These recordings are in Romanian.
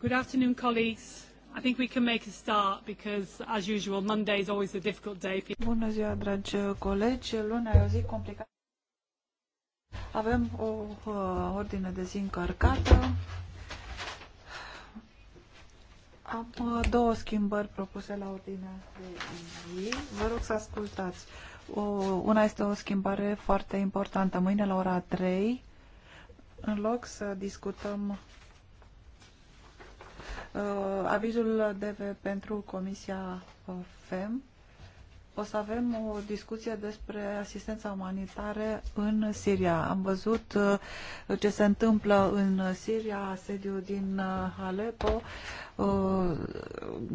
Good afternoon, colleagues. I think we can make a start because, as usual, Monday is always a difficult day. Bună ziua, dragi uh, colegi. Luna e o zi complicată. Avem o uh, ordine de zi încărcată. Am uh, două schimbări propuse la ordinea de zi. Vă rog să ascultați. O, una este o schimbare foarte importantă. Mâine la ora 3, în loc să discutăm Uh, avizul DV pentru Comisia uh, FEM. O să avem o discuție despre asistența umanitară în Siria. Am văzut uh, ce se întâmplă în Siria, asediu din Aleppo.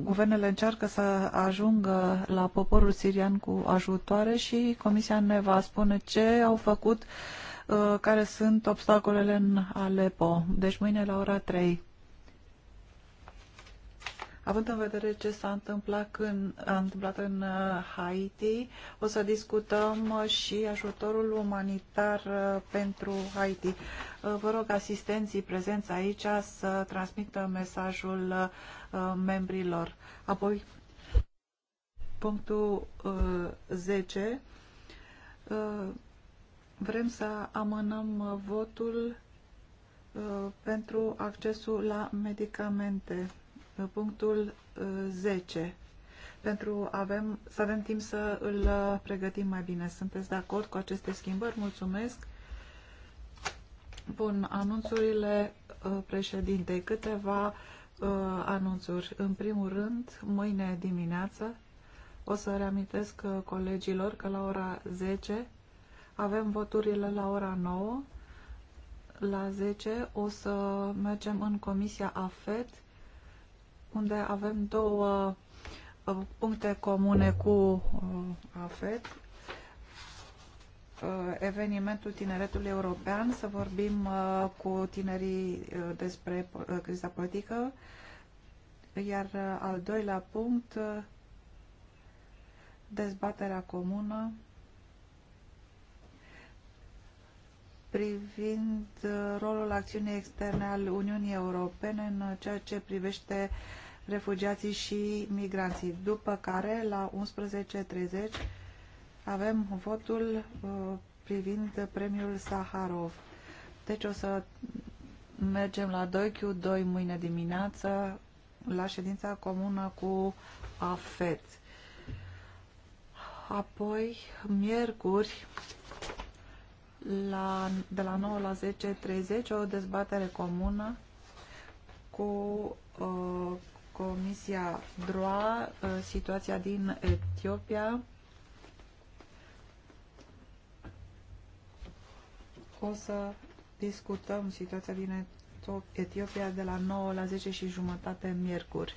Guvernele încearcă să ajungă la poporul sirian cu ajutoare și Comisia ne va spune ce au făcut, care sunt obstacolele în Aleppo. Deci mâine la ora 3. Având în vedere ce s-a întâmplat, când, a întâmplat în uh, Haiti, o să discutăm uh, și ajutorul umanitar uh, pentru Haiti. Vă rog asistenții prezenți aici să transmită mesajul membrilor. Apoi, punctul 10. Vrem să amânăm votul pentru accesul la medicamente punctul 10 uh, pentru avem, să avem timp să îl uh, pregătim mai bine. Sunteți de acord cu aceste schimbări? Mulțumesc! Bun, anunțurile uh, președintei. Câteva uh, anunțuri. În primul rând, mâine dimineață o să reamintesc colegilor că la ora 10 avem voturile la ora 9. La 10 o să mergem în Comisia AFET unde avem două uh, puncte comune cu uh, AFET, uh, evenimentul Tineretului European, să vorbim cu tinerii despre criza politică, iar al doilea punct, dezbaterea comună privind rolul acțiunii externe al Uniunii Europene în ceea ce privește uh, refugiații și migranții, după care la 11.30 avem votul uh, privind premiul Saharov. Deci o să mergem la 2Q2 mâine dimineață la ședința comună cu AFET. Apoi, miercuri, la, de la 9 la 10.30, o dezbatere comună cu uh, Comisia DROA, uh, situația din Etiopia. O să discutăm situația din Etiopia de la 9 la 10 și jumătate miercuri.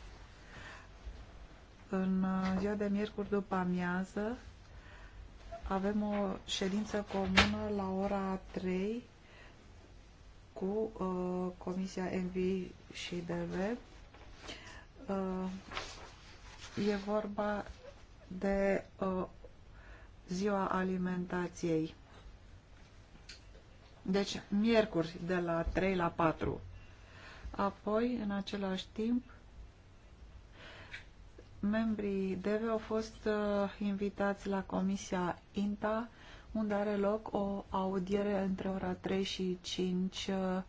În uh, ziua de miercuri după amiază avem o ședință comună la ora 3 cu uh, Comisia Envi și DV Uh, e vorba de uh, ziua alimentației. Deci, miercuri de la 3 la 4. Apoi, în același timp, membrii DEVE au fost uh, invitați la Comisia INTA, unde are loc o audiere între ora 3 și 5 uh,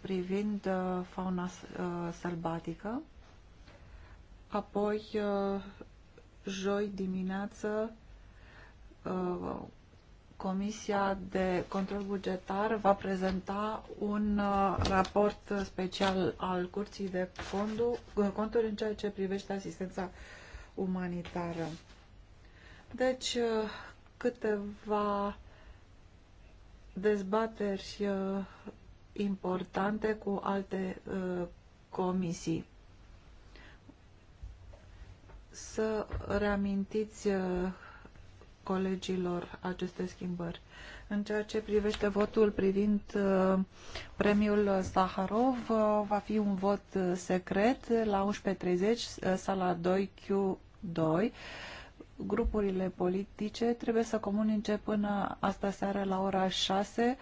privind uh, fauna uh, sălbatică. Apoi, uh, joi dimineață, uh, Comisia de Control Bugetar va prezenta un uh, raport special al Curții de Conturi în ceea ce privește asistența umanitară. Deci, câteva dezbateri importante cu alte comisii să reamintiți uh, colegilor aceste schimbări. În ceea ce privește votul privind uh, premiul Saharov, uh, va fi un vot secret la 11.30, sala 2Q2. Grupurile politice trebuie să comunice până asta seară la ora 6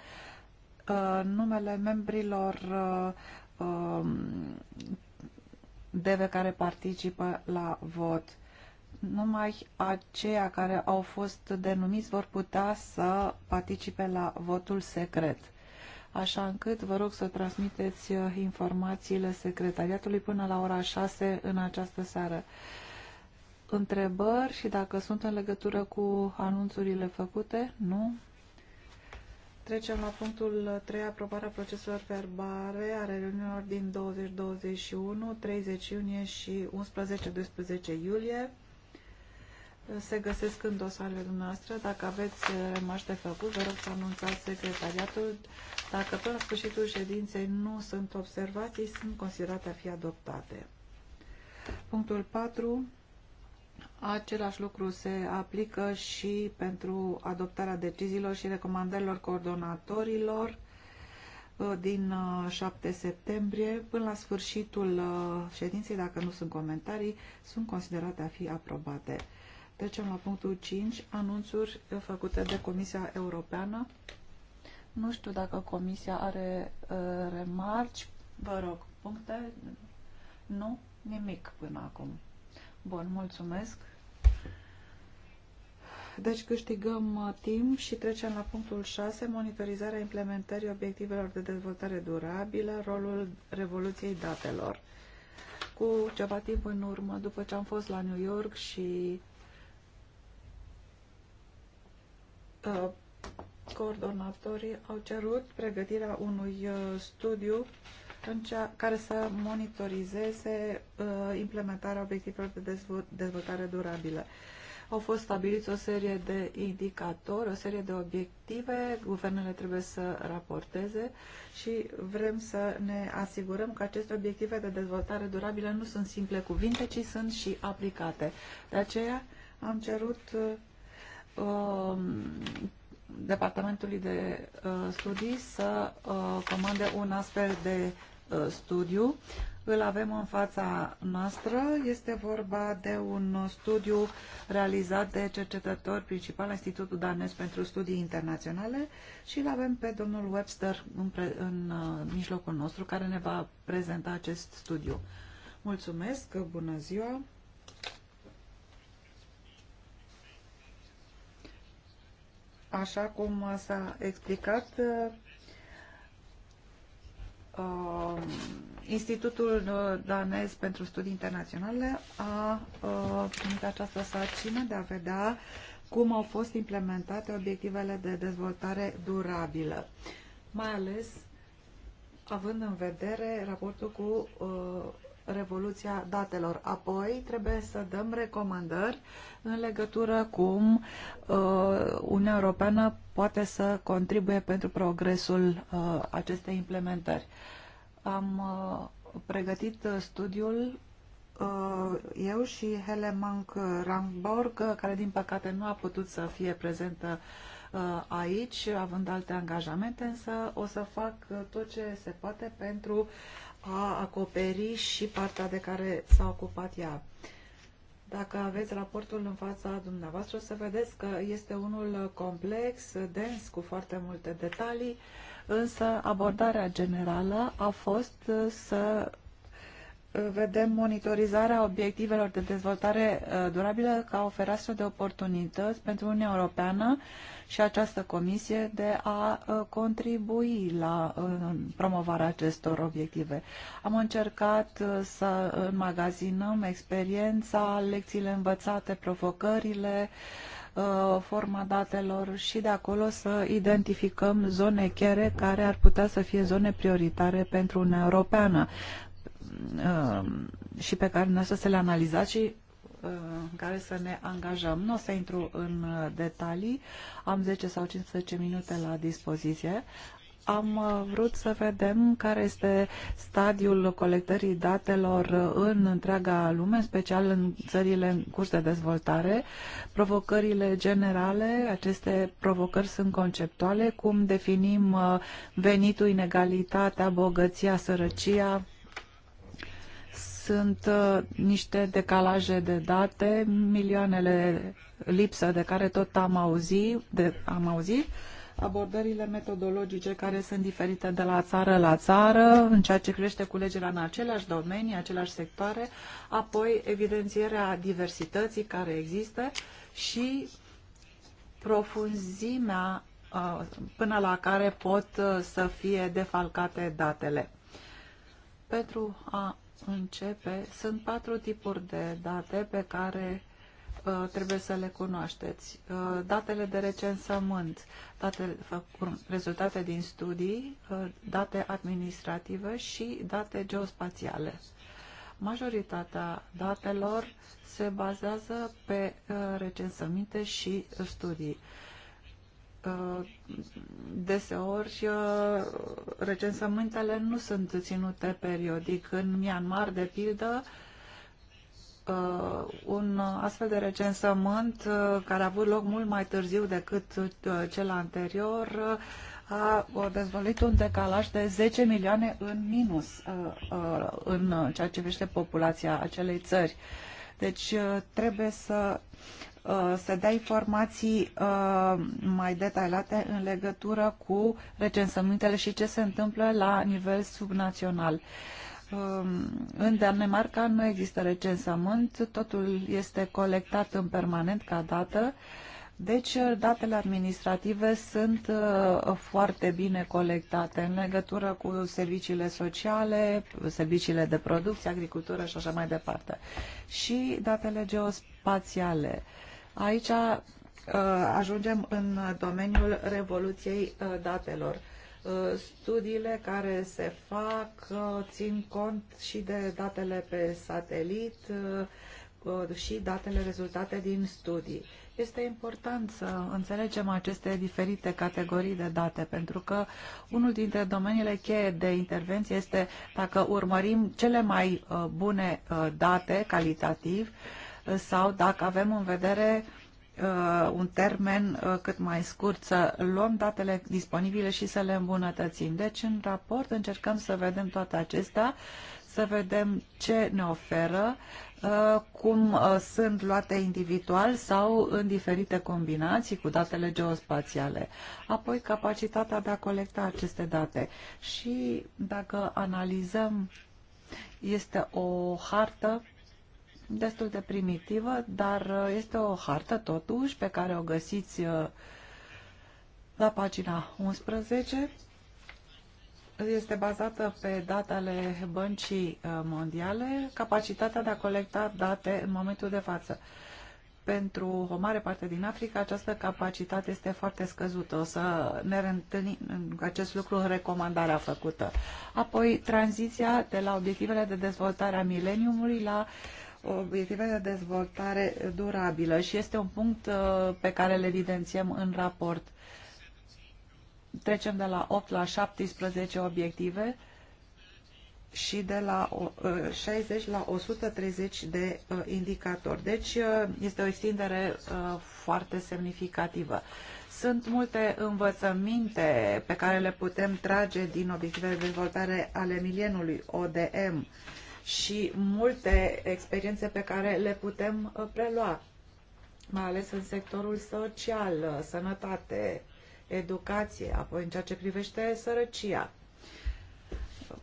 numele membrilor um, DEVE care participă la vot. Numai aceia care au fost denumiți vor putea să participe la votul secret. Așa încât vă rog să transmiteți uh, informațiile secretariatului până la ora 6 în această seară. Întrebări și dacă sunt în legătură cu anunțurile făcute? Nu? Trecem la punctul 3, aprobarea proceselor verbale a reuniunilor din 2021, 30 iunie și 11-12 iulie. Se găsesc în dosarele dumneavoastră. Dacă aveți rămași de făcut, vă rog să anunțați secretariatul. Dacă până la sfârșitul ședinței nu sunt observații, sunt considerate a fi adoptate. Punctul 4 Același lucru se aplică și pentru adoptarea deciziilor și recomandărilor coordonatorilor uh, din 7 uh, septembrie până la sfârșitul uh, ședinței, dacă nu sunt comentarii, sunt considerate a fi aprobate. Trecem la punctul 5, anunțuri făcute de Comisia Europeană. Nu știu dacă Comisia are uh, remarci. Vă rog, puncte? Nu? Nimic până acum. Bun, mulțumesc. Deci câștigăm uh, timp și trecem la punctul 6, monitorizarea implementării obiectivelor de dezvoltare durabilă, rolul revoluției datelor. Cu ceva timp în urmă, după ce am fost la New York și uh, coordonatorii au cerut pregătirea unui uh, studiu atunci care să monitorizeze uh, implementarea obiectivelor de dezvoltare durabilă. Au fost stabiliți o serie de indicatori, o serie de obiective, guvernele trebuie să raporteze și vrem să ne asigurăm că aceste obiective de dezvoltare durabilă nu sunt simple cuvinte, ci sunt și aplicate. De aceea am cerut uh, um, Departamentului de uh, Studii să uh, comande un astfel de Uh, studiu. Îl avem în fața noastră. Este vorba de un studiu realizat de cercetător principal la Institutul Danes pentru Studii Internaționale și îl avem pe domnul Webster în, pre, în uh, mijlocul nostru care ne va prezenta acest studiu. Mulțumesc, bună ziua! Așa cum s-a explicat, uh, Um, uh, Institutul Danez pentru Studii Internaționale a uh, primit această sarcină de a vedea cum au fost implementate obiectivele de dezvoltare durabilă, mai ales având în vedere raportul cu uh, revoluția datelor. Apoi trebuie să dăm recomandări în legătură cum uh, Uniunea Europeană poate să contribuie pentru progresul uh, acestei implementări. Am uh, pregătit uh, studiul uh, eu și Helemank Ramborg, uh, care din păcate nu a putut să fie prezentă aici, având alte angajamente, însă o să fac tot ce se poate pentru a acoperi și partea de care s-a ocupat ea. Dacă aveți raportul în fața dumneavoastră, o să vedeți că este unul complex, dens, cu foarte multe detalii, însă abordarea generală a fost să vedem monitorizarea obiectivelor de dezvoltare uh, durabilă ca o fereastră de oportunități pentru Uniunea Europeană și această comisie de a uh, contribui la uh, promovarea acestor obiective. Am încercat să înmagazinăm experiența, lecțiile învățate, provocările, forma datelor și de acolo să identificăm zone chere care ar putea să fie zone prioritare pentru Uniunea Europeană. Uh, și pe care noi să le analizați și uh, în care să ne angajăm. Nu o să intru în detalii, am 10 sau 15 minute la dispoziție. Am uh, vrut să vedem care este stadiul colectării datelor în întreaga lume, în special în țările în curs de dezvoltare, provocările generale, aceste provocări sunt conceptuale, cum definim venitul, inegalitatea, bogăția, sărăcia, sunt uh, niște decalaje de date, milioanele lipsă de care tot am auzit, de, am auzit abordările metodologice care sunt diferite de la țară la țară, în ceea ce crește culegerea în aceleași domenii, aceleași sectoare, apoi evidențierea diversității care există și profunzimea uh, până la care pot uh, să fie defalcate datele. Pentru a începe, sunt patru tipuri de date pe care uh, trebuie să le cunoașteți. Uh, datele de recensământ, date, rezultate din studii, uh, date administrative și date geospațiale. Majoritatea datelor se bazează pe uh, recensăminte și studii. Uh, deseori uh, recensământele nu sunt ținute periodic. În Myanmar, de pildă, uh, un astfel de recensământ care a avut loc mult mai târziu decât cel anterior a dezvăluit un decalaj de 10 milioane în minus în ceea ce privește populația acelei țări. Deci trebuie să Uh, să dea informații uh, mai detaliate în legătură cu recensămintele și ce se întâmplă la nivel subnațional. Um, în Danemarca nu există recensământ, totul este colectat în permanent ca dată, deci datele administrative sunt uh, foarte bine colectate în legătură cu serviciile sociale, serviciile de producție, agricultură și așa mai departe. Și datele geospațiale Aici uh, ajungem în domeniul revoluției uh, datelor. Uh, studiile care se fac țin cont și de datele pe satelit și datele rezultate din studii. Este important să înțelegem aceste diferite categorii de date, pentru că unul dintre domeniile cheie de intervenție este dacă urmărim cele mai bune date calitativ, sau dacă avem în vedere uh, un termen uh, cât mai scurt, să luăm datele disponibile și să le îmbunătățim. Deci în raport încercăm să vedem toate acestea, să vedem ce ne oferă, uh, cum sunt luate individual sau în diferite combinații cu datele geospațiale. Apoi capacitatea de a colecta aceste date. Și dacă analizăm, este o hartă destul de primitivă, dar uh, este o hartă totuși pe care o găsiți uh, la pagina 11. Este bazată pe datele băncii uh, mondiale, capacitatea de a colecta date în momentul de față. Pentru o mare parte din Africa, această capacitate este foarte scăzută. O să ne reîntâlnim acest lucru în recomandarea făcută. Apoi, tranziția de la obiectivele de dezvoltare a mileniumului la uh, obiective de dezvoltare durabilă și este un punct uh, pe care îl evidențiem în raport. Trecem de la 8 la 17 obiective și de la 60 uh, la 130 de uh, indicatori. Deci este o extindere foarte semnificativă. Sunt multe învățăminte pe care le putem trage din obiectivele de dezvoltare ale mileniului ODM și multe experiențe pe care le putem uh, prelua, mai ales în sectorul social, uh, sănătate, educație, apoi în ceea ce privește sărăcia.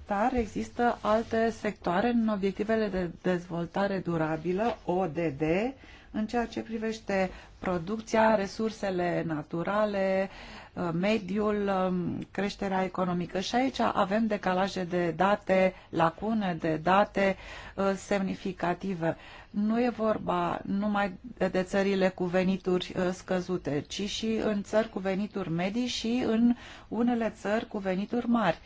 Dar există alte sectoare în obiectivele de dezvoltare durabilă, ODD, în ceea ce privește producția, resursele naturale, uh, Uh, mediul, um, creșterea economică. Și aici avem decalaje de date, lacune de date uh, semnificative. Nu e vorba numai de țările cu venituri uh, scăzute, ci și în țări cu venituri medii și în unele țări cu venituri mari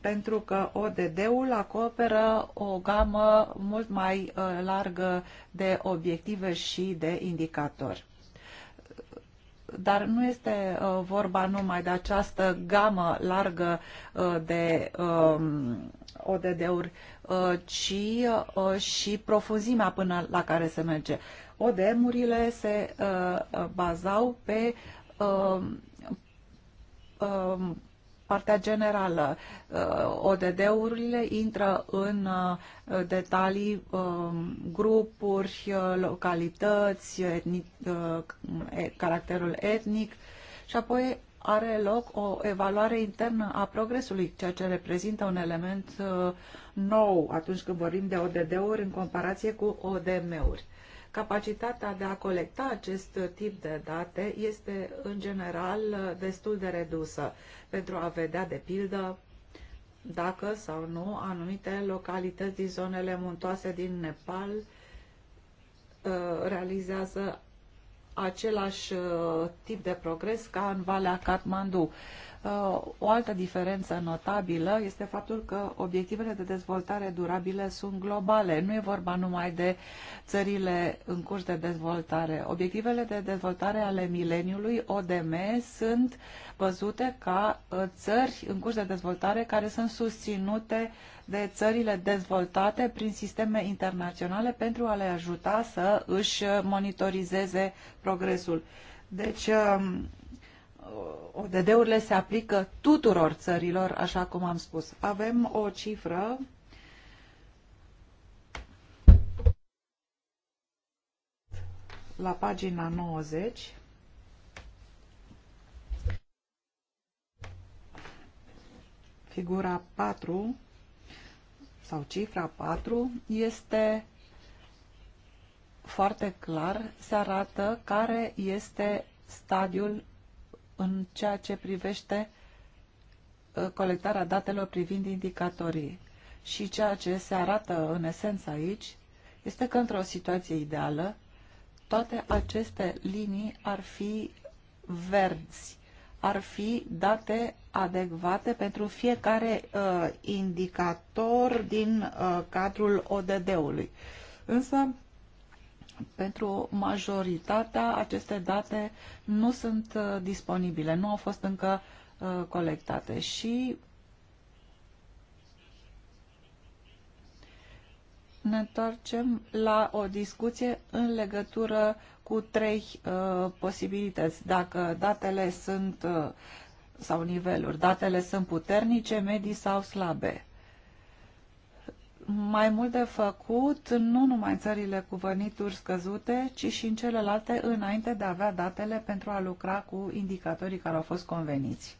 pentru că ODD-ul acoperă o gamă mult mai largă de obiective și de indicatori dar nu este uh, vorba numai de această gamă largă uh, de um, ODD-uri, uh, ci și profunzimea până la care se merge. ODM-urile se bazau pe um, um, partea generală. Uh, ODD-urile intră în uh, detalii um, grupuri, uh, localități, etnic, caracterul etnic și apoi are loc o evaluare internă a progresului, ceea ce reprezintă un element nou atunci când vorbim de ODD-uri în comparație cu ODM-uri. Capacitatea de a colecta acest tip de date este, în general, destul de redusă pentru a vedea, de pildă, dacă sau nu anumite localități din zonele muntoase din Nepal uh, realizează același uh, tip de progres ca în Valea Kathmandu. O altă diferență notabilă este faptul că obiectivele de dezvoltare durabile sunt globale. Nu e vorba numai de țările în curs de dezvoltare. Obiectivele de dezvoltare ale mileniului ODM sunt văzute ca uh, țări în curs de dezvoltare care sunt susținute de țările dezvoltate prin sisteme internaționale pentru a le ajuta să își monitorizeze progresul. Deci, um, ODD-urile se aplică tuturor țărilor, așa cum am spus. Avem o cifră la pagina 90 figura 4 sau cifra 4 este foarte clar, se arată care este stadiul în ceea ce privește uh, colectarea datelor privind indicatorii. Și ceea ce se arată în esență aici este că într-o situație ideală toate aceste linii ar fi verzi, ar fi date adecvate pentru fiecare uh, indicator din uh, cadrul ODD-ului. Însă pentru majoritatea, aceste date nu sunt uh, disponibile, nu au fost încă uh, colectate și ne întoarcem la o discuție în legătură cu trei uh, posibilități. Dacă datele sunt sau niveluri, datele sunt puternice, medii sau slabe mai mult de făcut, nu numai în țările cu venituri scăzute, ci și în celelalte, înainte de a avea datele pentru a lucra cu indicatorii care au fost conveniți.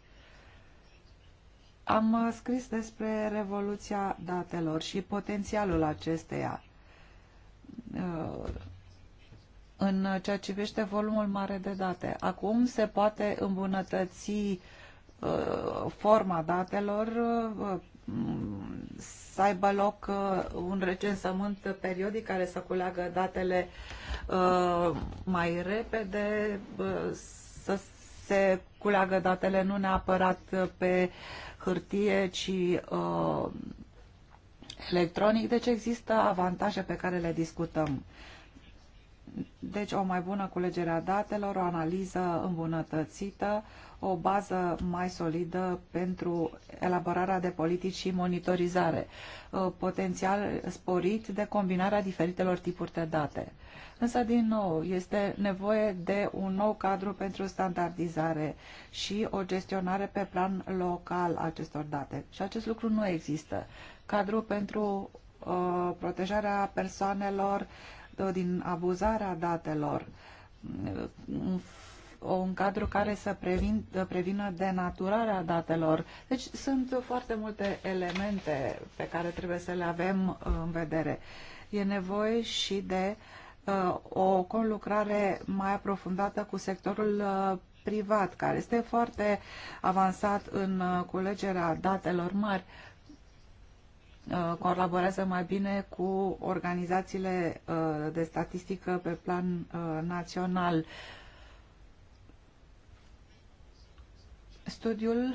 Am uh, scris despre revoluția datelor și potențialul acesteia uh, în ceea ce privește volumul mare de date. Acum se poate îmbunătăți uh, forma datelor să aibă loc uh, un recensământ periodic care să culeagă datele uh, mai repede, uh, să se culeagă datele nu neapărat pe hârtie, ci electronic. Deci există avantaje pe care le discutăm. Deci o mai bună culegere a datelor, o analiză îmbunătățită, o bază mai solidă pentru elaborarea de politici și monitorizare, uh, potențial sporit de combinarea diferitelor tipuri de date. Însă, din nou, este nevoie de un nou cadru pentru standardizare și o gestionare pe plan local a acestor date. Și acest lucru nu există. Cadru pentru uh, protejarea persoanelor uh, din abuzarea datelor, uh, un cadru care să prevină prevină denaturarea datelor. Deci sunt foarte multe elemente pe care trebuie să le avem uh, în vedere. E nevoie și de uh, o conlucrare mai aprofundată cu sectorul uh, privat, care este foarte avansat în uh, culegerea datelor mari, uh, colaborează mai bine cu organizațiile de statistică pe plan național. Studiul uh,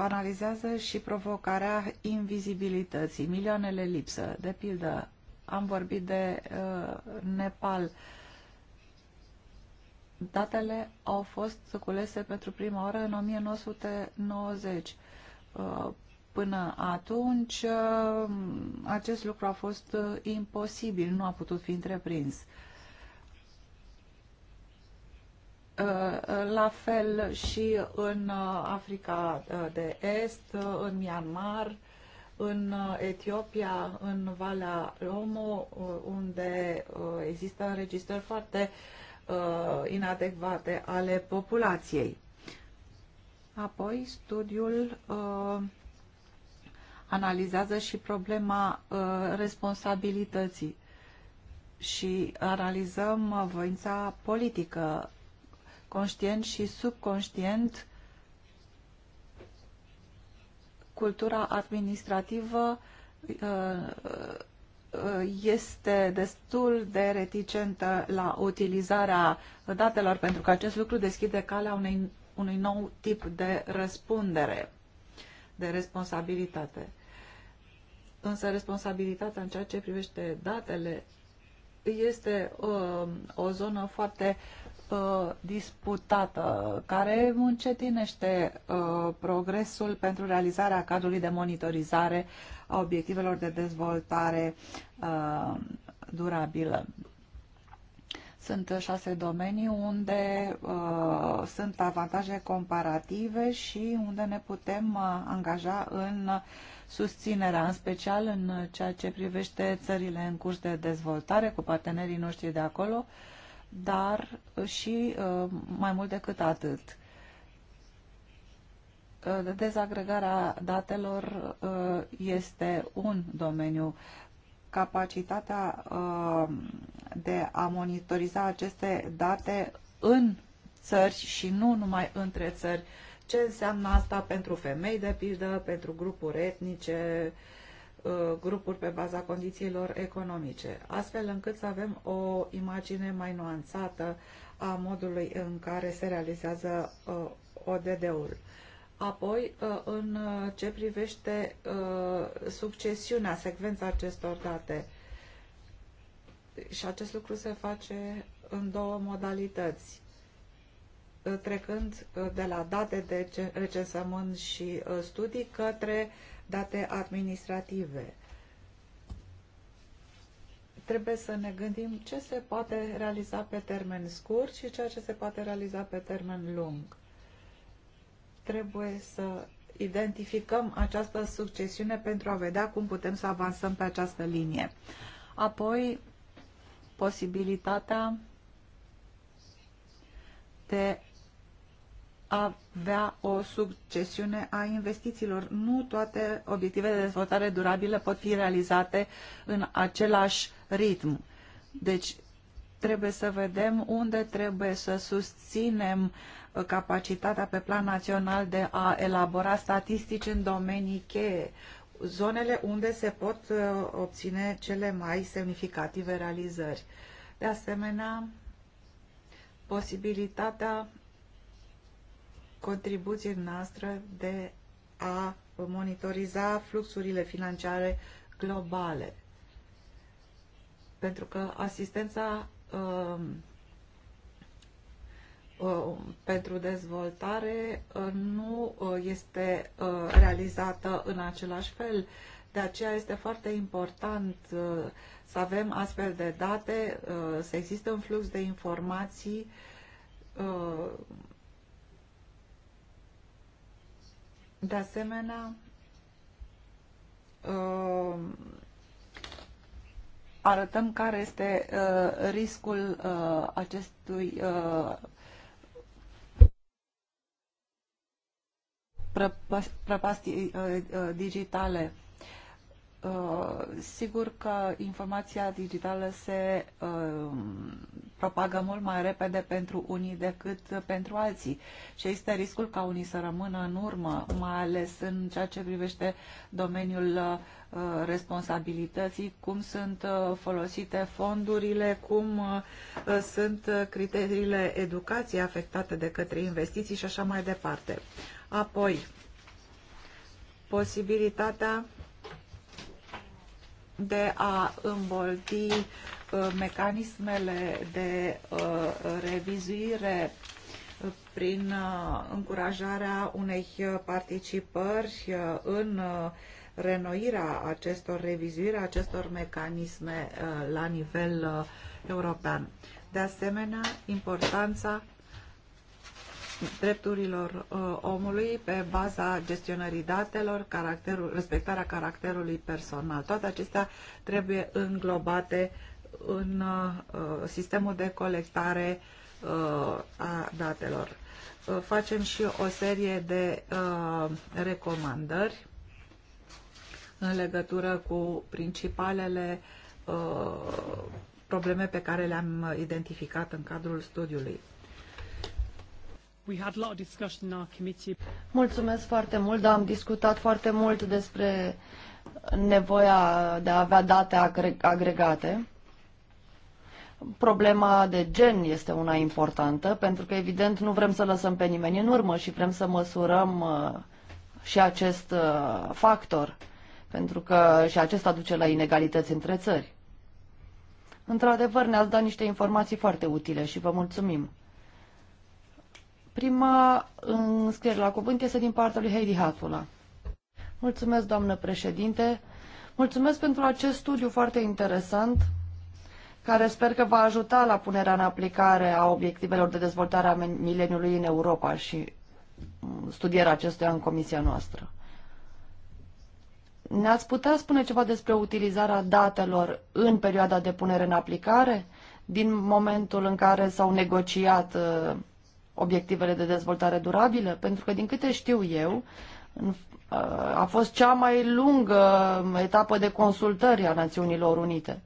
analizează și provocarea invizibilității, milioanele lipsă. De pildă, am vorbit de uh, Nepal. Datele au fost culese pentru prima oară în 1990. Uh, până atunci, uh, acest lucru a fost imposibil, nu a putut fi întreprins. Uh, la fel și în uh, Africa uh, de Est, în Myanmar, în Etiopia, în Valea Lomo, unde există înregistrări foarte inadecvate ale populației. Apoi, studiul analizează și problema responsabilității și analizăm voința politică conștient și subconștient, cultura administrativă uh, uh, este destul de reticentă la utilizarea datelor, pentru că acest lucru deschide calea unei, unui nou tip de răspundere, de responsabilitate. Însă responsabilitatea în ceea ce privește datele este o, uh, o zonă foarte uh, disputată, care încetinește uh, progresul pentru realizarea cadrului de monitorizare a obiectivelor de dezvoltare uh, durabilă. Sunt șase domenii unde uh, sunt avantaje comparative și unde ne putem uh, angaja în susținerea, în special în ceea ce privește țările în curs de dezvoltare cu partenerii noștri de acolo, uh, dar uh, și uh, mai mult decât atât. Uh, dezagregarea datelor este un domeniu. Capacitatea de a monitoriza aceste date în țări și nu numai între țări. Ce înseamnă asta pentru femei, de pildă, pentru grupuri etnice, uh, Uh, grupuri pe baza condițiilor economice, astfel încât să avem o imagine mai nuanțată a modului în care se realizează uh, ODD-ul. Apoi, uh, în ce privește succesiunea, secvența acestor date, și acest lucru se face în două modalități. Uh, trecând uh, de la date de recensământ și uh, studii către date administrative. Trebuie să ne gândim ce se poate realiza pe termen scurt și ceea ce se poate realiza pe termen lung. Trebuie să identificăm această succesiune pentru a vedea cum putem să avansăm pe această linie. Apoi, posibilitatea de avea o succesiune a investițiilor. Nu toate obiectivele de dezvoltare durabilă pot fi realizate în același ritm. Deci trebuie să vedem unde trebuie să susținem capacitatea pe plan național de a elabora statistici în domenii cheie, zonele unde se pot uh, obține cele mai semnificative realizări. De asemenea, posibilitatea contribuție noastră de a monitoriza fluxurile financiare globale. Pentru că asistența um, um, pentru dezvoltare uh, nu uh, este uh, realizată în același fel. De aceea este foarte important uh, să avem astfel de date, să existe un flux de informații De asemenea, uh, arătăm care este uh, riscul uh, acestui prăpastii digitale Uh, sigur că informația digitală se uh, propagă mult mai repede pentru unii decât pentru alții și este riscul ca unii să rămână în urmă, mai ales în ceea ce privește domeniul uh, responsabilității, cum sunt folosite fondurile, cum sunt criteriile educației afectate de către investiții și așa mai departe. Apoi, posibilitatea de a îmbolti uh, mecanismele de uh, revizuire prin uh, încurajarea unei participări în renoirea acestor, revizuirea acestor mecanisme la nivel european. De asemenea, importanța drepturilor uh, omului pe baza gestionării datelor, caracterul, respectarea caracterului personal. Toate acestea trebuie înglobate în uh, sistemul de colectare uh, a datelor. Facem și o serie de recomandări în legătură cu principalele probleme pe care le-am identificat în cadrul studiului. Mulțumesc foarte mult, dar am discutat foarte mult despre nevoia de a avea date agregate. Problema de gen este una importantă, pentru că, evident, nu vrem să lăsăm pe nimeni în urmă și vrem să măsurăm uh, și acest uh, factor, pentru că și acesta duce la inegalități între țări. Într-adevăr, ne-ați dat niște informații foarte utile și vă mulțumim. Prima înscriere la cuvânt este din partea lui Heidi Hatula. Mulțumesc, doamnă președinte. Mulțumesc pentru acest studiu foarte interesant, care sper că va ajuta la punerea în aplicare a obiectivelor de dezvoltare a mileniului în Europa și studierea acestuia în comisia noastră. Ne-ați putea spune ceva despre utilizarea datelor în perioada de punere în aplicare, din momentul în care s-au negociat uh, obiectivele de dezvoltare durabilă? Pentru că, din câte știu eu, uh, a fost cea mai lungă etapă de consultări a Națiunilor Unite.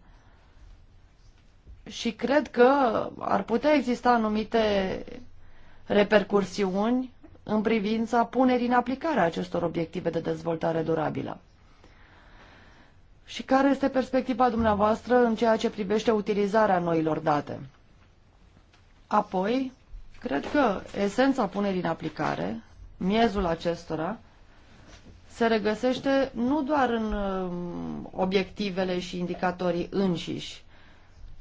Și cred că ar putea exista anumite repercursiuni în privința punerii în aplicare a acestor obiective de dezvoltare durabilă. Și care este perspectiva dumneavoastră în ceea ce privește utilizarea noilor date? Apoi, Cred că esența punerii în aplicare, miezul acestora, se regăsește nu doar în um, obiectivele și indicatorii înșiși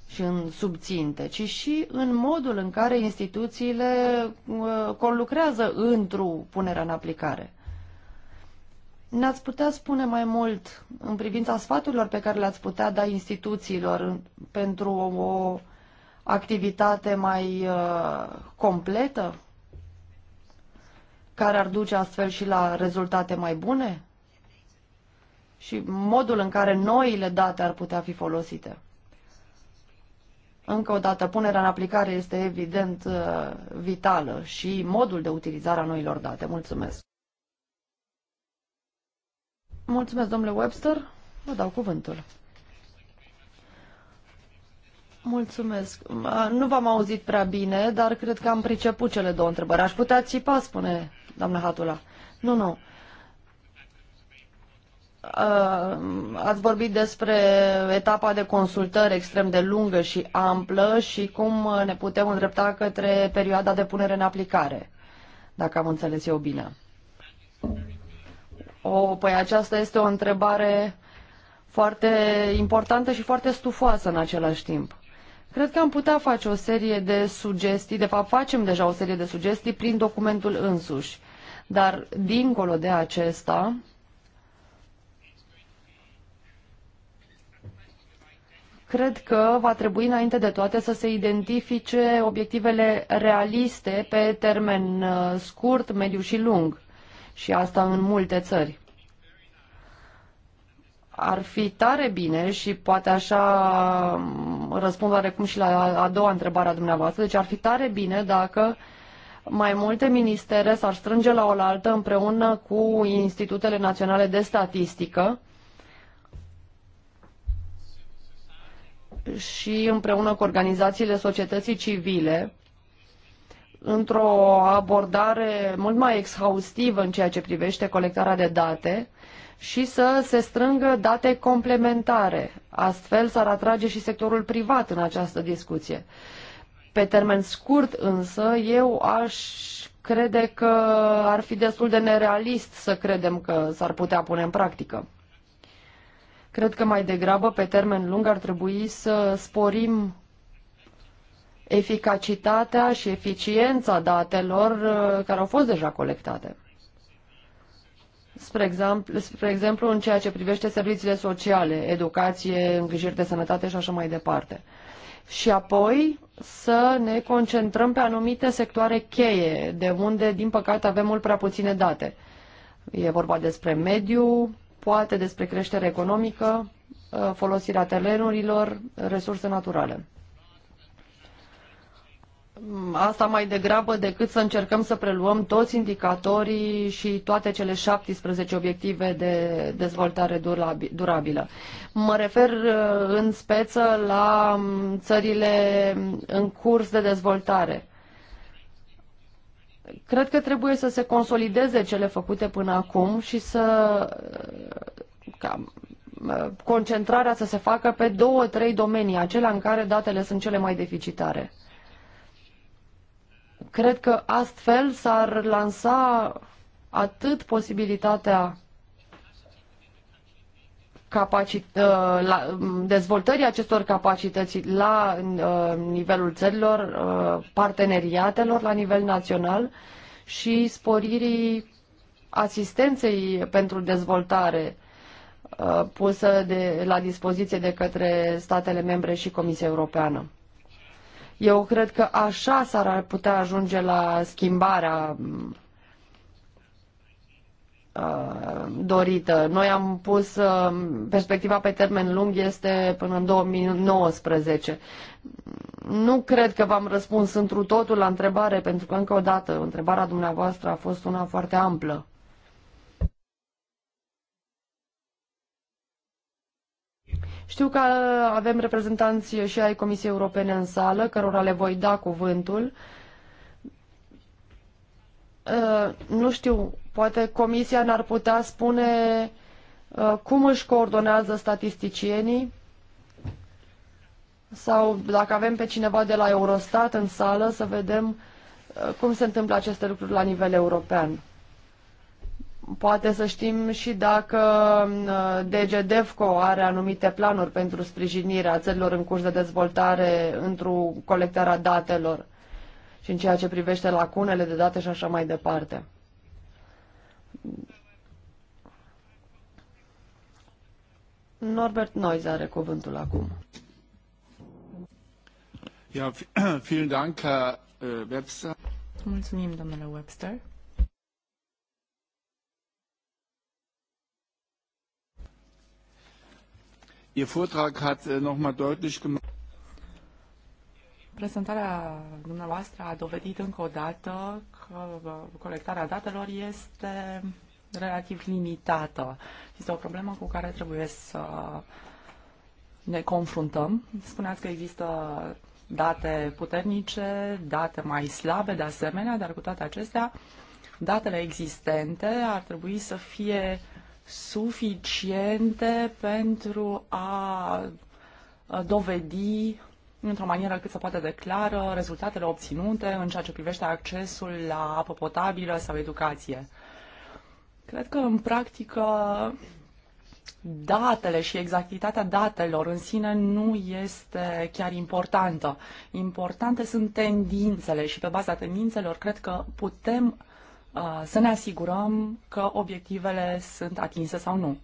și în subținte, ci și în modul în care instituțiile uh, conlucrează o punerea în aplicare. Ne-ați putea spune mai mult în privința sfaturilor pe care le-ați putea da instituțiilor pentru o activitate mai uh, completă, care ar duce astfel și la rezultate mai bune și modul în care noile date ar putea fi folosite. Încă o dată, punerea în aplicare este evident uh, vitală și modul de utilizare a noilor date. Mulțumesc! Mulțumesc, domnule Webster. Vă dau cuvântul. Mulțumesc. Nu v-am auzit prea bine, dar cred că am priceput cele două întrebări. Aș putea țipa, spune doamna Hatula. Nu, nu. Ați vorbit despre etapa de consultări extrem de lungă și amplă și cum ne putem îndrepta către perioada de punere în aplicare, dacă am înțeles eu bine. O, păi aceasta este o întrebare foarte importantă și foarte stufoasă în același timp. Cred că am putea face o serie de sugestii, de fapt facem deja o serie de sugestii prin documentul însuși. Dar dincolo de acesta, cred că va trebui înainte de toate să se identifice obiectivele realiste pe termen uh, scurt, mediu și lung. Și asta în multe țări. Ar fi tare bine și poate așa răspund oarecum și la a doua întrebare a dumneavoastră, deci ar fi tare bine dacă mai multe ministere s-ar strânge la oaltă împreună cu Institutele Naționale de Statistică și împreună cu organizațiile societății civile într-o abordare mult mai exhaustivă în ceea ce privește colectarea de date și să se strângă date complementare. Astfel s-ar atrage și sectorul privat în această discuție. Pe termen scurt însă, eu aș crede că ar fi destul de nerealist să credem că s-ar putea pune în practică. Cred că mai degrabă, pe termen lung, ar trebui să sporim eficacitatea și eficiența datelor uh, care au fost deja colectate. Spre exemplu, spre exemplu, în ceea ce privește serviciile sociale, educație, îngrijiri de sănătate și așa mai departe. Și apoi să ne concentrăm pe anumite sectoare cheie, de unde, din păcate, avem mult prea puține date. E vorba despre mediu, poate despre creștere economică, uh, folosirea terenurilor, resurse naturale. Asta mai degrabă decât să încercăm să preluăm toți indicatorii și toate cele 17 obiective de dezvoltare durabilă. Mă refer uh, în speță la um, țările în curs de dezvoltare. Cred că trebuie să se consolideze cele făcute până acum și să uh, uh, concentrarea să se facă pe două, trei domenii, acelea în care datele sunt cele mai deficitare. Cred că astfel s-ar lansa atât posibilitatea capacit- ă, la dezvoltării acestor capacități la ă, nivelul țărilor, ă, parteneriatelor la nivel național și sporirii asistenței pentru dezvoltare pusă de, la dispoziție de către statele membre și Comisia Europeană. Eu cred că așa s-ar putea ajunge la schimbarea uh, dorită. Noi am pus uh, perspectiva pe termen lung este până în 2019. Nu cred că v-am răspuns întru totul la întrebare, pentru că încă o dată întrebarea dumneavoastră a fost una foarte amplă. Știu că avem reprezentanți și ai Comisiei Europene în sală, cărora le voi da cuvântul. Uh, nu știu, poate Comisia n-ar putea spune uh, cum își coordonează statisticienii sau dacă avem pe cineva de la Eurostat în sală să vedem uh, cum se întâmplă aceste lucruri la nivel european poate să știm și dacă uh, DEFCO are anumite planuri pentru sprijinirea țărilor în curs de dezvoltare într-o colectarea datelor și în ceea ce privește lacunele de date și așa mai departe. Norbert Noiz are cuvântul acum. Ja, vielen Dank, Herr äh, Webster. Mulțumim, domnule Webster. Ihr Vortrag hat äh, nochmal deutlich gemacht. Prezentarea dumneavoastră a dovedit încă o dată că colectarea datelor este relativ limitată. Este o problemă cu care trebuie să ne confruntăm. Spuneați că există date puternice, date mai slabe de asemenea, dar cu toate acestea, datele existente ar trebui să fie suficiente pentru a dovedi într-o manieră cât se poate de clară rezultatele obținute în ceea ce privește accesul la apă potabilă sau educație. Cred că, în practică, datele și exactitatea datelor în sine nu este chiar importantă. Importante sunt tendințele și pe baza tendințelor cred că putem Uh, să ne asigurăm că obiectivele sunt atinse sau nu.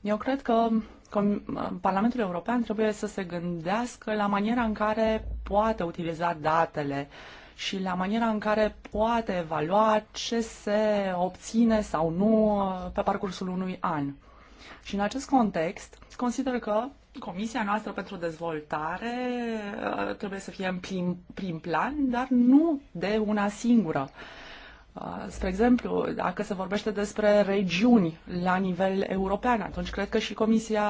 Eu cred că uh, Parlamentul European trebuie să se gândească la maniera în care poate utiliza datele și la maniera în care poate evalua ce se obține sau nu uh, pe parcursul unui an. Și în acest context, consider că Comisia noastră pentru dezvoltare trebuie să fie în prim, prim plan, dar nu de una singură. Uh, Uh, spre exemplu, dacă se vorbește despre regiuni la nivel european, atunci cred că și Comisia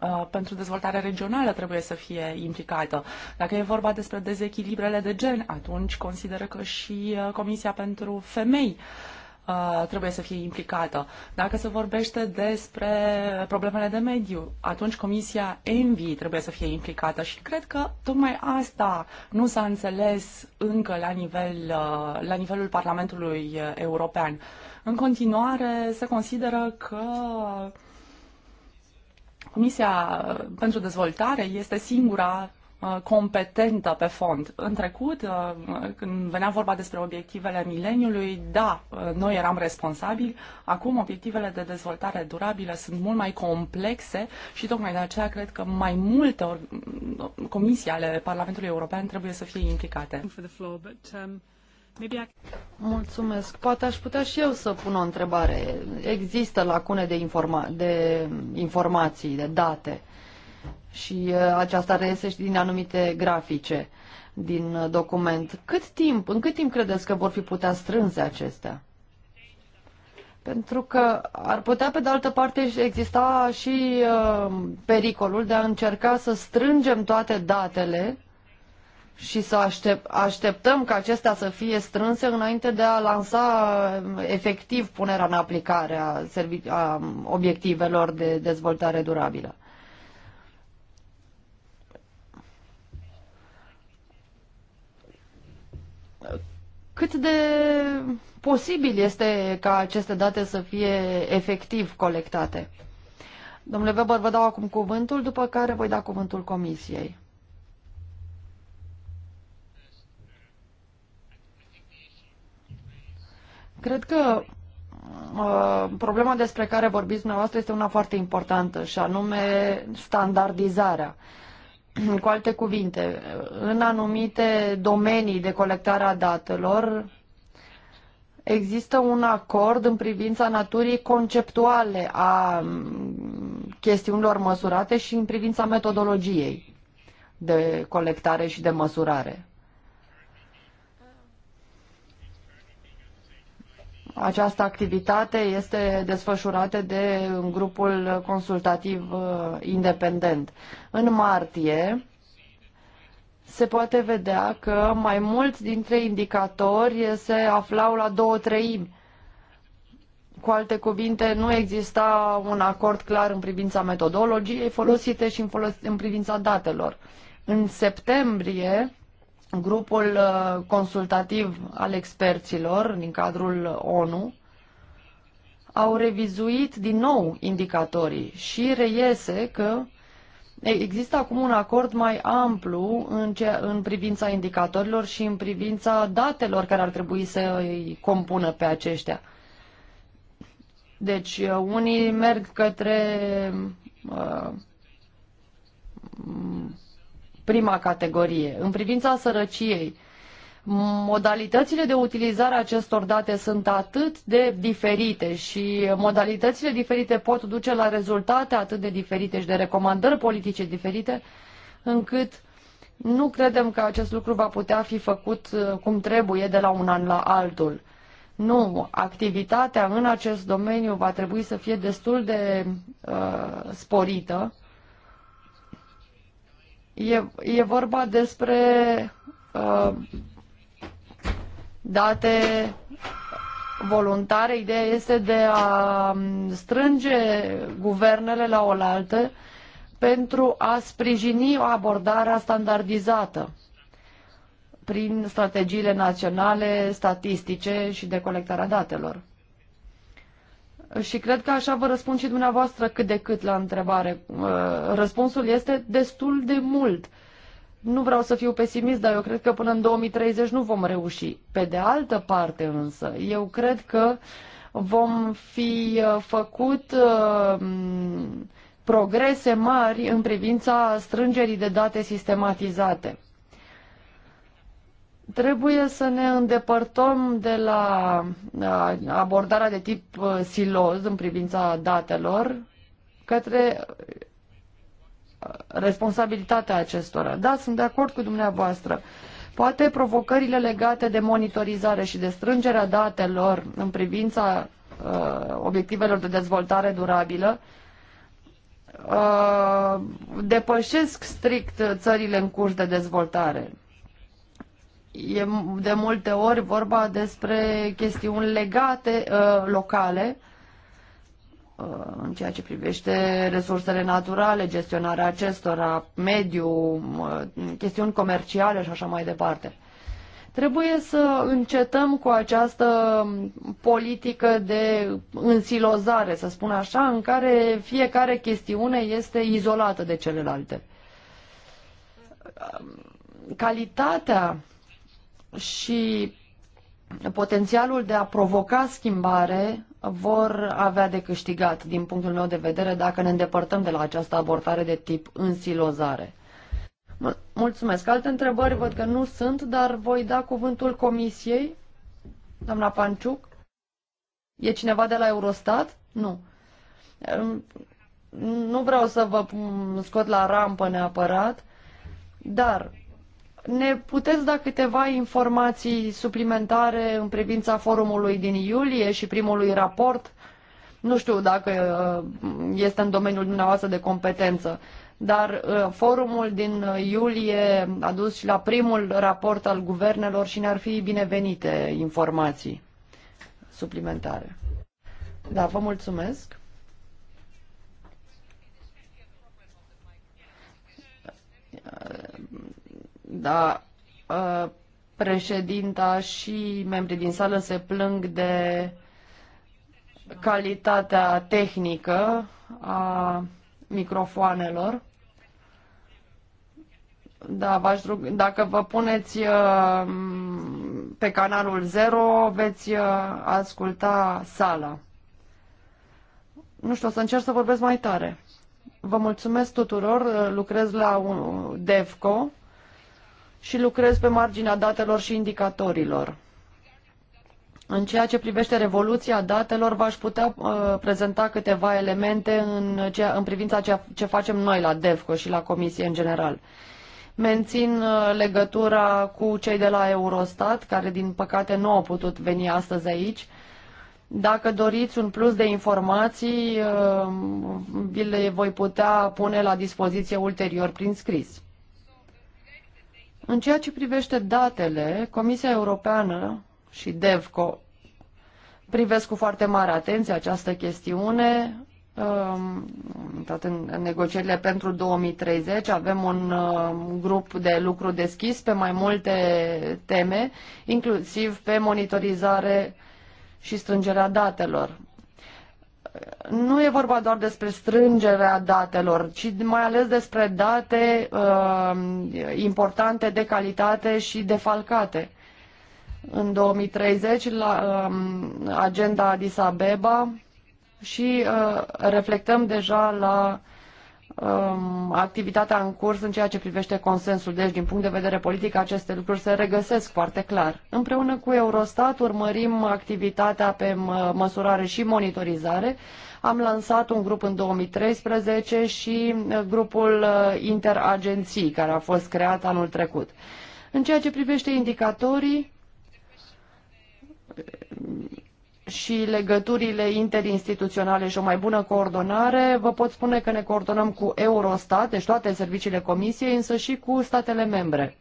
uh, pentru dezvoltare regională trebuie să fie implicată. Dacă e vorba despre dezechilibrele de gen, atunci consideră că și uh, Comisia pentru Femei uh, Uh, trebuie să fie implicată. Dacă se vorbește despre problemele de mediu, atunci Comisia ENVI trebuie să fie implicată și cred că tocmai asta nu s-a înțeles încă la, nivel, uh, la nivelul Parlamentului European. În continuare, se consideră că Comisia pentru Dezvoltare este singura Uh, competentă pe fond. În trecut, uh, când venea vorba despre obiectivele mileniului, da, uh, noi eram responsabili. Acum obiectivele de dezvoltare durabilă sunt mult mai complexe și tocmai de aceea cred că mai multe comisii ale Parlamentului European trebuie să fie implicate. Um, Mulțumesc. Poate aș putea și eu să pun o întrebare. Există lacune de, informa- de informații, de date și uh, aceasta reiese și din anumite grafice din uh, document. Cât timp, în cât timp credeți că vor fi putea strânse acestea? Pentru că ar putea, pe de altă parte, exista și uh, pericolul de a încerca să strângem toate datele și să aștep- așteptăm ca acestea să fie strânse înainte de a lansa uh, efectiv punerea în aplicare a, a obiectivelor de dezvoltare durabilă. cât de posibil este ca aceste date să fie efectiv colectate. Domnule Weber, vă dau acum cuvântul, după care voi da cuvântul Comisiei. Cred că uh, problema despre care vorbiți dumneavoastră este una foarte importantă, și anume standardizarea. Cu alte cuvinte, în anumite domenii de colectare a datelor, există un acord în privința naturii conceptuale a chestiunilor măsurate și în privința metodologiei de colectare și de măsurare. Această activitate este desfășurată de grupul consultativ uh, independent. În martie se poate vedea că mai mulți dintre indicatori se aflau la două treimi. Cu alte cuvinte, nu exista un acord clar în privința metodologiei folosite și în, folos- în privința datelor. În septembrie, grupul uh, consultativ al experților din cadrul ONU au revizuit din nou indicatorii și reiese că există acum un acord mai amplu în, ce, în privința indicatorilor și în privința datelor care ar trebui să îi compună pe aceștia. Deci uh, unii merg către uh, prima categorie. În privința sărăciei, modalitățile de utilizare a acestor date sunt atât de diferite și modalitățile diferite pot duce la rezultate atât de diferite și de recomandări politice diferite, încât nu credem că acest lucru va putea fi făcut uh, cum trebuie de la un an la altul. Nu, activitatea în acest domeniu va trebui să fie destul de uh, sporită E, e vorba despre uh, date voluntare. Ideea este de a um, strânge guvernele la oaltă pentru a sprijini o abordare standardizată prin strategiile naționale, statistice și de colectarea datelor. Și cred că așa vă răspund și dumneavoastră cât de cât la întrebare. Uh, răspunsul este destul de mult. Nu vreau să fiu pesimist, dar eu cred că până în 2030 nu vom reuși. Pe de altă parte însă, eu cred că vom fi uh, făcut uh, progrese mari în privința strângerii de date sistematizate. Trebuie să ne îndepărtăm de la abordarea de tip uh, siloz în privința datelor către uh, responsabilitatea acestora. Da, sunt de acord cu dumneavoastră. Poate provocările legate de monitorizare și de strângerea datelor în privința uh, obiectivelor de dezvoltare durabilă uh, depășesc strict țările în curs de dezvoltare e de multe ori vorba despre chestiuni legate uh, locale uh, în ceea ce privește resursele naturale, gestionarea acestora, mediu, uh, chestiuni comerciale și așa mai departe. Trebuie să încetăm cu această politică de însilozare, să spun așa, în care fiecare chestiune este izolată de celelalte. Calitatea și potențialul de a provoca schimbare vor avea de câștigat, din punctul meu de vedere, dacă ne îndepărtăm de la această abordare de tip însilozare. Mulțumesc. Alte întrebări văd că nu sunt, dar voi da cuvântul comisiei. Doamna Panciuc? E cineva de la Eurostat? Nu. Nu vreau să vă scot la rampă neapărat, dar ne puteți da câteva informații suplimentare în privința forumului din iulie și primului raport? Nu știu dacă uh, este în domeniul dumneavoastră de competență, dar uh, forumul din iulie a dus și la primul raport al guvernelor și ne-ar fi binevenite informații suplimentare. Da, vă mulțumesc. Da, uh, președinta și membrii din sală se plâng de calitatea tehnică a microfoanelor. Da, v-aș rug, dacă vă puneți uh, pe canalul 0, veți uh, asculta sala. Nu știu, o să încerc să vorbesc mai tare. Vă mulțumesc tuturor, lucrez la un DEVCO și lucrez pe marginea datelor și indicatorilor. În ceea ce privește revoluția datelor, v-aș putea uh, prezenta câteva elemente în, cea, în privința ceea ce facem noi la DEVCO și la Comisie în general. Mențin uh, legătura cu cei de la Eurostat, care din păcate nu au putut veni astăzi aici. Dacă doriți un plus de informații, uh, vi le voi putea pune la dispoziție ulterior prin scris. În ceea ce privește datele, Comisia Europeană și DEVCO privesc cu foarte mare atenție această chestiune. Um, Tot în negocierile pentru 2030 avem un um, grup de lucru deschis pe mai multe teme, inclusiv pe monitorizare și strângerea datelor nu e vorba doar despre strângerea datelor, ci mai ales despre date uh, importante de calitate și defalcate. În 2030, la uh, agenda Addis Abeba și uh, reflectăm deja la Um, activitatea în curs în ceea ce privește consensul. Deci, din punct de vedere politic, aceste lucruri se regăsesc foarte clar. Împreună cu Eurostat urmărim activitatea pe măsurare și monitorizare. Am lansat un grup în 2013 și uh, grupul uh, interagenții, care a fost creat anul trecut. În ceea ce privește indicatorii, și legăturile interinstituționale și o mai bună coordonare, vă pot spune că ne coordonăm cu Eurostat, deci toate serviciile Comisiei, însă și cu statele membre.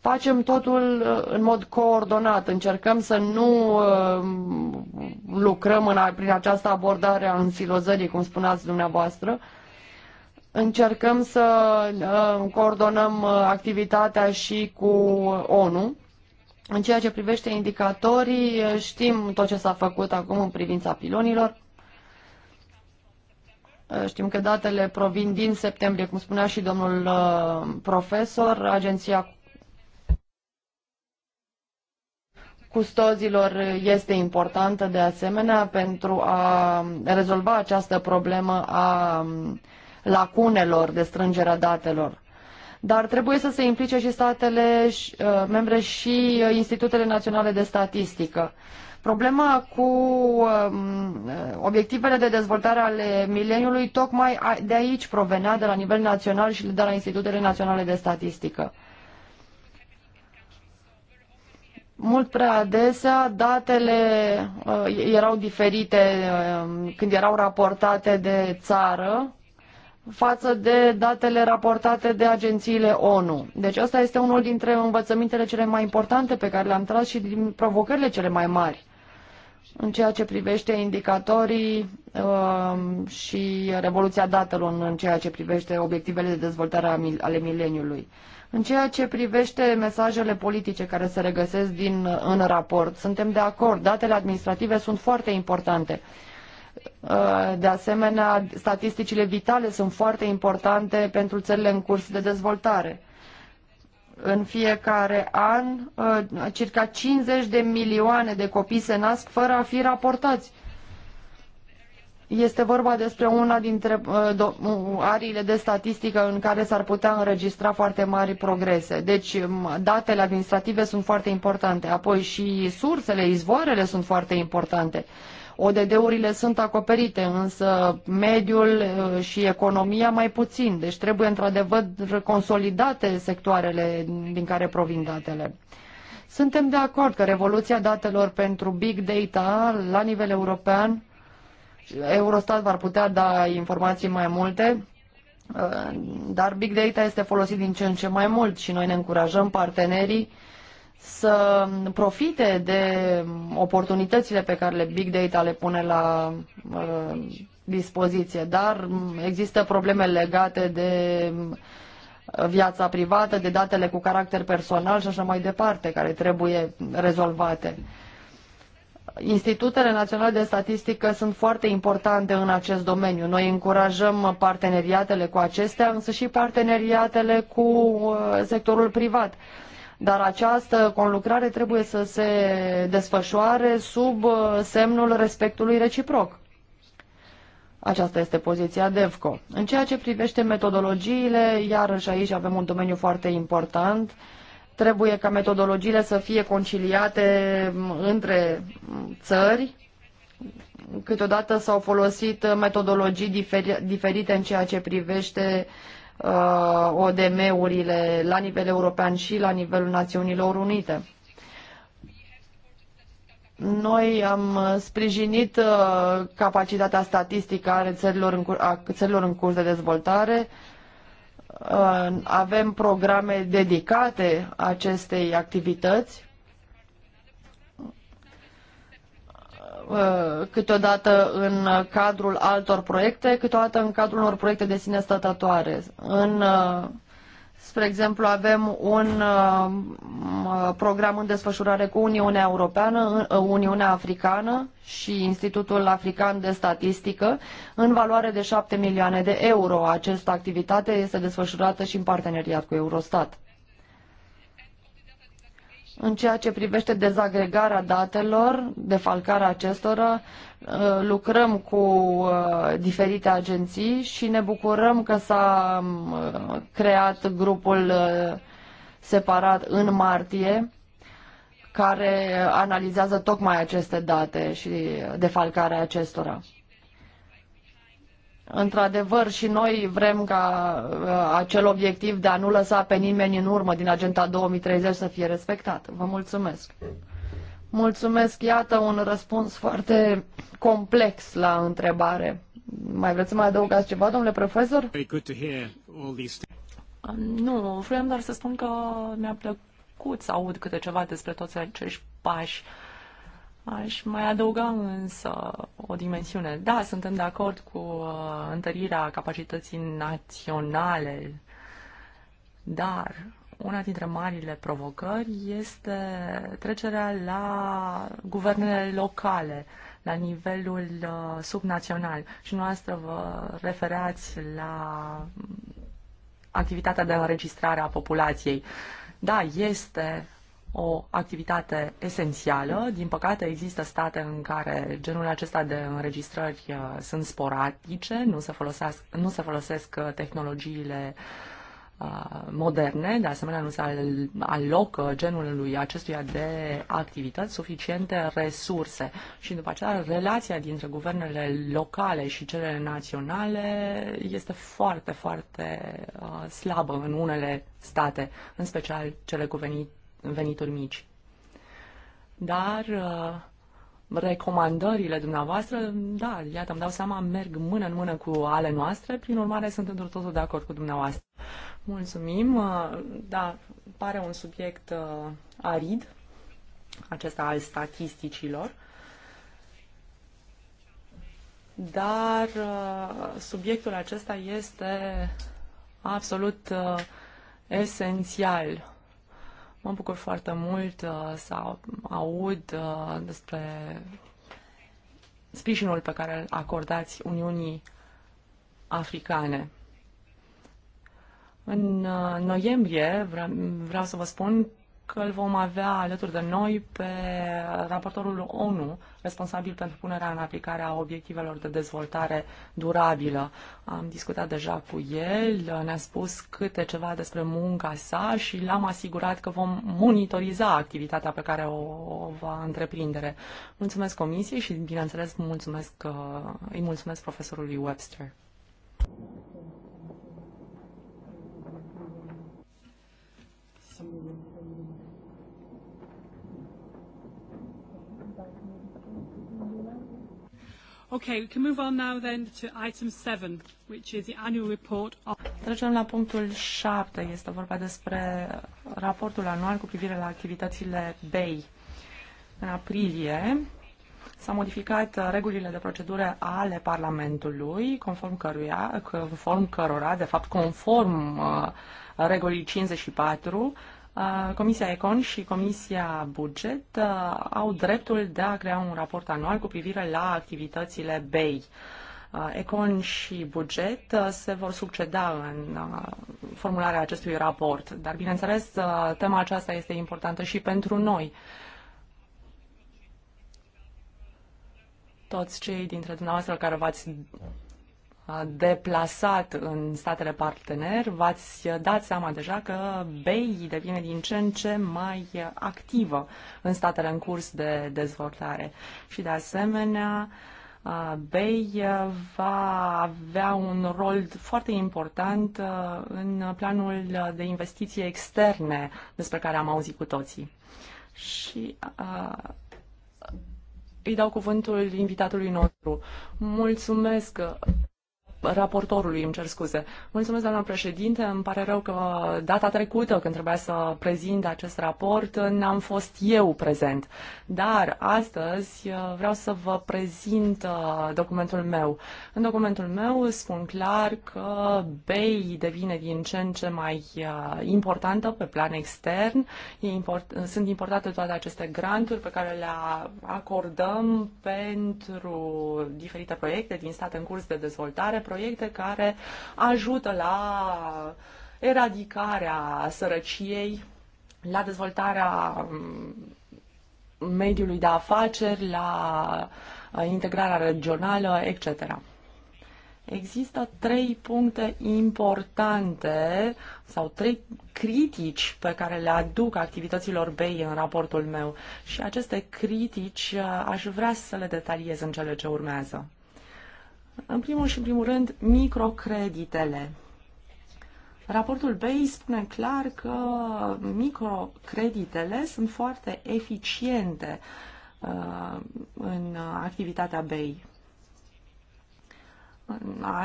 Facem totul uh, în mod coordonat, încercăm să nu uh, lucrăm în, prin această abordare a însilozării, cum spuneați dumneavoastră, încercăm să uh, coordonăm activitatea și cu ONU în ceea ce privește indicatorii, știm tot ce s-a făcut acum în privința pilonilor. Știm că datele provin din septembrie, cum spunea și domnul uh, profesor, agenția custozilor este importantă de asemenea pentru a rezolva această problemă a um, lacunelor de strângere a datelor dar trebuie să se implice și statele uh, membre și uh, institutele naționale de statistică. Problema cu um, uh, obiectivele de dezvoltare ale mileniului tocmai de aici provenea de la nivel național și de la institutele naționale de statistică. Mult prea adesea datele erau diferite când erau raportate de țară față de datele raportate de agențiile ONU. Deci asta este unul dintre învățămintele cele mai importante pe care le-am tras și din provocările cele mai mari în ceea ce privește indicatorii uh, și revoluția datelor în ceea ce privește obiectivele de dezvoltare ale mileniului. În ceea ce privește mesajele politice care se regăsesc din, în raport, suntem de acord. Datele administrative sunt foarte importante. Uh, Uh, de asemenea, statisticile vitale sunt foarte importante pentru țările în curs de dezvoltare. În fiecare an, uh, circa 50 de milioane de copii se nasc fără a fi raportați. Este vorba despre una dintre uh, ariile de statistică în care s-ar putea înregistra foarte mari progrese. Deci datele administrative sunt foarte importante, apoi și sursele, izvoarele sunt foarte importante. ODD-urile sunt acoperite, însă mediul uh, și economia mai puțin, deci trebuie într-adevăr consolidate sectoarele din care provin datele. Suntem de acord că revoluția datelor pentru big data la nivel european, Eurostat va putea da informații mai multe, uh, dar big data este folosit din ce în ce mai mult și noi ne încurajăm partenerii să profite de oportunitățile pe care le big data le pune la uh, dispoziție, dar există probleme legate de uh, viața privată, de datele cu caracter personal și așa mai departe, care trebuie rezolvate. Institutele Naționale de Statistică sunt foarte importante în acest domeniu. Noi încurajăm parteneriatele cu acestea, însă și parteneriatele cu uh, sectorul privat. Uh, dar această conlucrare trebuie să se desfășoare sub uh, semnul respectului reciproc. Aceasta este poziția DEVCO. În ceea ce privește metodologiile, iarăși aici avem un domeniu foarte important. Trebuie ca metodologiile să fie conciliate între țări. Câteodată s-au folosit metodologii diferite în ceea ce privește uh, Uh, ODM-urile la nivel european și la nivelul Națiunilor Unite. Noi am sprijinit uh, capacitatea statistică a țărilor în, a țărilor în curs de dezvoltare. Uh, avem programe dedicate acestei activități Uh, câteodată în cadrul altor proiecte, câteodată în cadrul unor proiecte de sine statatoare. În, uh, spre exemplu, avem un uh, program în desfășurare cu Uniunea Europeană, Uniunea Africană și Institutul African de Statistică în valoare de 7 milioane de euro. Această activitate este desfășurată și în parteneriat cu Eurostat. În ceea ce privește dezagregarea datelor, defalcarea acestora, uh, lucrăm cu uh, diferite agenții și ne bucurăm că s-a um, creat grupul uh, separat în martie care analizează tocmai aceste date și defalcarea acestora. Într-adevăr, și noi vrem ca uh, acel obiectiv de a nu lăsa pe nimeni în urmă din Agenda 2030 să fie respectat. Vă mulțumesc! Mulțumesc, iată un răspuns foarte complex la întrebare. Mai vreți să mai adăugați ceva, domnule profesor? Nu, vreau doar să spun că mi-a plăcut să aud câte ceva despre toți acești pași uh, Aș mai adăuga însă o dimensiune. Da, suntem de acord cu uh, întărirea capacității naționale, dar una dintre marile provocări este trecerea la guvernele locale, la nivelul uh, subnațional. Și noastră vă refereați la activitatea de înregistrare a populației. Da, este o activitate esențială. Din păcate, există state în care genul acesta de înregistrări uh, sunt sporadice, nu se, folosesc, nu se folosesc uh, tehnologiile uh, moderne, de asemenea nu se alocă genului acestuia de activități suficiente resurse și după aceea relația dintre guvernele locale și cele naționale este foarte, foarte slabă în unele state, în special cele cu venit venituri mici. Dar uh, recomandările dumneavoastră, da, iată, îmi dau seama, merg mână în mână cu ale noastre, prin urmare sunt într totul de acord cu dumneavoastră. Mulțumim, uh, da, pare un subiect uh, arid, acesta al statisticilor, dar subiectul acesta este absolut esențial Mă bucur foarte mult uh, să aud uh, despre sprijinul pe care îl acordați Uniunii Africane. În uh, noiembrie vre- vreau să vă spun că îl vom avea alături de noi pe raportorul ONU, responsabil pentru punerea în aplicare a obiectivelor de dezvoltare durabilă. Am discutat deja cu el, ne-a spus câte ceva despre munca sa și l-am asigurat că vom monitoriza activitatea pe care o, o va întreprindere. Mulțumesc comisiei și, bineînțeles, mulțumesc, uh, îi mulțumesc profesorului Webster. Okay, we can move on now then to item 7, which is the annual report of... Trecem la punctul 7. Este vorba despre uh, raportul anual cu privire la activitățile BEI. În aprilie s-au modificat uh, regulile de procedură ale Parlamentului, conform, căruia, conform cărora, de fapt conform uh, regulii 54, Comisia Econ și Comisia Buget au dreptul de a crea un raport anual cu privire la activitățile BEI. Econ și buget se vor succeda în formularea acestui raport, dar bineînțeles tema aceasta este importantă și pentru noi. Toți cei dintre dumneavoastră care v-ați Uh, deplasat în statele partener, v-ați uh, dat seama deja că BEI devine din ce în ce mai uh, activă în statele în curs de dezvoltare. Și de asemenea, BEI va avea un rol foarte important în planul de investiții externe despre care am auzit cu toții. Și îi dau cuvântul invitatului nostru. Mulțumesc! raportorului, îmi cer scuze. Mulțumesc, doamna președinte. Îmi pare rău că data trecută, când trebuia să prezint acest raport, n-am fost eu prezent. Dar astăzi uh, vreau să vă prezint uh, documentul meu. În documentul meu spun clar că BEI devine din ce în ce mai uh, importantă pe plan extern. Import, sunt importate toate aceste granturi pe care le acordăm pentru diferite proiecte din state în curs de dezvoltare, proiecte care ajută la eradicarea sărăciei, la dezvoltarea mm, mediului de afaceri, la uh, integrarea regională, etc. Există trei puncte importante sau trei critici pe care le aduc activităților BEI în raportul meu și aceste critici uh, aș vrea să le detaliez în cele ce urmează. În primul și în primul rând, microcreditele. Raportul BEI spune clar că microcreditele sunt foarte eficiente uh, în activitatea BEI.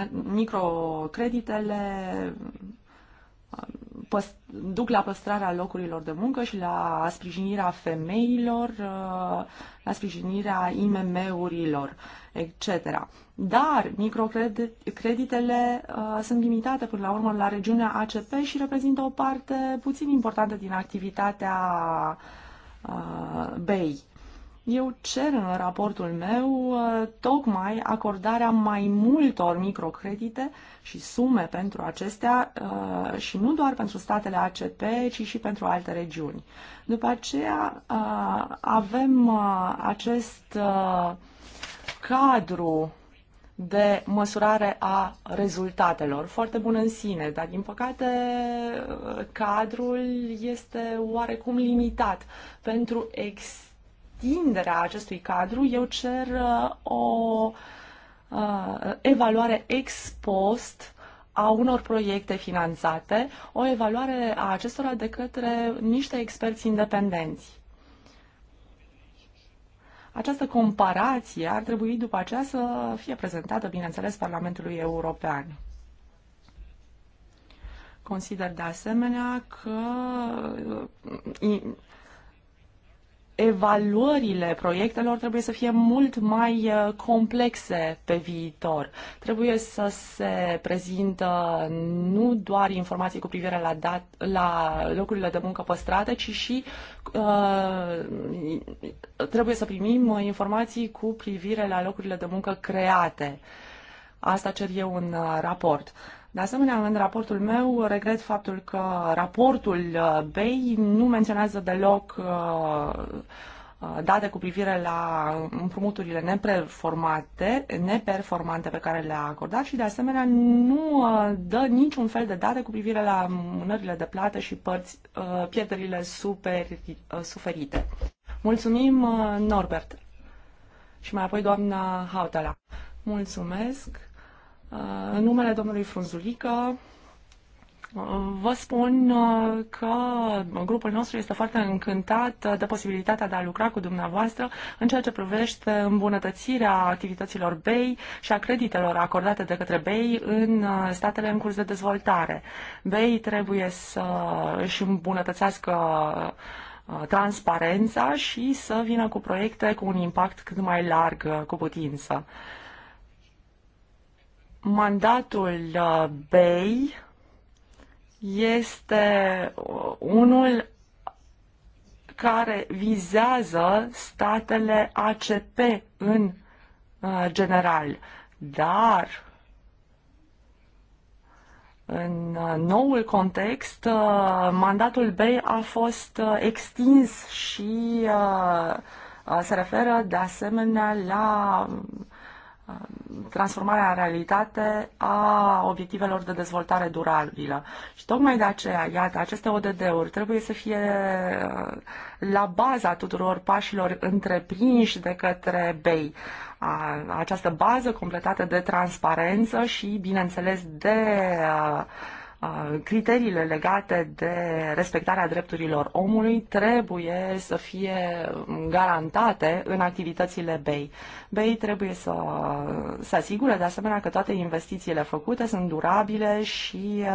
Microcreditele duc la păstrarea locurilor de muncă și la sprijinirea femeilor, uh, la sprijinirea IMM-urilor, etc. Dar microcreditele uh, sunt limitate până la urmă la regiunea ACP și reprezintă o parte puțin importantă din activitatea uh, BEI. Eu cer în raportul meu uh, tocmai acordarea mai multor microcredite și sume pentru acestea uh, și nu doar pentru statele ACP, ci și pentru alte regiuni. După aceea uh, avem acest cadru de măsurare a rezultatelor. Foarte bun în sine, dar din păcate cadrul este oarecum limitat pentru ex extinderea acestui cadru, eu cer uh, o uh, evaluare ex post a unor proiecte finanțate, o evaluare a acestora de către niște experți independenți. Această comparație ar trebui după aceea să fie prezentată, bineînțeles, Parlamentului European. Consider de asemenea că uh, evaluările proiectelor trebuie să fie mult mai uh, complexe pe viitor. Trebuie să se prezintă nu doar informații cu privire la, dat, la locurile de muncă păstrate, ci și uh, trebuie să primim informații cu privire la locurile de muncă create. Asta cer eu un uh, raport. Uh, de asemenea, în raportul meu regret faptul că raportul uh, BEI nu menționează deloc uh, uh, date cu privire la împrumuturile neperformante, neperformante pe care le-a acordat și, de asemenea, nu dă niciun fel de date cu privire la mânările de plată și părți, pierderile super, suferite. Mulțumim, Norbert. Și mai apoi doamna Hautala. Mulțumesc. În numele domnului Frunzulică, Vă spun uh, că grupul nostru este foarte încântat de posibilitatea de a lucra cu dumneavoastră în ceea ce privește îmbunătățirea activităților BEI și a creditelor acordate de către BEI în uh, statele în curs de dezvoltare. BEI trebuie să își îmbunătățească uh, transparența și să vină cu proiecte cu un impact cât mai larg cu putință. Mandatul uh, BEI este uh, unul care vizează statele ACP în uh, general, dar în noul context, mandatul BEI a fost extins și se referă de asemenea la Um, transformarea în realitate a obiectivelor de dezvoltare durabilă. Și tocmai de aceea, iată, aceste ODD-uri trebuie să fie uh, la baza tuturor pașilor întreprinși de către BEI. Această bază completată de transparență și, bineînțeles, de uh, criteriile legate de respectarea drepturilor omului trebuie să fie garantate în activitățile BEI. BEI trebuie să se asigure de asemenea că toate investițiile făcute sunt durabile și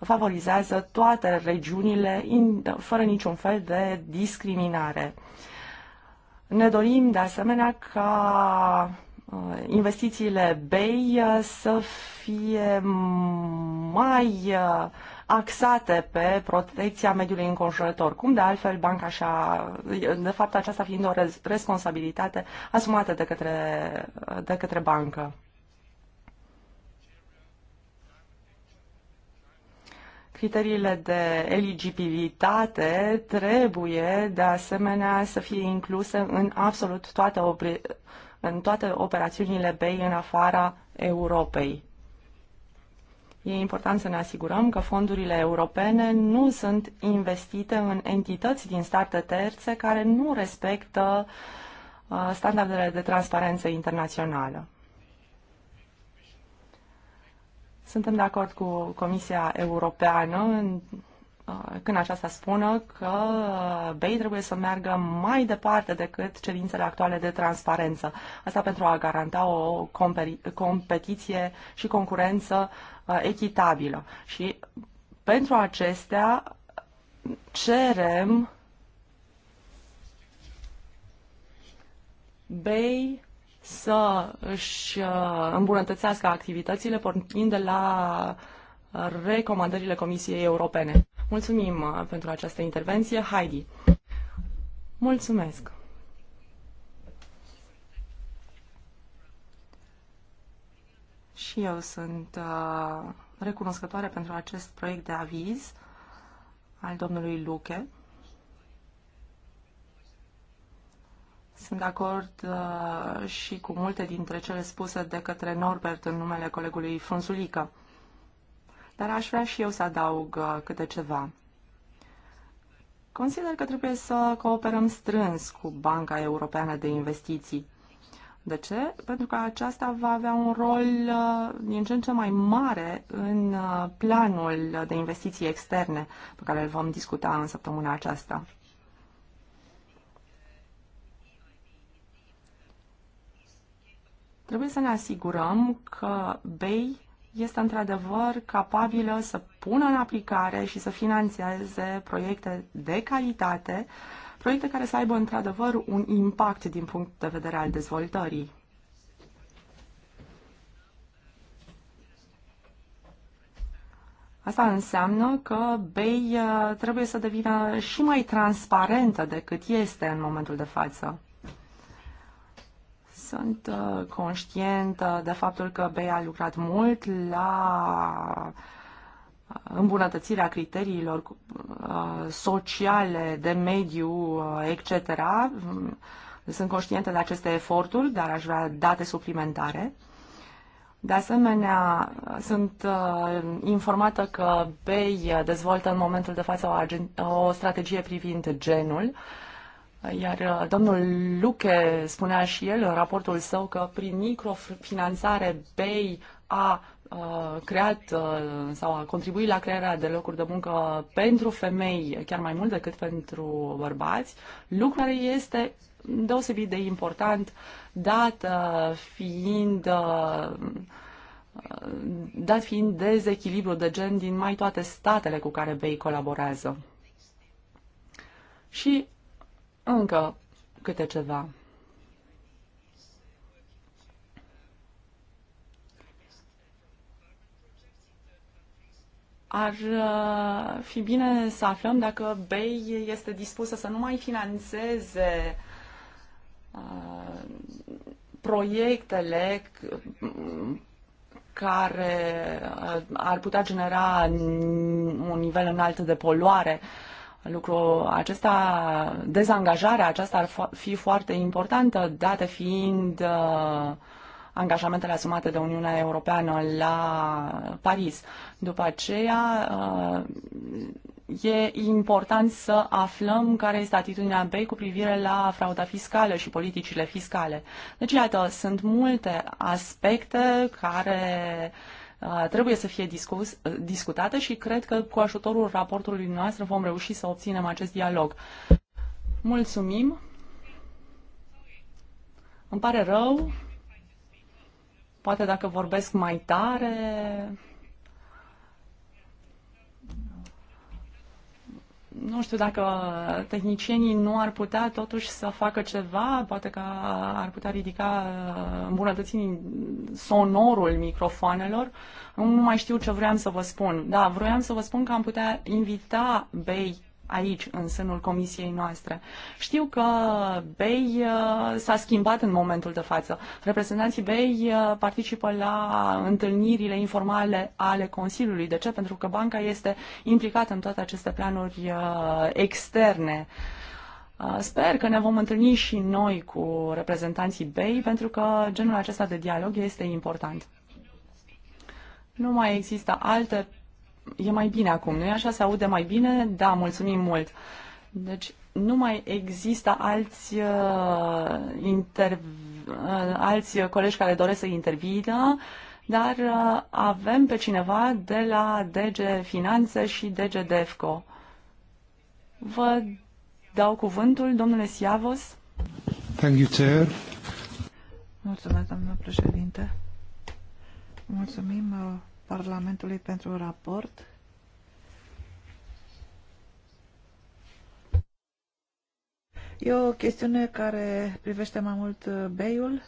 favorizează toate regiunile fără niciun fel de discriminare. Ne dorim de asemenea ca Uh, investițiile BEI uh, să fie mai uh, axate pe protecția mediului înconjurător, cum de altfel banca și-a, de fapt aceasta fiind o responsabilitate asumată de către, de către bancă. Criteriile de eligibilitate trebuie, de asemenea, să fie incluse în absolut toate în toate operațiunile BEI în afara Europei. E important să ne asigurăm că fondurile europene nu sunt investite în entități din state terțe care nu respectă uh, standardele de transparență internațională. Suntem de acord cu Comisia Europeană în Uh, când aceasta spună că BEI trebuie să meargă mai departe decât cerințele actuale de transparență. Asta pentru a garanta o competiție și concurență uh, echitabilă. Și pentru acestea cerem BEI să își uh, îmbunătățească activitățile pornind de la recomandările Comisiei Europene. Mulțumim uh, pentru această intervenție. Heidi. Mulțumesc. Și eu sunt uh, recunoscătoare pentru acest proiect de aviz al domnului Luche. Sunt de acord uh, și cu multe dintre cele spuse de către Norbert în numele colegului Frunzulică dar aș vrea și eu să adaug uh, câte ceva. Consider că trebuie să cooperăm strâns cu Banca Europeană de Investiții. De ce? Pentru că aceasta va avea un rol uh, din ce în ce mai mare în uh, planul de investiții externe pe care îl vom discuta în săptămâna aceasta. Trebuie să ne asigurăm că BEI este într-adevăr capabilă să pună în aplicare și să financeze proiecte de calitate, proiecte care să aibă într-adevăr un impact din punct de vedere al dezvoltării. Asta înseamnă că BEI uh, trebuie să devină și mai transparentă decât este în momentul de față. Sunt uh, conștientă de faptul că BEI a lucrat mult la uh, îmbunătățirea criteriilor uh, sociale, de mediu, etc. Mm, sunt conștientă de aceste eforturi, dar aș vrea date suplimentare. De asemenea, sunt informată că BEI dezvoltă în momentul de față o, o strategie privind genul. Uh, iar uh, domnul Luche spunea și el în raportul său că prin microfinanțare BEI a uh, creat uh, sau a contribuit la crearea de locuri de muncă pentru femei chiar mai mult decât pentru bărbați, Lucrul care este deosebit de important, dat fiind dat fiind dezechilibru de gen din mai toate statele cu care BEI colaborează. Și încă câte ceva. Ar uh, fi bine să aflăm dacă BEI este dispusă să nu mai financeze uh, proiectele care uh, ar putea genera un nivel înalt de poluare uh, Lucrul acesta, dezangajarea aceasta ar fi foarte importantă, date fiind uh, angajamentele asumate de Uniunea Europeană la Paris. După aceea, uh, e important să aflăm care este atitudinea BEI cu privire la frauda fiscală și politicile fiscale. Deci, iată, sunt multe aspecte care uh, trebuie să fie discus, discutate și cred că cu ajutorul raportului noastră vom reuși să obținem acest dialog. Mulțumim! Îmi pare rău, poate dacă vorbesc mai tare, nu știu dacă tehnicienii nu ar putea totuși să facă ceva, poate că ar putea ridica uh, îmbunătăți sonorul microfoanelor. Nu mai știu ce vreau să vă spun. Da, vreau să vă spun că am putea invita bei aici, în sânul comisiei noastre. Știu că BEI uh, s-a schimbat în momentul de față. Reprezentanții BEI uh, participă la întâlnirile informale ale Consiliului. De ce? Pentru că banca este implicată în toate aceste planuri uh, externe. Sper că ne vom întâlni și noi cu reprezentanții BEI, pentru că genul acesta de dialog este important. Nu mai există alte e mai bine acum, nu-i așa? Se aude mai bine? Da, mulțumim mult. Deci nu mai există alți, uh, inter... uh, alți colegi care doresc să intervină, dar uh, avem pe cineva de la DG Finanțe și DG DEFCO. Vă dau cuvântul, domnule Siavos. Thank you, Chair. Mulțumesc, doamnă președinte. Mulțumim uh, Parlamentului pentru raport. E o chestiune care privește mai mult uh, beiul.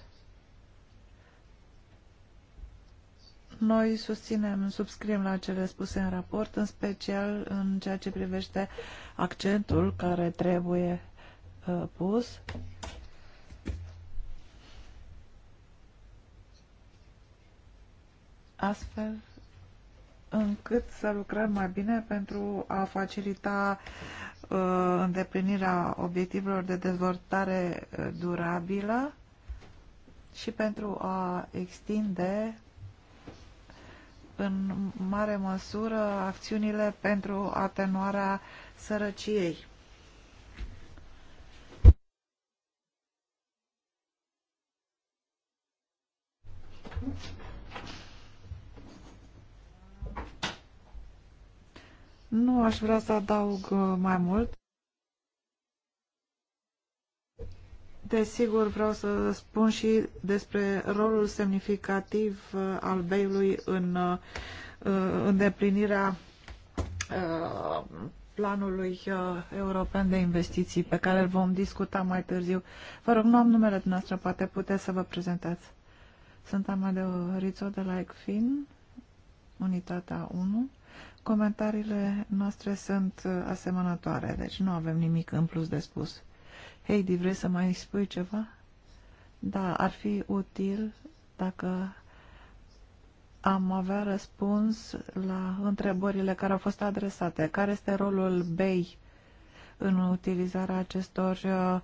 Noi susținem, subscriem la cele spuse în raport, în special în ceea ce privește accentul care trebuie uh, pus astfel încât să lucrăm mai bine pentru a facilita uh, îndeplinirea obiectivelor de dezvoltare uh, durabilă și pentru a extinde în mare măsură acțiunile pentru atenuarea sărăciei. Nu aș vrea să adaug uh, mai mult. Desigur, vreau să spun și despre rolul semnificativ uh, al Beiului în uh, îndeplinirea planului european de investiții pe care îl vom discuta mai târziu. Vă rog, nu am numele dumneavoastră, poate puteți să vă prezentați. Sunt Amadeo Rizzo de la ECFIN, unitatea 1. Comentariile noastre sunt uh, asemănătoare, deci nu avem nimic în plus de spus. Heidi, vrei să mai spui ceva? Da, ar fi util dacă am avea răspuns la întrebările care au fost adresate. Care este rolul BEI în utilizarea acestor uh,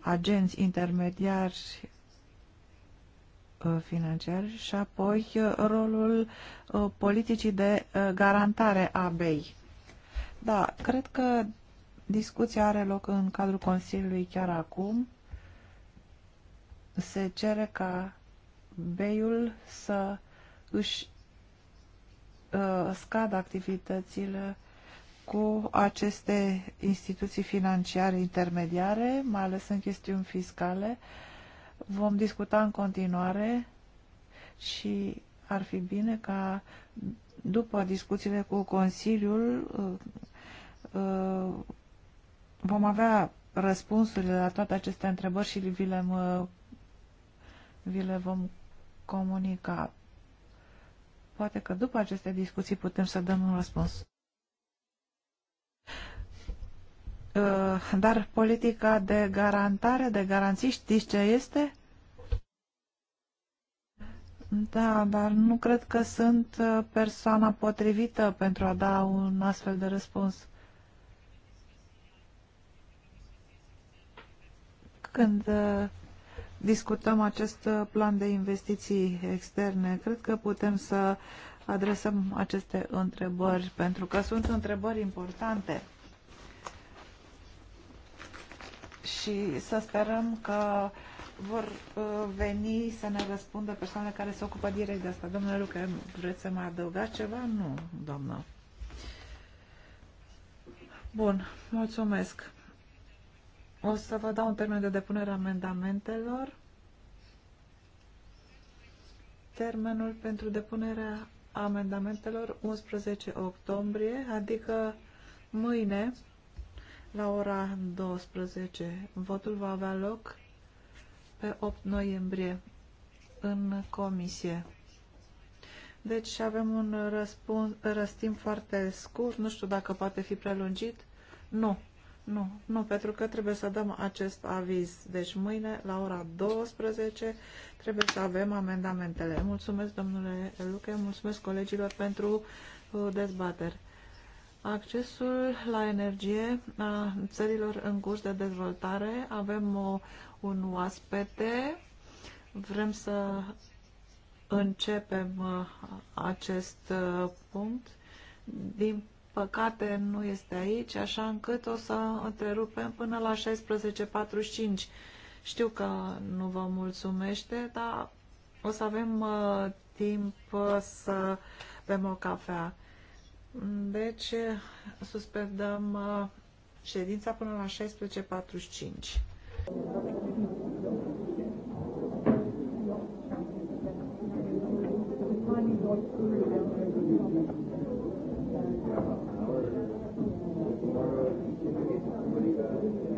agenți intermediari Uh, financiar și apoi uh, rolul uh, politicii de garantare a BEI. Da, cred că discuția are loc în cadrul Consiliului chiar acum. Se cere ca BEI-ul să își scadă activitățile cu aceste instituții financiare intermediare, mai ales în chestiuni fiscale, uh, Vom discuta în continuare și ar fi bine ca după discuțiile cu Consiliul uh, uh, vom avea răspunsurile la toate aceste întrebări și vi le, vi le vom comunica. Poate că după aceste discuții putem să dăm un răspuns. Uh, dar politica de garantare, de garanții, știți ce este? Da, dar nu cred că sunt uh, persoana potrivită pentru a da un astfel de răspuns. Când uh, discutăm acest plan de investiții externe, cred că putem să adresăm aceste întrebări, pentru că sunt întrebări importante. și să sperăm că vor uh, veni să ne răspundă persoanele care se ocupă direct de asta. Domnule Luca, vreți să mai adăugați ceva? Nu, doamnă. Bun, mulțumesc. O să vă dau un termen de depunere a amendamentelor. Termenul pentru depunerea amendamentelor 11 octombrie, adică mâine, la ora 12. Votul va avea loc pe 8 noiembrie în comisie. Deci avem un răspuns, răstim foarte scurt, nu știu dacă poate fi prelungit. Nu, nu, nu, pentru că trebuie să dăm acest aviz. Deci mâine, la ora 12, trebuie să avem amendamentele. Mulțumesc, domnule Luche, mulțumesc colegilor pentru uh, dezbateri accesul la energie a țărilor în curs de dezvoltare. Avem o, un oaspete. Vrem să începem uh, acest uh, punct. Din păcate nu este aici, așa încât o să întrerupem până la 16.45. Știu că nu vă mulțumește, dar o să avem uh, timp uh, să bem o cafea. Deci, suspendăm uh, ședința până la 16.45. Thank you.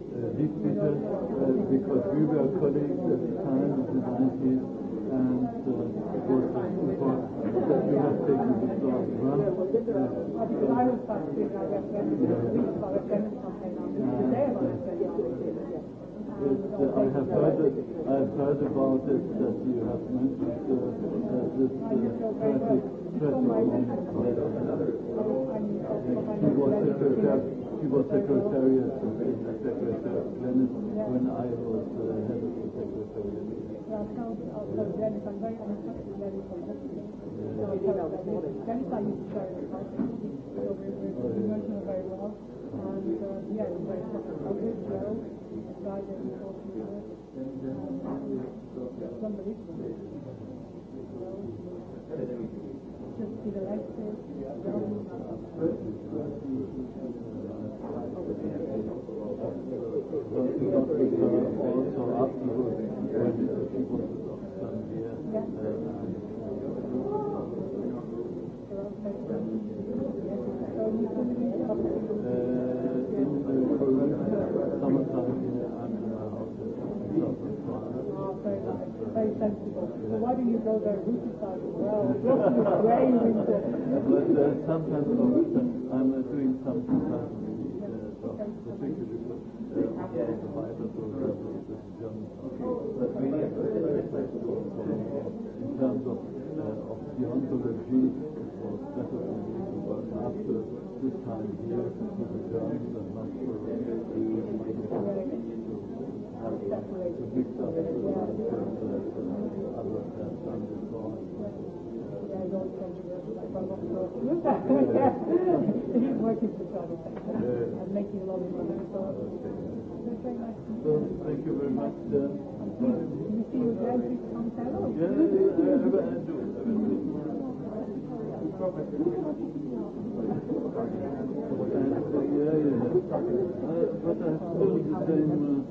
leaf uh, because we were colleagues at the time of the 90s and uh, it was important that we have taken this long as well. uh, I have heard it, I have heard about it that you have mentioned uh, uh, this uh, traffic traffic. He was a She was secretariat to the secretary Glennis when I was uh, head of the secretariat. Glennis I used to very well, so we were emotional very well, yeah, sensible. So why do you go there Wichita as well? Gray winter. But uh, sometimes I'm uh, doing something. sometimes. Uh, so I think uh, the the German. But we need to in terms of uh, of deontology, it was better for me after this time here the Germans and not for the Working for Charlie and making a lot of money. Thank you very much. you see you guys come fellow? Yeah, yeah, yeah, I do it. I will do it. Yeah, but I still the same. Uh,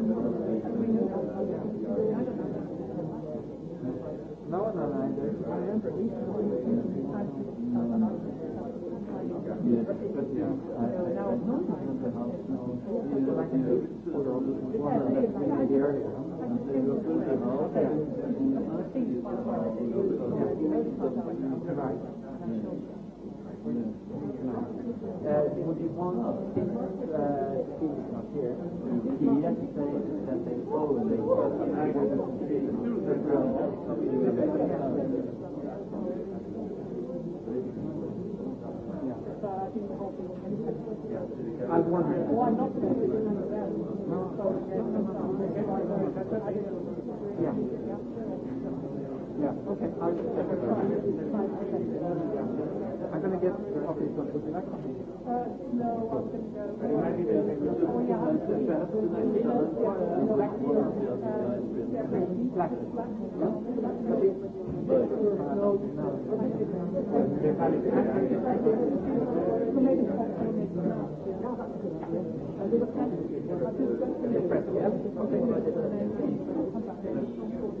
No, no, no. Thank you. Uh, would you want since uh, Steve is not here, he yesterday that they follow the I wonder. Why not? Yeah. Yeah. Okay. I'll not going to get okay, so you're not coming. Uh, no, I'm going to go. Oh, yeah, I'm going to go. Black. Black. Black. Black. Black. Black.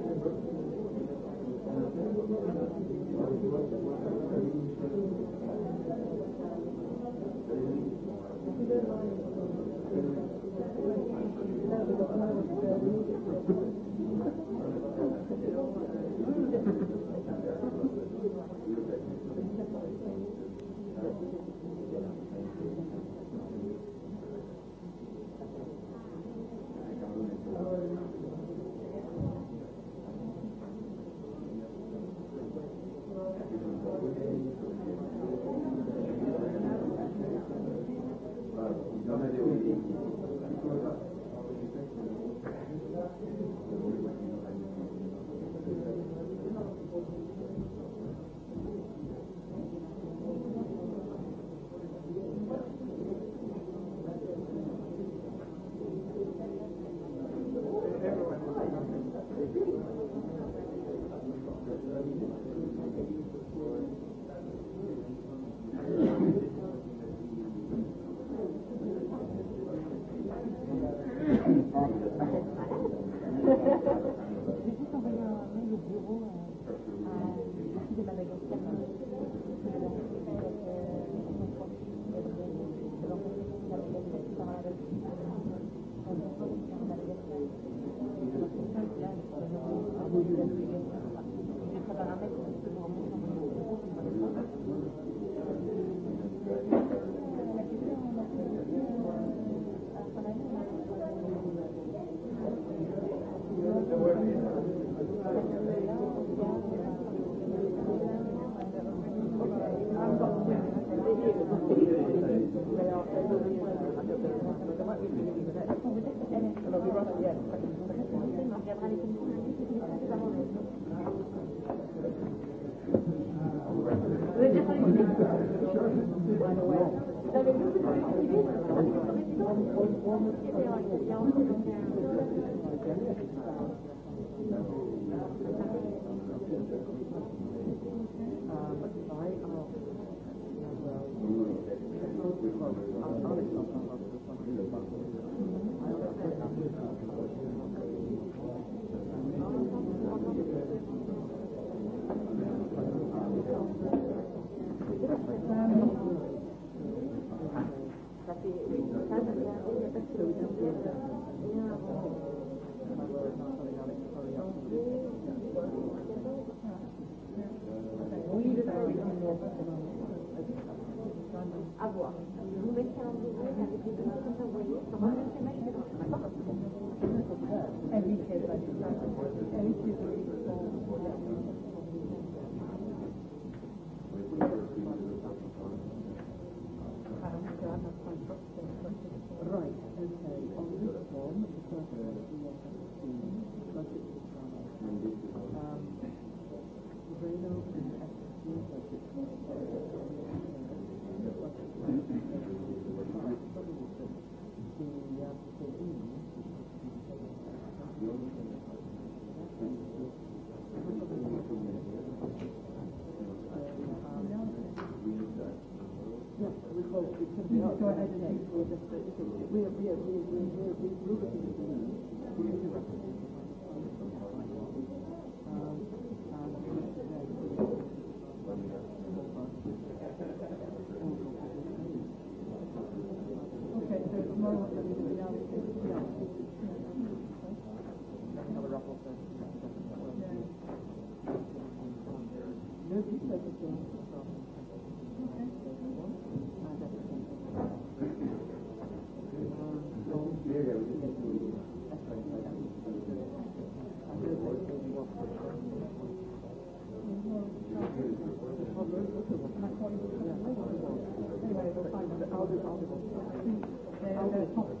Thank you.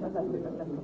Fantastic, fantastic.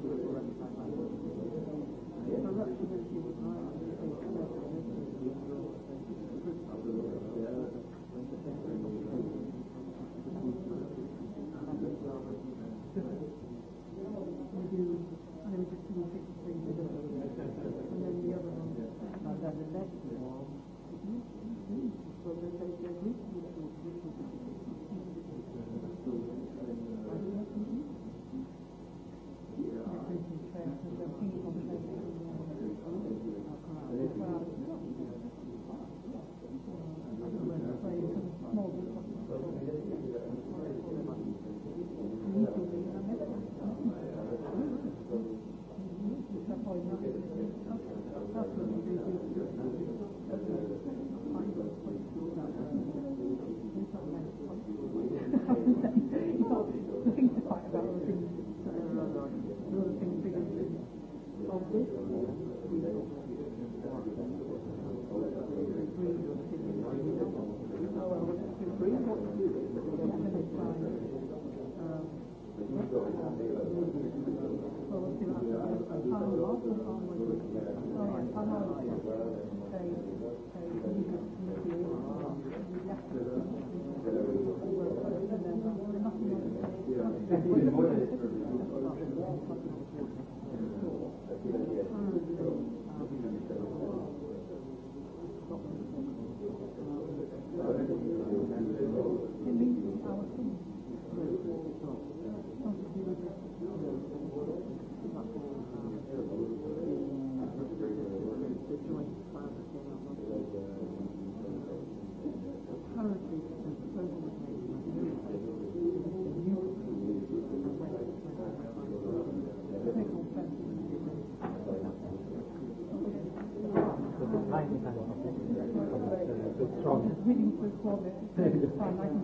taget samma grundlag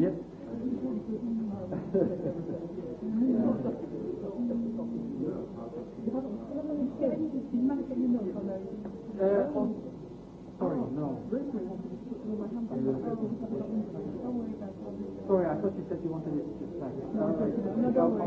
Yes. uh, on, sorry, no. Sorry, I thought you said you wanted it to back. No, no, no, no, no, no, no, no, no, no, no, no, no, no,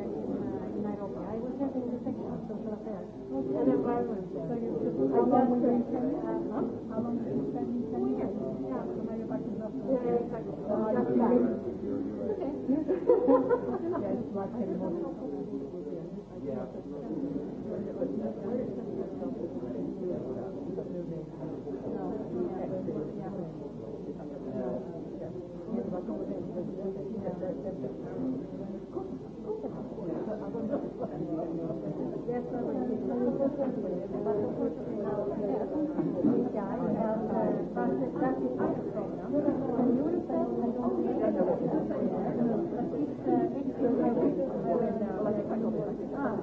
of affairs and environment. So you how long will you spend in huh? How long will you spend in Two years. Yeah, so now you're back in Brussels. Yeah, exactly. So uh, just back. Okay. yes, back in Brussels. Yeah.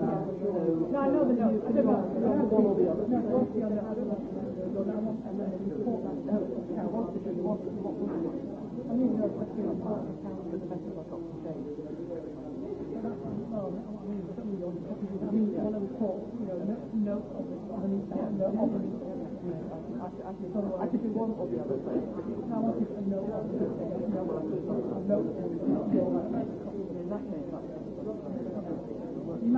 No, I know the notes. I don't know. I don't have one or the other. No, what's the other? I don't know. And then the report must know what's the good, what's the what was the I mean, you're a question of part of the to know, note of the note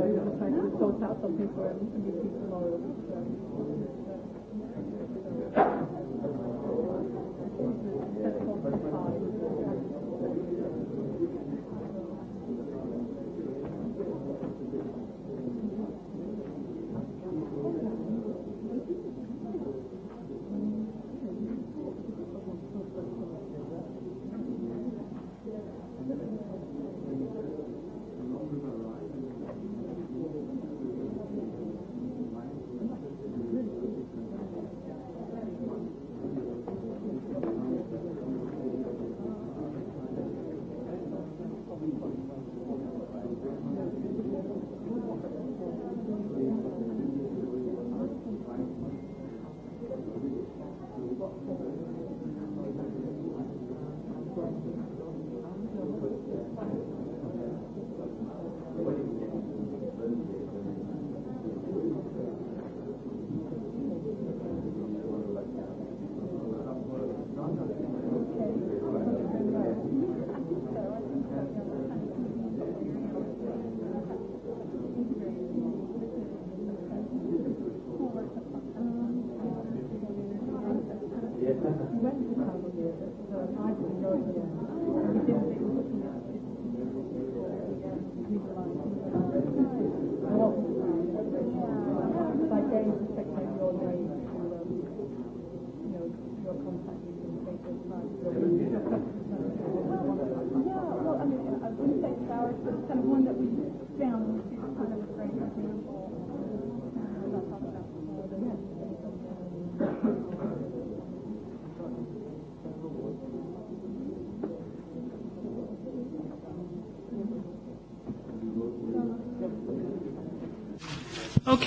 so it was like it sorts out some people and gives people more That's all.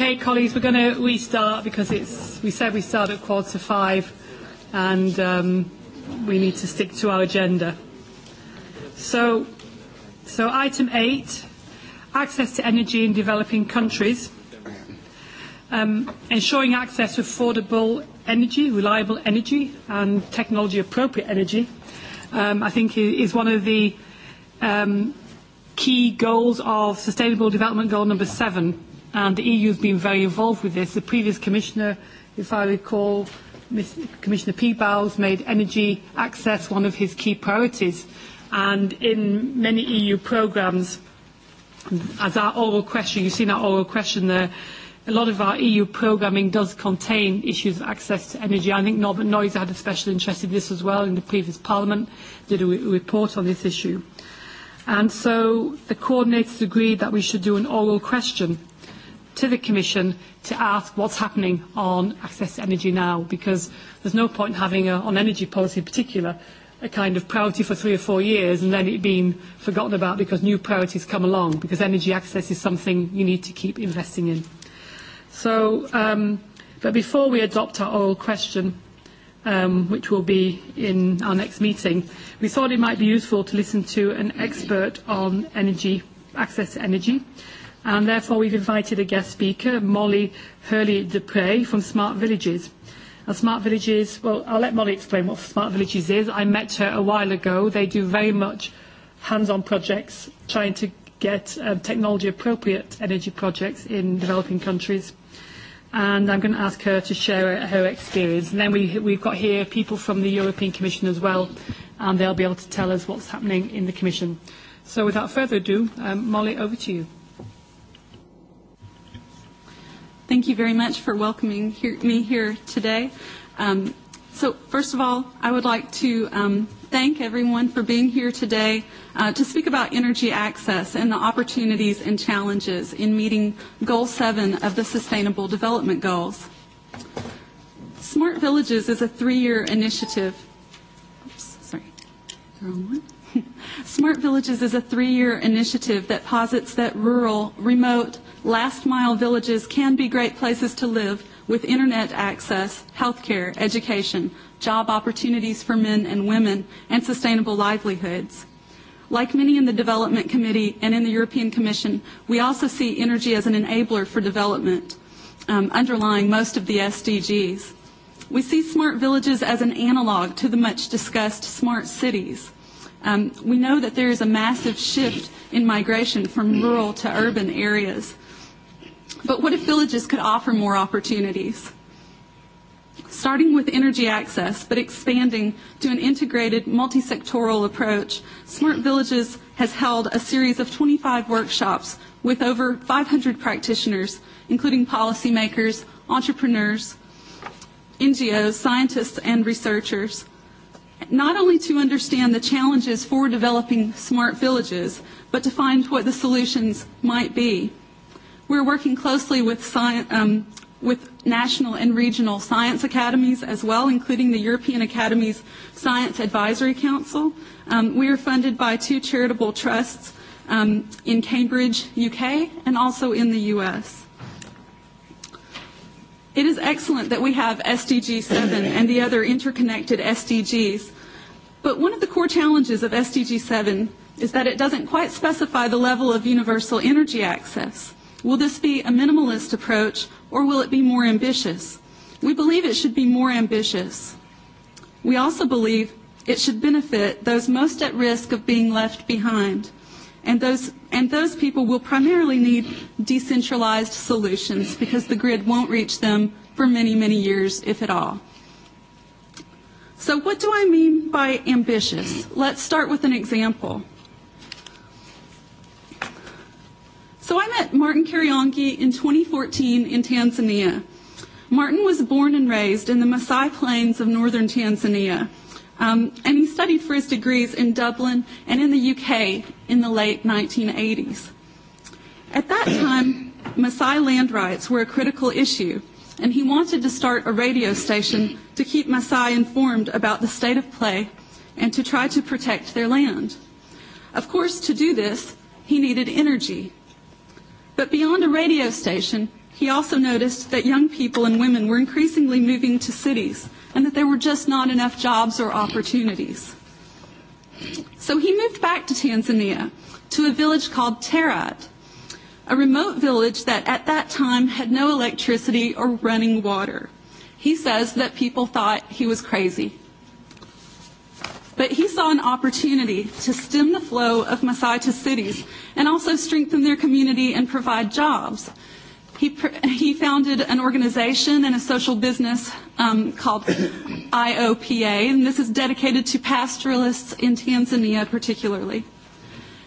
Okay, colleagues, we're going to restart because it's, we said we start at quarter to five and um, we need to stick to our agenda. So, so item eight, access to energy in developing countries. Um, ensuring access to affordable energy, reliable energy and technology appropriate energy, um, I think is one of the um, key goals of Sustainable Development Goal number seven and the EU has been very involved with this. The previous commissioner, if I recall, Ms. Commissioner Peebles made energy access one of his key priorities, and in many EU programmes, as our oral question, you've seen our oral question there, a lot of our EU programming does contain issues of access to energy. I think Norbert Noyes had a special interest in this as well in the previous Parliament, did a re report on this issue. And so the coordinators agreed that we should do an oral question to the Commission to ask what's happening on access to energy now, because there's no point having, a, on energy policy in particular, a kind of priority for three or four years and then it being forgotten about because new priorities come along, because energy access is something you need to keep investing in. So, um, but before we adopt our oral question, um, which will be in our next meeting, we thought it might be useful to listen to an expert on energy, access to energy, and therefore we've invited a guest speaker, Molly Hurley-Dupre from Smart Villages. And Smart Villages, well, I'll let Molly explain what Smart Villages is. I met her a while ago. They do very much hands-on projects, trying to get um, technology-appropriate energy projects in developing countries. And I'm going to ask her to share her experience. And then we, we've got here people from the European Commission as well, and they'll be able to tell us what's happening in the Commission. So without further ado, um, Molly, over to you. Thank you very much for welcoming here, me here today. Um, so first of all, I would like to um, thank everyone for being here today uh, to speak about energy access and the opportunities and challenges in meeting Goal 7 of the Sustainable Development Goals. Smart Villages is a three-year initiative. Oops, sorry, wrong one. Smart Villages is a three-year initiative that posits that rural, remote, last mile villages can be great places to live with internet access, healthcare, education, job opportunities for men and women, and sustainable livelihoods. Like many in the Development Committee and in the European Commission, we also see energy as an enabler for development, um, underlying most of the SDGs. We see smart villages as an analog to the much discussed smart cities. Um, we know that there is a massive shift in migration from rural to urban areas. But what if villages could offer more opportunities? Starting with energy access, but expanding to an integrated, multi-sectoral approach, Smart Villages has held a series of 25 workshops with over 500 practitioners, including policymakers, entrepreneurs, NGOs, scientists, and researchers, not only to understand the challenges for developing smart villages, but to find what the solutions might be. We're working closely with, science, um, with national and regional science academies as well, including the European Academy's Science Advisory Council. Um, we are funded by two charitable trusts um, in Cambridge, UK, and also in the US. It is excellent that we have SDG 7 and the other interconnected SDGs, but one of the core challenges of SDG 7 is that it doesn't quite specify the level of universal energy access. Will this be a minimalist approach or will it be more ambitious? We believe it should be more ambitious. We also believe it should benefit those most at risk of being left behind. And those, and those people will primarily need decentralized solutions because the grid won't reach them for many, many years, if at all. So what do I mean by ambitious? Let's start with an example. So I met Martin Karyonki in 2014 in Tanzania. Martin was born and raised in the Maasai Plains of northern Tanzania. Um, and he studied for his degrees in Dublin and in the UK in the late 1980s. At that time, Maasai land rights were a critical issue, and he wanted to start a radio station to keep Maasai informed about the state of play and to try to protect their land. Of course, to do this, he needed energy, But beyond a radio station, he also noticed that young people and women were increasingly moving to cities and that there were just not enough jobs or opportunities. So he moved back to Tanzania to a village called Terat, a remote village that at that time had no electricity or running water. He says that people thought he was crazy But he saw an opportunity to stem the flow of Maasai to cities and also strengthen their community and provide jobs. He, pr- he founded an organization and a social business um, called IOPA, and this is dedicated to pastoralists in Tanzania particularly.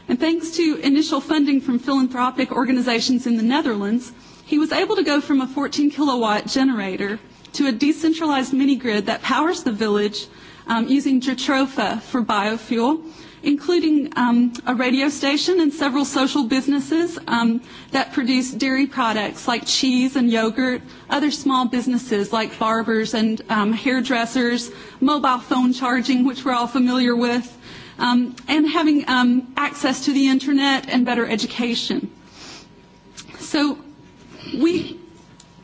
And thanks to initial funding from philanthropic organizations in the Netherlands, he was able to go from a 14 kilowatt generator to a decentralized mini grid that powers the village um, using jatropha for biofuel, including um, a radio station and several social businesses um, that produce dairy products like cheese and yogurt, other small businesses like barbers and um, hairdressers, mobile phone charging, which we're all familiar with, um, and having um, access to the internet and better education. So we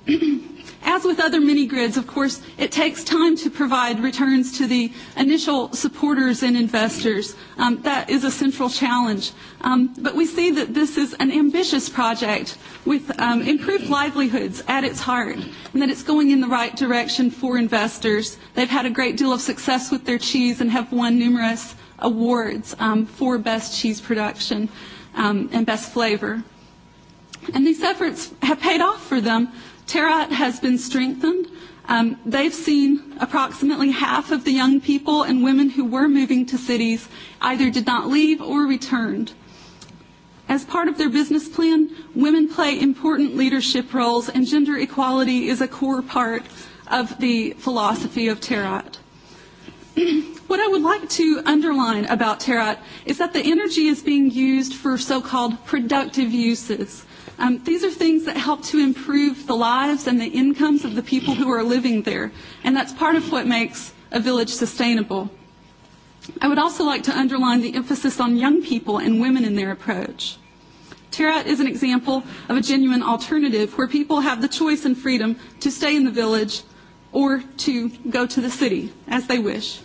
As with other mini-grids, of course, it takes time to provide returns to the initial supporters and investors. Um, that is a central challenge. Um, but we see that this is an ambitious project with um, improved livelihoods at its heart and that it's going in the right direction for investors. They've had a great deal of success with their cheese and have won numerous awards um, for best cheese production um, and best flavor. And these efforts have paid off for them Terat has been strengthened. Um, they've seen approximately half of the young people and women who were moving to cities either did not leave or returned. As part of their business plan, women play important leadership roles, and gender equality is a core part of the philosophy of Terat. what I would like to underline about Terat is that the energy is being used for so called productive uses. Um, these are things that help to improve the lives and the incomes of the people who are living there, and that's part of what makes a village sustainable. I would also like to underline the emphasis on young people and women in their approach. Terat is an example of a genuine alternative where people have the choice and freedom to stay in the village or to go to the city as they wish.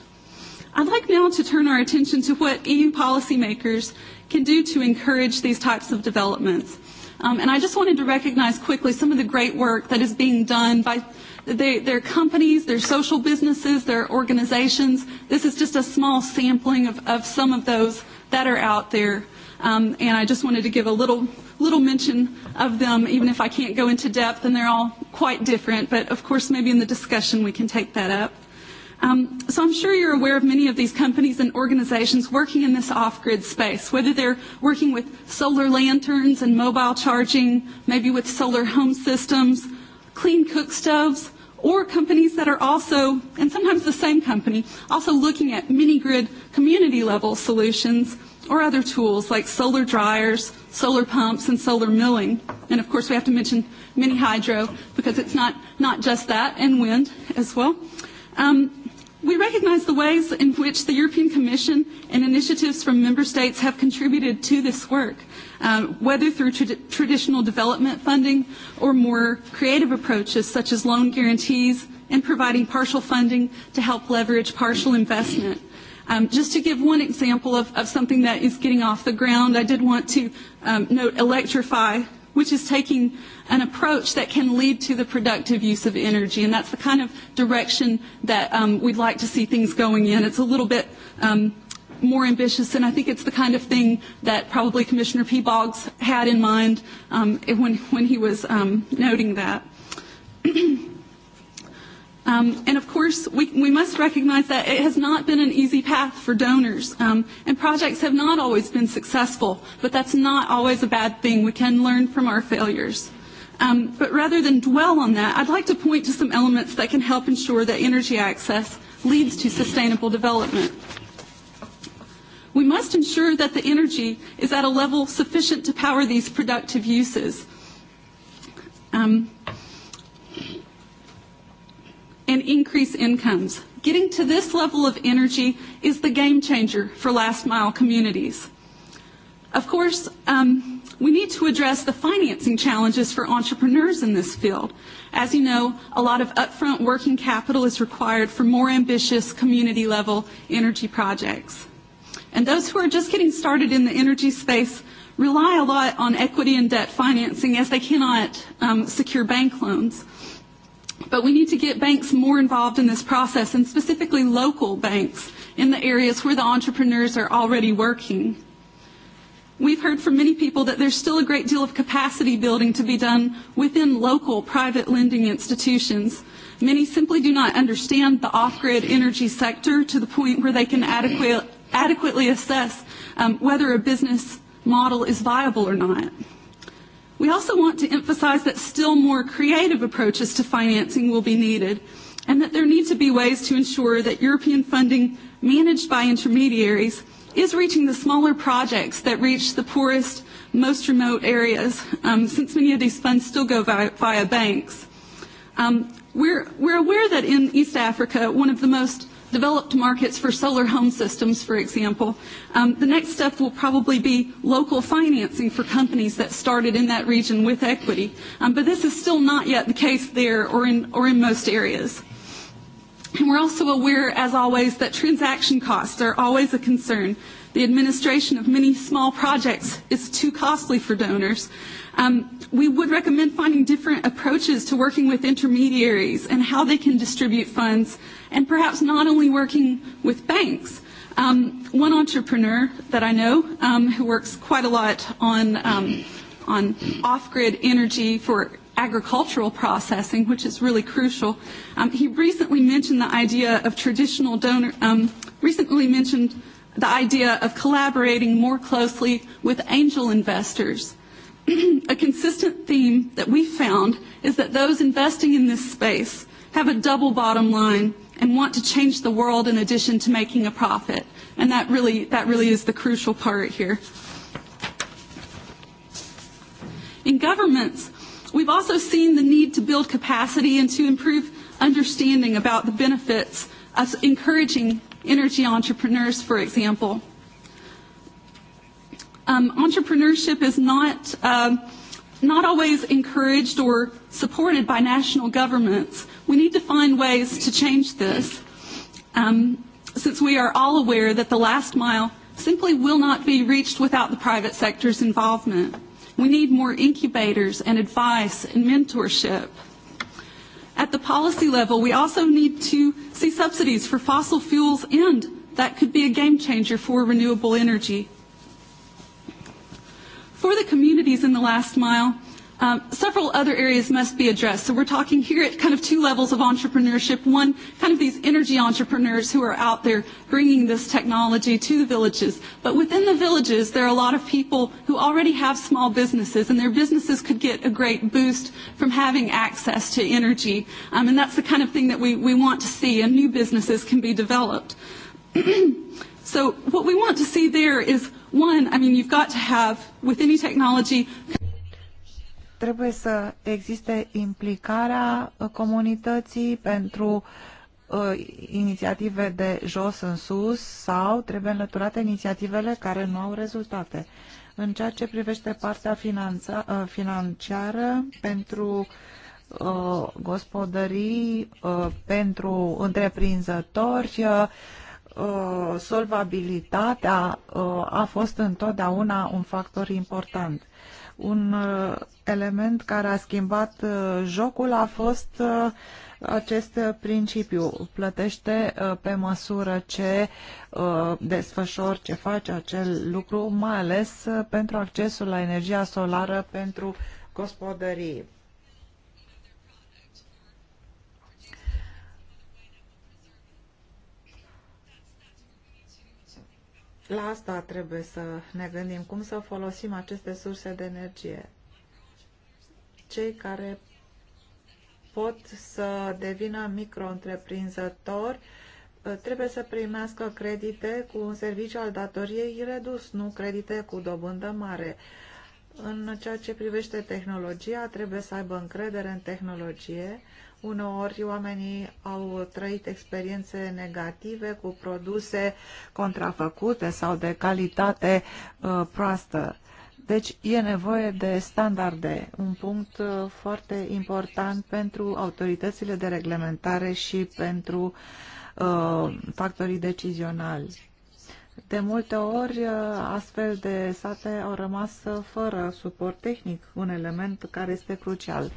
I'd like now to turn our attention to what EU policymakers can do to encourage these types of developments. Um, and I just wanted to recognize quickly some of the great work that is being done by they, their companies, their social businesses, their organizations. This is just a small sampling of, of some of those that are out there. Um, and I just wanted to give a little little mention of them, even if I can't go into depth, and they're all quite different. But of course, maybe in the discussion we can take that up. Um, so I'm sure you're aware of many of these companies and organizations working in this off-grid space, whether they're working with solar lanterns and mobile charging, maybe with solar home systems, clean cook stoves, or companies that are also, and sometimes the same company, also looking at mini-grid community-level solutions or other tools like solar dryers, solar pumps, and solar milling. And of course, we have to mention mini hydro because it's not, not just that, and wind as well. Um, we recognise the ways in which the European Commission and initiatives from member states have contributed to this work, um, whether through tra- traditional development funding or more creative approaches such as loan guarantees and providing partial funding to help leverage partial investment. Um, just to give one example of, of something that is getting off the ground, I did want to um, note Electrify, which is taking an approach that can lead to the productive use of energy. And that's the kind of direction that um, we'd like to see things going in. It's a little bit um, more ambitious, and I think it's the kind of thing that probably Commissioner P. Boggs had in mind um, when, when he was um, noting that. Um, and of course, we, we must recognize that it has not been an easy path for donors, um, and projects have not always been successful, but that's not always a bad thing. We can learn from our failures. Um, but rather than dwell on that, I'd like to point to some elements that can help ensure that energy access leads to sustainable development. We must ensure that the energy is at a level sufficient to power these productive uses. Um, and increase incomes. Getting to this level of energy is the game changer for last mile communities. Of course, um, we need to address the financing challenges for entrepreneurs in this field. As you know, a lot of upfront working capital is required for more ambitious community level energy projects. And those who are just getting started in the energy space rely a lot on equity and debt financing as they cannot um, secure bank loans. But we need to get banks more involved in this process, and specifically local banks in the areas where the entrepreneurs are already working. We've heard from many people that there's still a great deal of capacity building to be done within local private lending institutions. Many simply do not understand the off-grid energy sector to the point where they can adequate, adequately assess um, whether a business model is viable or not. We also want to emphasize that still more creative approaches to financing will be needed and that there need to be ways to ensure that European funding managed by intermediaries is reaching the smaller projects that reach the poorest, most remote areas, um, since many of these funds still go via, via banks. Um, we're, we're aware that in East Africa, one of the most developed markets for solar home systems, for example. Um, the next step will probably be local financing for companies that started in that region with equity. Um, but this is still not yet the case there or in, or in most areas. And we're also aware, as always, that transaction costs are always a concern. The administration of many small projects is too costly for donors. Um, we would recommend finding different approaches to working with intermediaries and how they can distribute funds, and perhaps not only working with banks. Um, one entrepreneur that I know um, who works quite a lot on, um, on off grid energy for agricultural processing, which is really crucial. Um, he recently mentioned the idea of traditional donor, um, recently mentioned the idea of collaborating more closely with angel investors a consistent theme that we found is that those investing in this space have a double bottom line and want to change the world in addition to making a profit. And that really, that really is the crucial part here. In governments, we've also seen the need to build capacity and to improve understanding about the benefits of encouraging energy entrepreneurs, for example um, entrepreneurship is not um, not always encouraged or supported by national governments. We need to find ways to change this, um, since we are all aware that the last mile simply will not be reached without the private sector's involvement. We need more incubators and advice and mentorship. At the policy level, we also need to see subsidies for fossil fuels end. That could be a game changer for renewable energy For the communities in the last mile, um, several other areas must be addressed. So we're talking here at kind of two levels of entrepreneurship. One, kind of these energy entrepreneurs who are out there bringing this technology to the villages. But within the villages, there are a lot of people who already have small businesses, and their businesses could get a great boost from having access to energy. Um, and that's the kind of thing that we, we want to see, and new businesses can be developed. so what we want to see there is One, I mean, you've got to have, with any technology... Trebuie să existe implicarea uh, comunității pentru uh, inițiative de jos în sus sau trebuie înlăturate inițiativele care nu au rezultate. În ceea ce privește partea finanța, uh, financiară pentru uh, gospodării, uh, pentru întreprinzători, uh, Uh, solvabilitatea uh, a fost întotdeauna un factor important. Un uh, element care a schimbat jocul a fost acest principiu. Plătește pe măsură ce desfășor, ce face acel lucru, mai ales pentru accesul la energia solară pentru gospodării. La asta trebuie să ne gândim, cum să folosim aceste surse de energie. Cei care pot să devină micro-întreprinzători ă, trebuie să primească credite cu un serviciu al datoriei redus, nu credite cu dobândă mare. În ceea ce privește tehnologia, trebuie să aibă încredere în tehnologie, Uneori oamenii au trăit experiențe negative cu produse contrafăcute sau de calitate uh, proastă. Deci e nevoie de standarde, un punct uh, foarte important pentru autoritățile de reglementare și pentru uh, factorii decizionali. De multe ori, uh, astfel de sate au rămas uh, fără suport tehnic, un element care este crucial.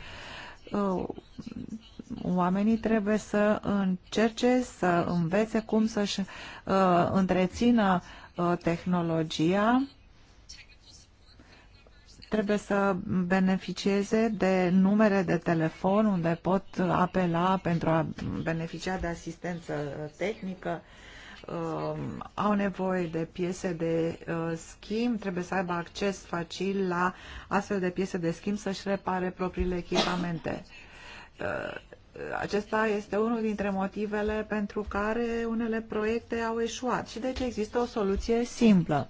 Uh, oamenii trebuie să încerce să învețe cum să-și uh, întrețină uh, tehnologia, trebuie să beneficieze de numere de telefon unde pot apela pentru a beneficia de asistență tehnică. Uh, au nevoie de piese de uh, schimb, trebuie să aibă acces facil la astfel de piese de schimb să-și repare propriile echipamente. Uh, acesta este unul dintre motivele pentru care unele proiecte au eșuat și deci există o soluție simplă.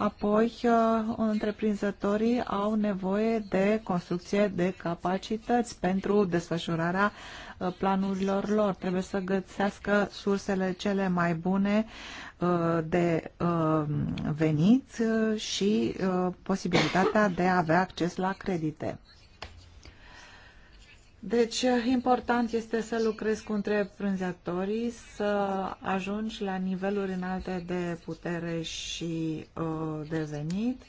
Apoi, uh, întreprinzătorii au nevoie de construcție de capacități pentru desfășurarea uh, planurilor lor. Trebuie să găsească sursele cele mai bune uh, de venit și posibilitatea de a avea acces la credite. Deci, important este să lucrezi cu întreprinzătorii, să ajungi la niveluri înalte de putere și uh, de venit.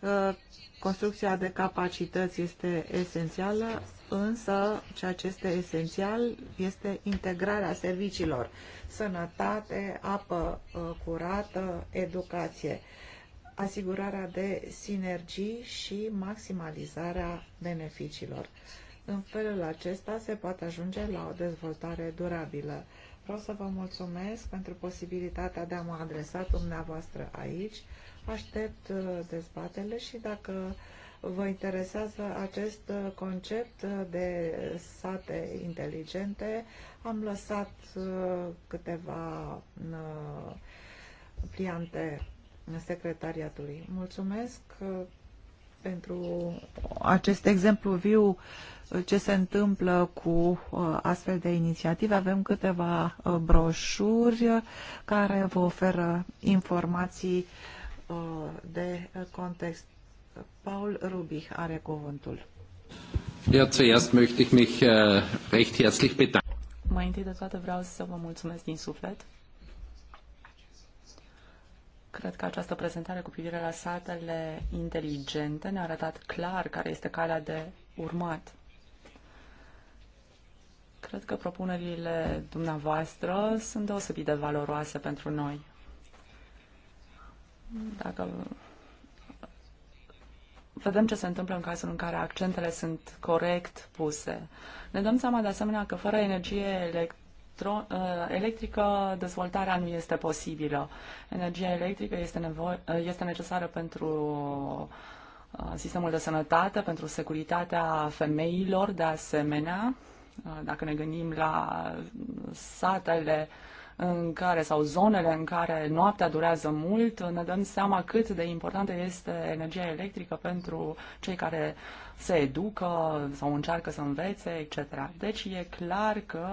Uh, construcția de capacități este esențială, însă ceea ce este esențial este integrarea serviciilor. Sănătate, apă uh, curată, educație, asigurarea de sinergii și maximalizarea beneficiilor. În felul acesta se poate ajunge la o dezvoltare durabilă. Vreau să vă mulțumesc pentru posibilitatea de a mă adresa dumneavoastră aici. Aștept uh, dezbatele și dacă vă interesează acest uh, concept de sate inteligente, am lăsat uh, câteva pliante secretariatului. Mulțumesc pentru acest exemplu viu ce se întâmplă cu uh, astfel de inițiative. Avem câteva uh, broșuri uh, care vă oferă informații de context. Paul Rubich are cuvântul. Ja, zuerst möchte ich mich äh, recht herzlich bedanken. Mai întâi de toate vreau să vă mulțumesc din suflet Cred că această prezentare cu privire la satele inteligente ne-a arătat clar care este calea de urmat. Cred că propunerile dumneavoastră sunt deosebit de valoroase pentru noi. Dacă vedem ce se întâmplă în cazul în care accentele sunt corect puse. Ne dăm seama de asemenea că fără energie electrică, electro- uh, electrică, dezvoltarea nu este posibilă. Energia electrică este, nevo- uh, este necesară pentru uh, sistemul de sănătate, pentru securitatea femeilor, de asemenea, dacă ne gândim la satele uh, în care, sau zonele în care noaptea durează mult, ne dăm seama cât de importantă este energia electrică pentru cei care se educă sau încearcă să învețe, etc. Deci e clar că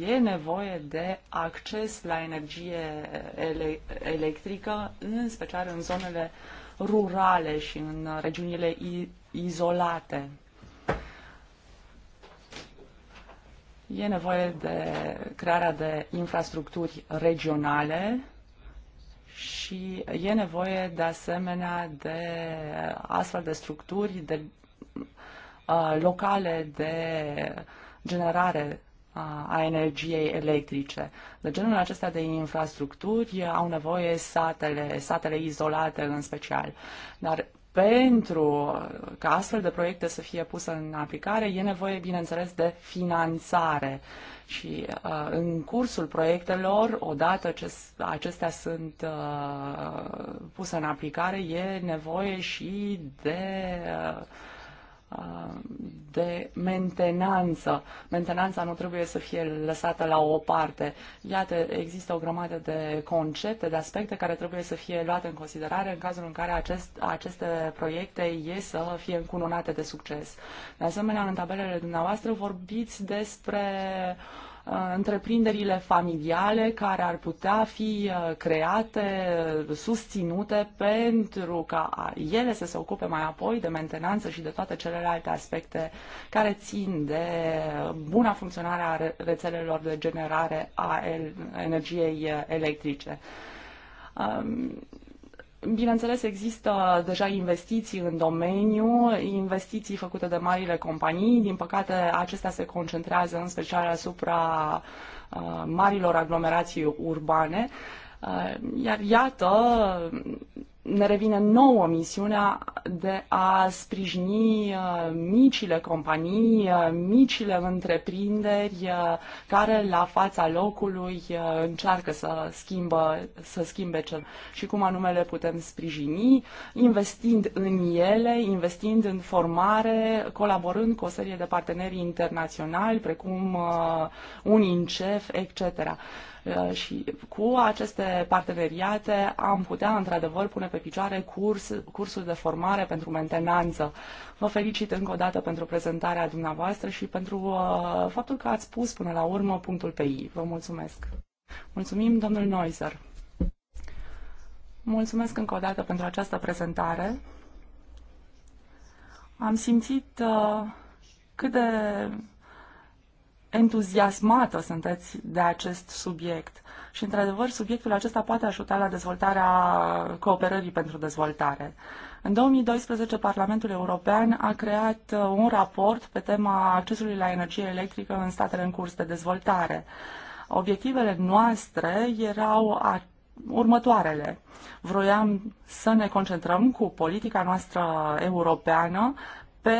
e nevoie de acces la energie ele- electrică, în special în zonele rurale și în regiunile izolate. E nevoie de crearea de infrastructuri regionale și e nevoie de asemenea de astfel de structuri de, uh, locale de generare uh, a energiei electrice. De genul acesta de infrastructuri au nevoie satele, satele izolate în special. Dar pentru ca astfel de proiecte să fie puse în aplicare, e nevoie, bineînțeles, de finanțare. Și uh, în cursul proiectelor, odată ce acestea sunt uh, puse în aplicare, e nevoie și de uh, de mentenanță. Mentenanța nu trebuie să fie lăsată la o parte. Iată, există o grămadă de concepte, de aspecte care trebuie să fie luate în considerare în cazul în care acest, aceste proiecte ies să fie încununate de succes. De asemenea, în tabelele dumneavoastră vorbiți despre uh, Uh, întreprinderile familiale care ar putea fi uh, create, susținute pentru ca ele să se ocupe mai apoi de mentenanță și de toate celelalte aspecte care țin de buna funcționare a rețelelor de generare a energiei uh, electrice. Um, Bineînțeles, există deja investiții în domeniu, investiții făcute de marile companii. Din păcate, acestea se concentrează în special asupra uh, marilor aglomerații urbane. Uh, iar iată, ne revine nouă misiunea de a sprijini uh, micile companii, uh, micile întreprinderi uh, care la fața locului încearcă să, schimbă, să schimbe cel și cum anume le putem sprijini, investind în ele, investind în formare, colaborând cu o serie de parteneri internaționali, precum UNICEF, etc. Uh, și cu aceste parteneriate am putea într-adevăr pune pe picioare curs, cursul de formare pentru mentenanță. Vă felicit încă o dată pentru prezentarea dumneavoastră și pentru uh, faptul că ați pus până la urmă punctul pe I. Vă mulțumesc! Mulțumim, domnul Noiser! Mulțumesc încă o dată pentru această prezentare. Am simțit uh, cât de entuziasmată sunteți de acest subiect. Și, într-adevăr, subiectul acesta poate ajuta la dezvoltarea cooperării pentru dezvoltare. În 2012, Parlamentul European a creat uh, un raport pe tema accesului la energie electrică în statele în curs de dezvoltare. Obiectivele noastre erau următoarele. Vroiam să ne concentrăm cu politica noastră europeană pe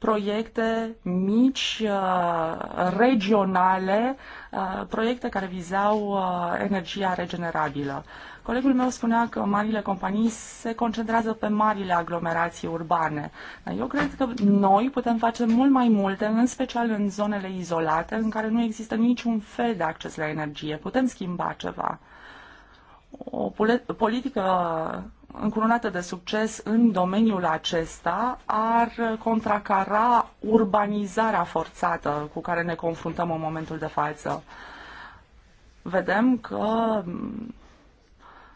proiecte mici, uh, regionale, uh, proiecte care vizau uh, energia regenerabilă. Colegul meu spunea că marile companii se concentrează pe marile aglomerații urbane. eu cred că noi putem face mult mai multe, în special în zonele izolate, în care nu există niciun fel de acces la energie. Putem schimba ceva. O politică încurunată de succes în domeniul acesta ar contracara urbanizarea forțată cu care ne confruntăm în momentul de față. Vedem că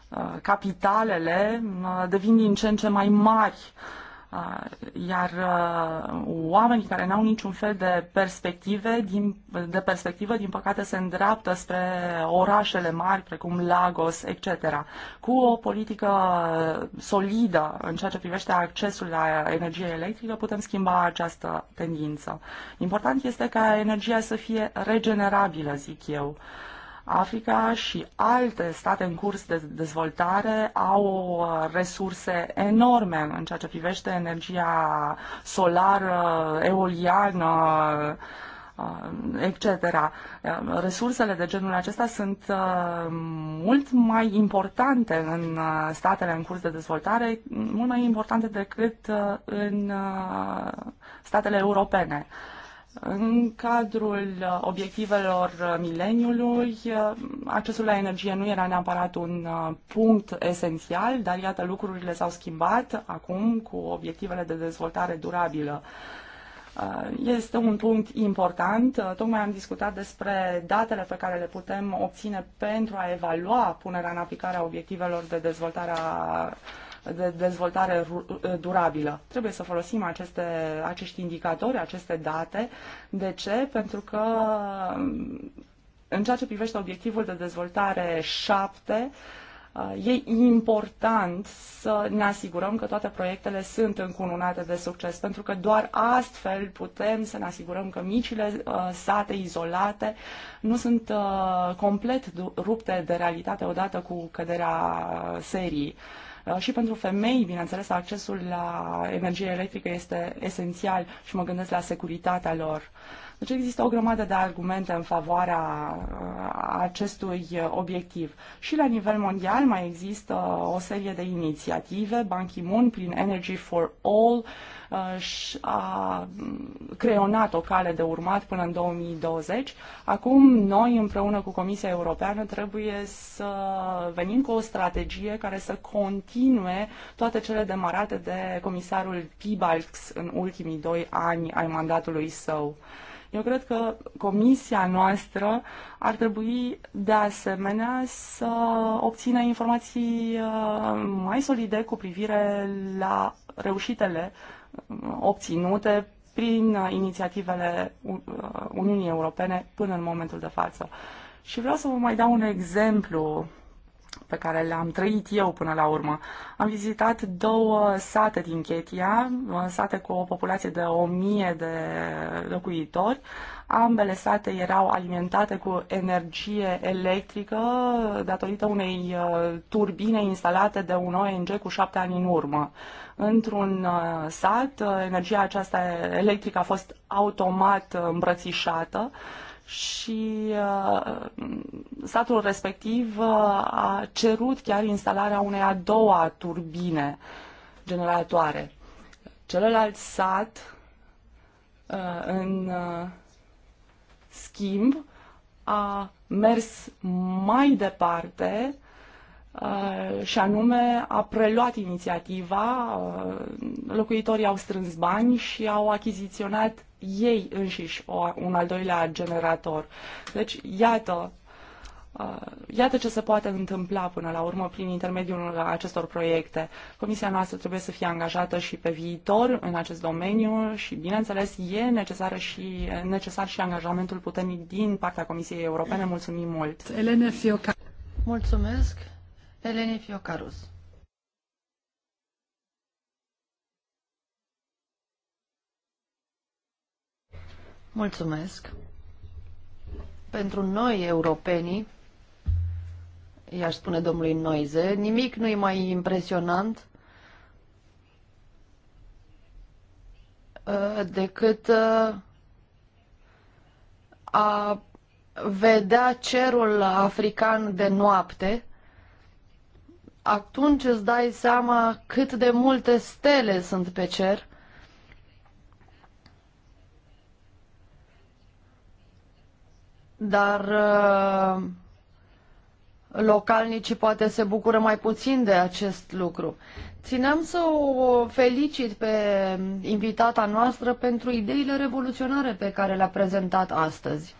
uh, capitalele uh, devin din ce în ce mai mari Ah, iar uh, oamenii care n-au niciun fel de perspective, din, de perspectivă, din păcate, se îndreaptă spre orașele mari, precum Lagos, etc., cu o politică solidă în ceea ce privește accesul la energie electrică, putem schimba această tendință. Important este ca energia să fie regenerabilă, zic eu. Uh, Africa și alte state în curs de dezvoltare au uh, resurse enorme în ceea ce privește energia solară, eoliană, uh, etc. Uh, resursele de genul acesta sunt mult mai importante în statele în curs de dezvoltare, mult mai importante decât în statele europene. În cadrul obiectivelor mileniului, accesul la energie nu era neapărat un uh, punct esențial, dar iată lucrurile s-au schimbat acum cu obiectivele de dezvoltare durabilă. Uh, este un punct important. Uh, tocmai am discutat despre datele pe care le putem obține pentru a evalua punerea în aplicare a obiectivelor de dezvoltare a de dezvoltare durabilă. Trebuie să folosim aceste, acești indicatori, aceste date. De ce? Pentru că în ceea ce privește obiectivul de dezvoltare 7, e important să ne asigurăm că toate proiectele sunt încununate de succes, pentru că doar astfel putem să ne asigurăm că micile uh, sate izolate nu sunt uh, complet rupte de realitate odată cu căderea serii. Uh, și pentru femei, bineînțeles, accesul la energie electrică este esențial și mă gândesc la securitatea lor. Deci există o grămadă de argumente în favoarea uh, acestui obiectiv. Și la nivel mondial mai există o serie de inițiative, Ban Ki-moon prin Energy for All, uh, a creionat o cale de urmat până în 2020. Acum noi împreună cu Comisia Europeană trebuie să venim cu o strategie care să continue toate cele demarate de comisarul Pibalks în ultimii doi ani ai mandatului său. Eu cred că comisia noastră ar trebui de asemenea să obțină informații uh, mai solide cu privire la reușitele obținute prin uh, inițiativele uh, Uniunii Europene până în momentul de față. Și vreau să vă mai dau un exemplu pe care le-am trăit eu până la urmă. Am vizitat două sate din Chetia, uh, sate cu o populație de o mie de locuitori. Ambele sate erau alimentate cu energie electrică datorită unei uh, turbine instalate de un ONG cu șapte ani în urmă. Într-un uh, sat, energia aceasta electrică a fost automat îmbrățișată și uh, statul respectiv uh, a cerut chiar instalarea unei a doua turbine generatoare. Celălalt sat, uh, în schimb, a mers mai departe Uh, și anume a preluat inițiativa, uh, locuitorii au strâns bani și au achiziționat ei înșiși un al doilea generator. Deci, iată, uh, Iată ce se poate întâmpla până la urmă prin intermediul acestor proiecte. Comisia noastră trebuie să fie angajată și pe viitor în acest domeniu și, bineînțeles, e necesar și, necesar și angajamentul puternic din partea Comisiei Europene. Mulțumim mult! Elena Fioca. Mulțumesc! Eleni Fiocarus. Mulțumesc. Pentru noi, europenii, i-aș spune domnului Noize, nimic nu e mai impresionant uh, decât uh, a vedea cerul african de noapte atunci îți dai seama cât de multe stele sunt pe cer. Dar uh, localnicii poate se bucură mai puțin de acest lucru. Țineam să o felicit pe invitata noastră pentru ideile revoluționare pe care le-a prezentat astăzi.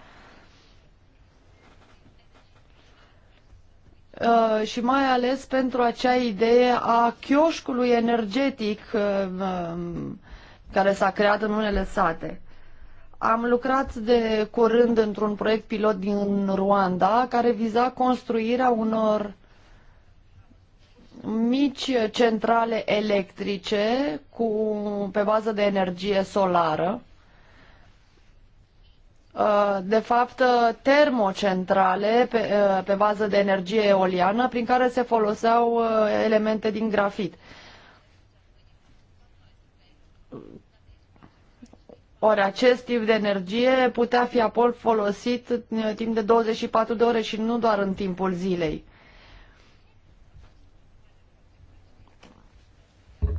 Uh, și mai ales pentru acea idee a chioșcului energetic uh, um, care s-a creat în unele sate. Am lucrat de curând într-un proiect pilot din Ruanda care viza construirea unor mici centrale electrice cu, pe bază de energie solară Uh, de fapt, uh, termocentrale pe, uh, pe bază de energie eoliană, prin care se foloseau elemente din grafit. Ori acest tip de energie putea fi apoi folosit timp de 24 de ore și nu doar în timpul zilei.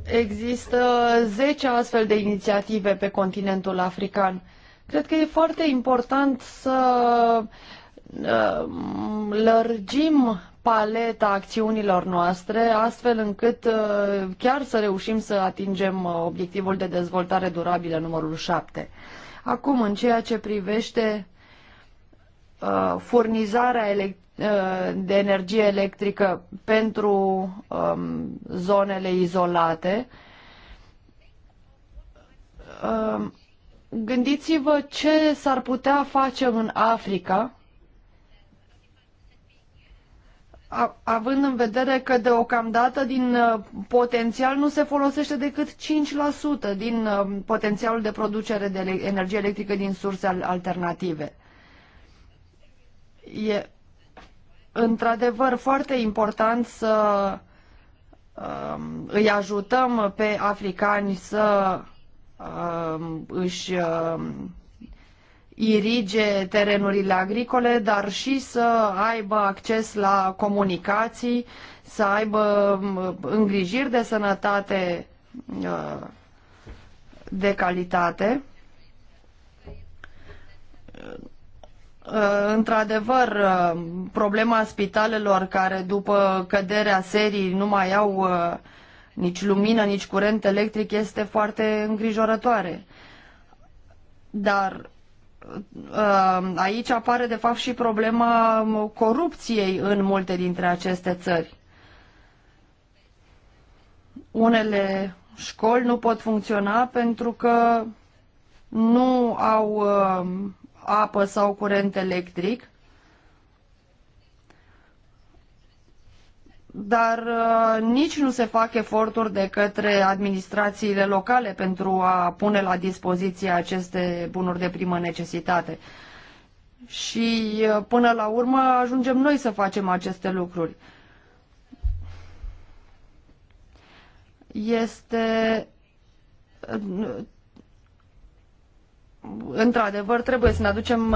Există 10 astfel de inițiative pe continentul african Cred că e foarte important să uh, lărgim paleta acțiunilor noastre, astfel încât uh, chiar să reușim să atingem uh, obiectivul de dezvoltare durabilă numărul 7. Acum, în ceea ce privește furnizarea de energie electrică pentru um, zonele izolate, um, Gândiți-vă ce s-ar putea face în Africa, având în vedere că deocamdată din uh, potențial nu se folosește decât 5% din uh, potențialul de producere de energie electrică din surse alternative. E într-adevăr foarte important să um, îi ajutăm pe africani să Um, își um, irige terenurile agricole, dar și să aibă acces la comunicații, să aibă um, îngrijiri de sănătate uh, de calitate. Uh, într-adevăr, uh, problema spitalelor care după căderea serii nu mai au nici lumină, nici curent electric este foarte îngrijorătoare. Dar uh, aici apare de fapt și problema corupției în multe dintre aceste țări. Unele școli nu pot funcționa pentru că nu au uh, apă sau curent electric dar uh, nici nu se fac eforturi de către administrațiile locale pentru a pune la dispoziție aceste bunuri de primă necesitate. Și uh, până la urmă ajungem noi să facem aceste lucruri. Este uh, într-adevăr, trebuie să ne aducem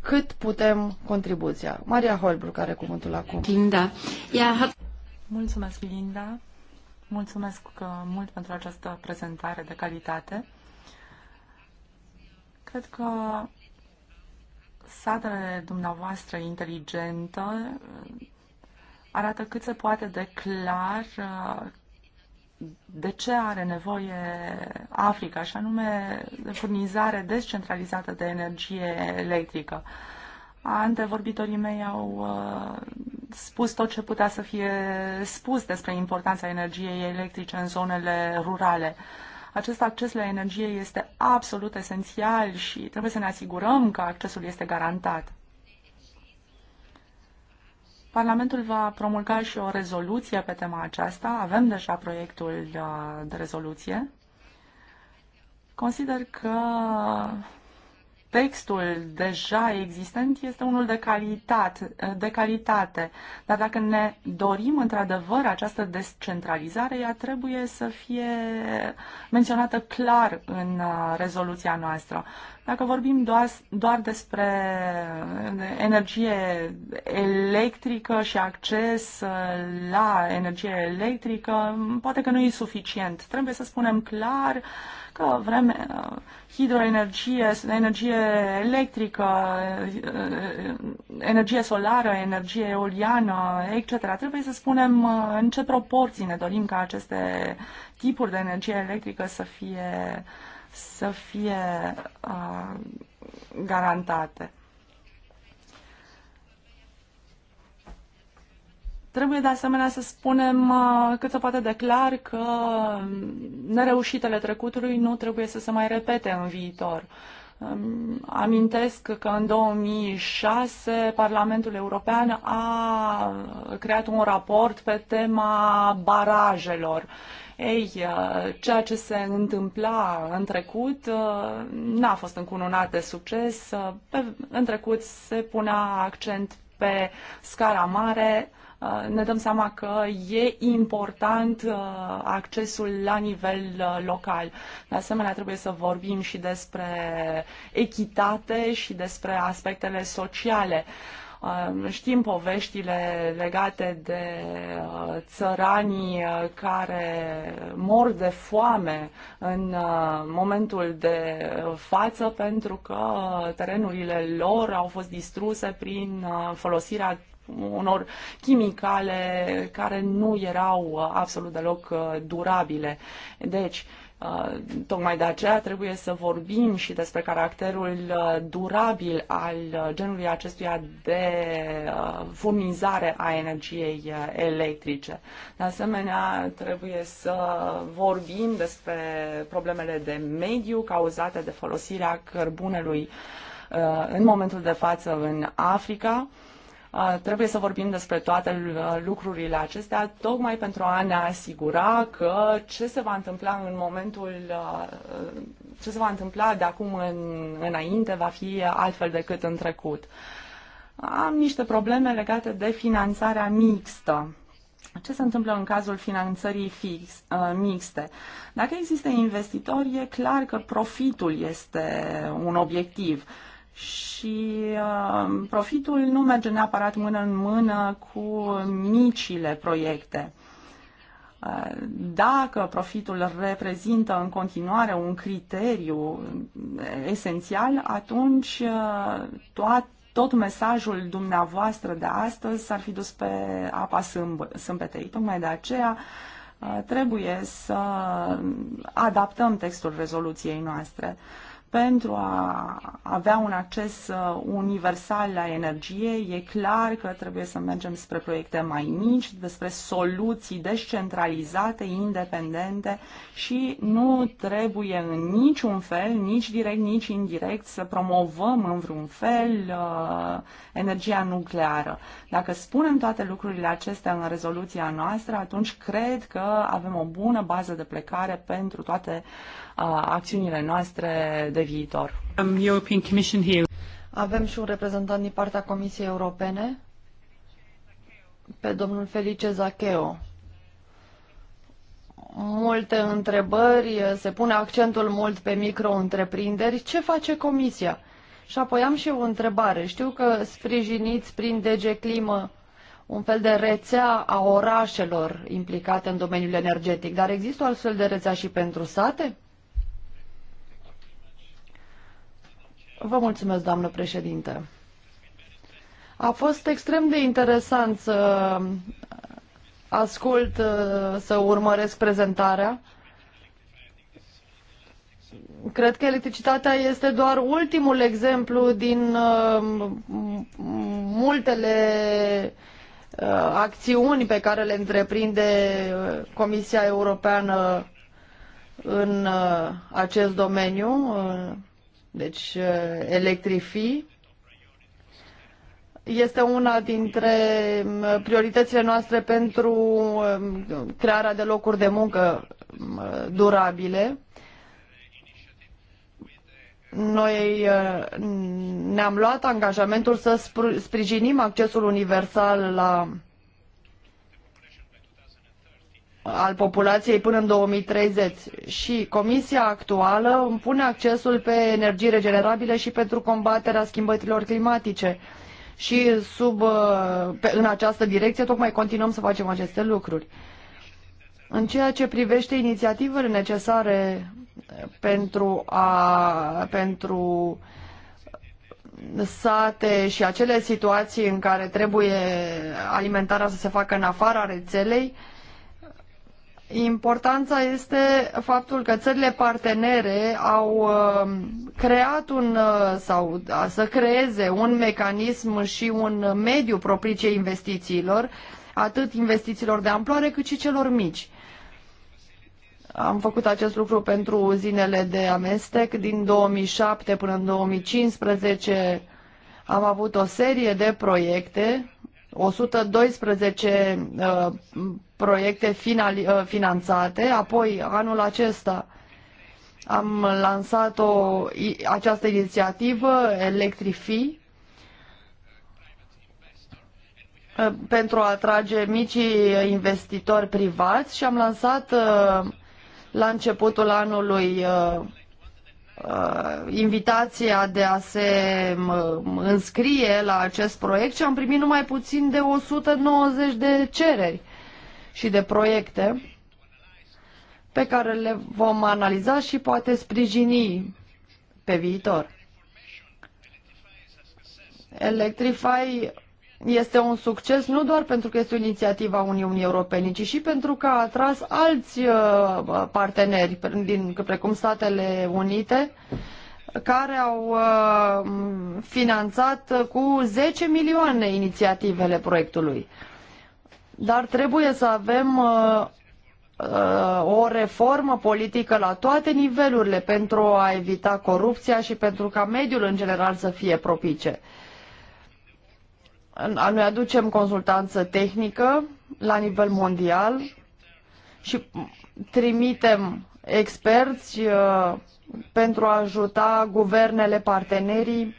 cât putem contribuția. Maria Holbru care cuvântul acum. Da. Mulțumesc, Linda. Mulțumesc uh, mult pentru această prezentare de calitate. Cred că satele dumneavoastră inteligentă uh, arată cât se poate de clar uh, de ce are nevoie Africa, și anume de furnizare descentralizată de energie electrică. Antevorbitorii mei au spus tot ce putea să fie spus despre importanța energiei electrice în zonele rurale. Acest acces la energie este absolut esențial și trebuie să ne asigurăm că accesul este garantat. Parlamentul va promulga și o rezoluție pe tema aceasta. Avem deja proiectul uh, de rezoluție. Consider că textul deja existent este unul de calitate, de calitate. Dar dacă ne dorim într-adevăr această descentralizare, ea trebuie să fie menționată clar în uh, rezoluția noastră. Dacă vorbim doar, doar despre uh, energie electrică și acces uh, la energie electrică, poate că nu e suficient. Trebuie să spunem clar că vrem hidroenergie, energie electrică, energie solară, energie eoliană, etc. Trebuie să spunem uh, în ce proporții ne dorim ca aceste tipuri de energie electrică să fie, să fie uh, garantate. Trebuie de asemenea să spunem uh, cât se poate de clar că um, nereușitele trecutului nu trebuie să se mai repete în viitor. Um, amintesc că în 2006 Parlamentul European a creat un raport pe tema barajelor. Ei, uh, ceea ce se întâmpla în trecut uh, n-a fost încununat de succes. Pe, în trecut se punea accent pe scara mare, Uh, ne dăm seama că e important uh, accesul la nivel uh, local. De asemenea, trebuie să vorbim și despre echitate și despre aspectele sociale. Știm poveștile legate de țăranii care mor de foame în momentul de față pentru că terenurile lor au fost distruse prin folosirea unor chimicale care nu erau uh, absolut deloc uh, durabile. Deci, uh, Tocmai de aceea trebuie să vorbim și despre caracterul durabil al genului acestuia de furnizare a energiei electrice. De asemenea, trebuie să vorbim despre problemele de mediu cauzate de folosirea cărbunelui în momentul de față în Africa Trebuie să vorbim despre toate uh, lucrurile acestea, tocmai pentru a ne asigura că ce se va întâmpla în momentul, uh, uh, ce se va întâmpla de acum în, înainte va fi altfel decât în trecut. Am niște probleme legate de finanțarea mixtă. Ce se întâmplă în cazul finanțării fix, mixte? Dacă există investitori, e clar că profitul este un obiectiv. Uh, și uh, profitul nu merge neapărat mână în mână cu micile proiecte. Uh, dacă profitul reprezintă în continuare un criteriu esențial, atunci uh, toat, tot mesajul dumneavoastră de astăzi s-ar fi dus pe apa sâmbetei. Tocmai de aceea trebuie să adaptăm textul rezoluției noastre pentru a avea un acces uh, universal la energie, e clar că trebuie să mergem spre proiecte mai mici, despre soluții descentralizate, independente și nu trebuie în niciun fel, nici direct, nici indirect, să promovăm în vreun fel uh, energia nucleară. Dacă spunem toate lucrurile acestea în rezoluția noastră, atunci cred că avem o bună bază de plecare pentru toate uh, acțiunile noastre de viitor. European Commission here. Avem și un reprezentant din partea Comisiei Europene, pe domnul Felice Zacheo. Multe întrebări, se pune accentul mult pe micro-întreprinderi. Ce face Comisia? Și apoi am și o întrebare. Știu că sprijiniți prin DG Climă un fel de rețea a orașelor implicate în domeniul energetic, dar există o astfel de rețea și pentru sate? Vă mulțumesc, doamnă președinte. A fost extrem de interesant să ascult, să urmăresc prezentarea. Cred că electricitatea este doar ultimul exemplu din uh, multele uh, acțiuni pe care le întreprinde uh, Comisia Europeană în acest domeniu, deci, uh, electrifi este una dintre um, prioritățile noastre pentru um, crearea de locuri de muncă um, durabile. Noi uh, ne-am luat angajamentul să sprijinim accesul universal la al populației până în 2030 și Comisia actuală îmi pune accesul pe energii regenerabile și pentru combaterea schimbărilor climatice. Și sub, uh, pe, în această direcție tocmai continuăm să facem aceste lucruri. În ceea ce privește inițiativele necesare pentru, a, pentru sate și acele situații în care trebuie alimentarea să se facă în afara rețelei, uh, Importanța este faptul că țările partenere au uh, creat un uh, sau să creeze un mecanism și un mediu propice investițiilor, atât investițiilor de amploare cât și celor mici. Am făcut acest lucru pentru uzinele de amestec din 2007 până în 2015. Am avut o serie de proiecte, 112 uh, proiecte uh, finanțate, apoi anul acesta am lansat o, această inițiativă Electrifi uh, pentru a atrage micii investitori privați și am lansat uh, la începutul anului invitația de a se înscrie la acest proiect și am primit numai puțin de 190 de cereri și de proiecte pe care le vom analiza și poate sprijini pe viitor. Electrify este un succes nu doar pentru că este o inițiativă a Uniunii Europene, ci și pentru că a atras alți uh, parteneri, din, precum Statele Unite, care au uh, finanțat cu 10 milioane inițiativele proiectului dar trebuie să avem uh, uh, o reformă politică la toate nivelurile pentru a evita corupția și pentru ca mediul în general să fie propice. Noi aducem consultanță tehnică la nivel mondial și trimitem experți uh, pentru a ajuta guvernele, partenerii,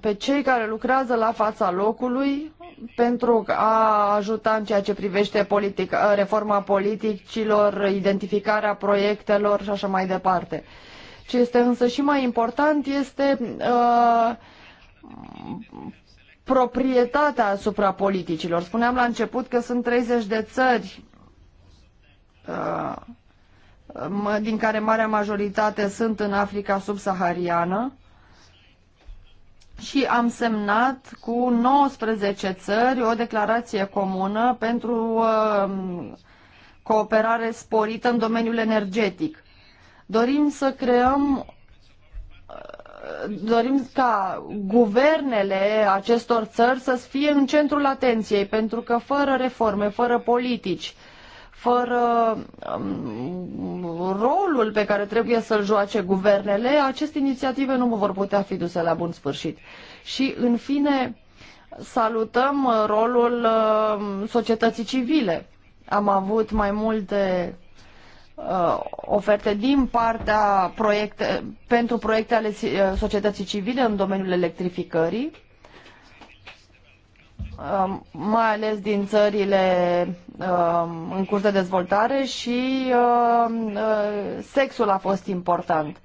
pe cei care lucrează la fața locului pentru a ajuta în ceea ce privește politica, reforma politicilor, identificarea proiectelor și așa mai departe. Ce este însă și mai important este uh, proprietatea asupra politicilor. Spuneam la început că sunt 30 de țări uh, din care marea majoritate sunt în Africa subsahariană și am semnat cu 19 țări o declarație comună pentru um, cooperare sporită în domeniul energetic. Dorim să creăm uh, dorim ca guvernele acestor țări să fie în centrul atenției, pentru că fără reforme, fără politici, fără um, rolul pe care trebuie să-l joace guvernele, aceste inițiative nu vor putea fi duse la bun sfârșit. Și, în fine, salutăm uh, rolul um, societății civile. Am avut mai multe uh, oferte din partea proiecte, pentru proiecte ale uh, societății civile în domeniul electrificării Um, mai ales din țările um, în curs de dezvoltare și um, uh, sexul a fost important.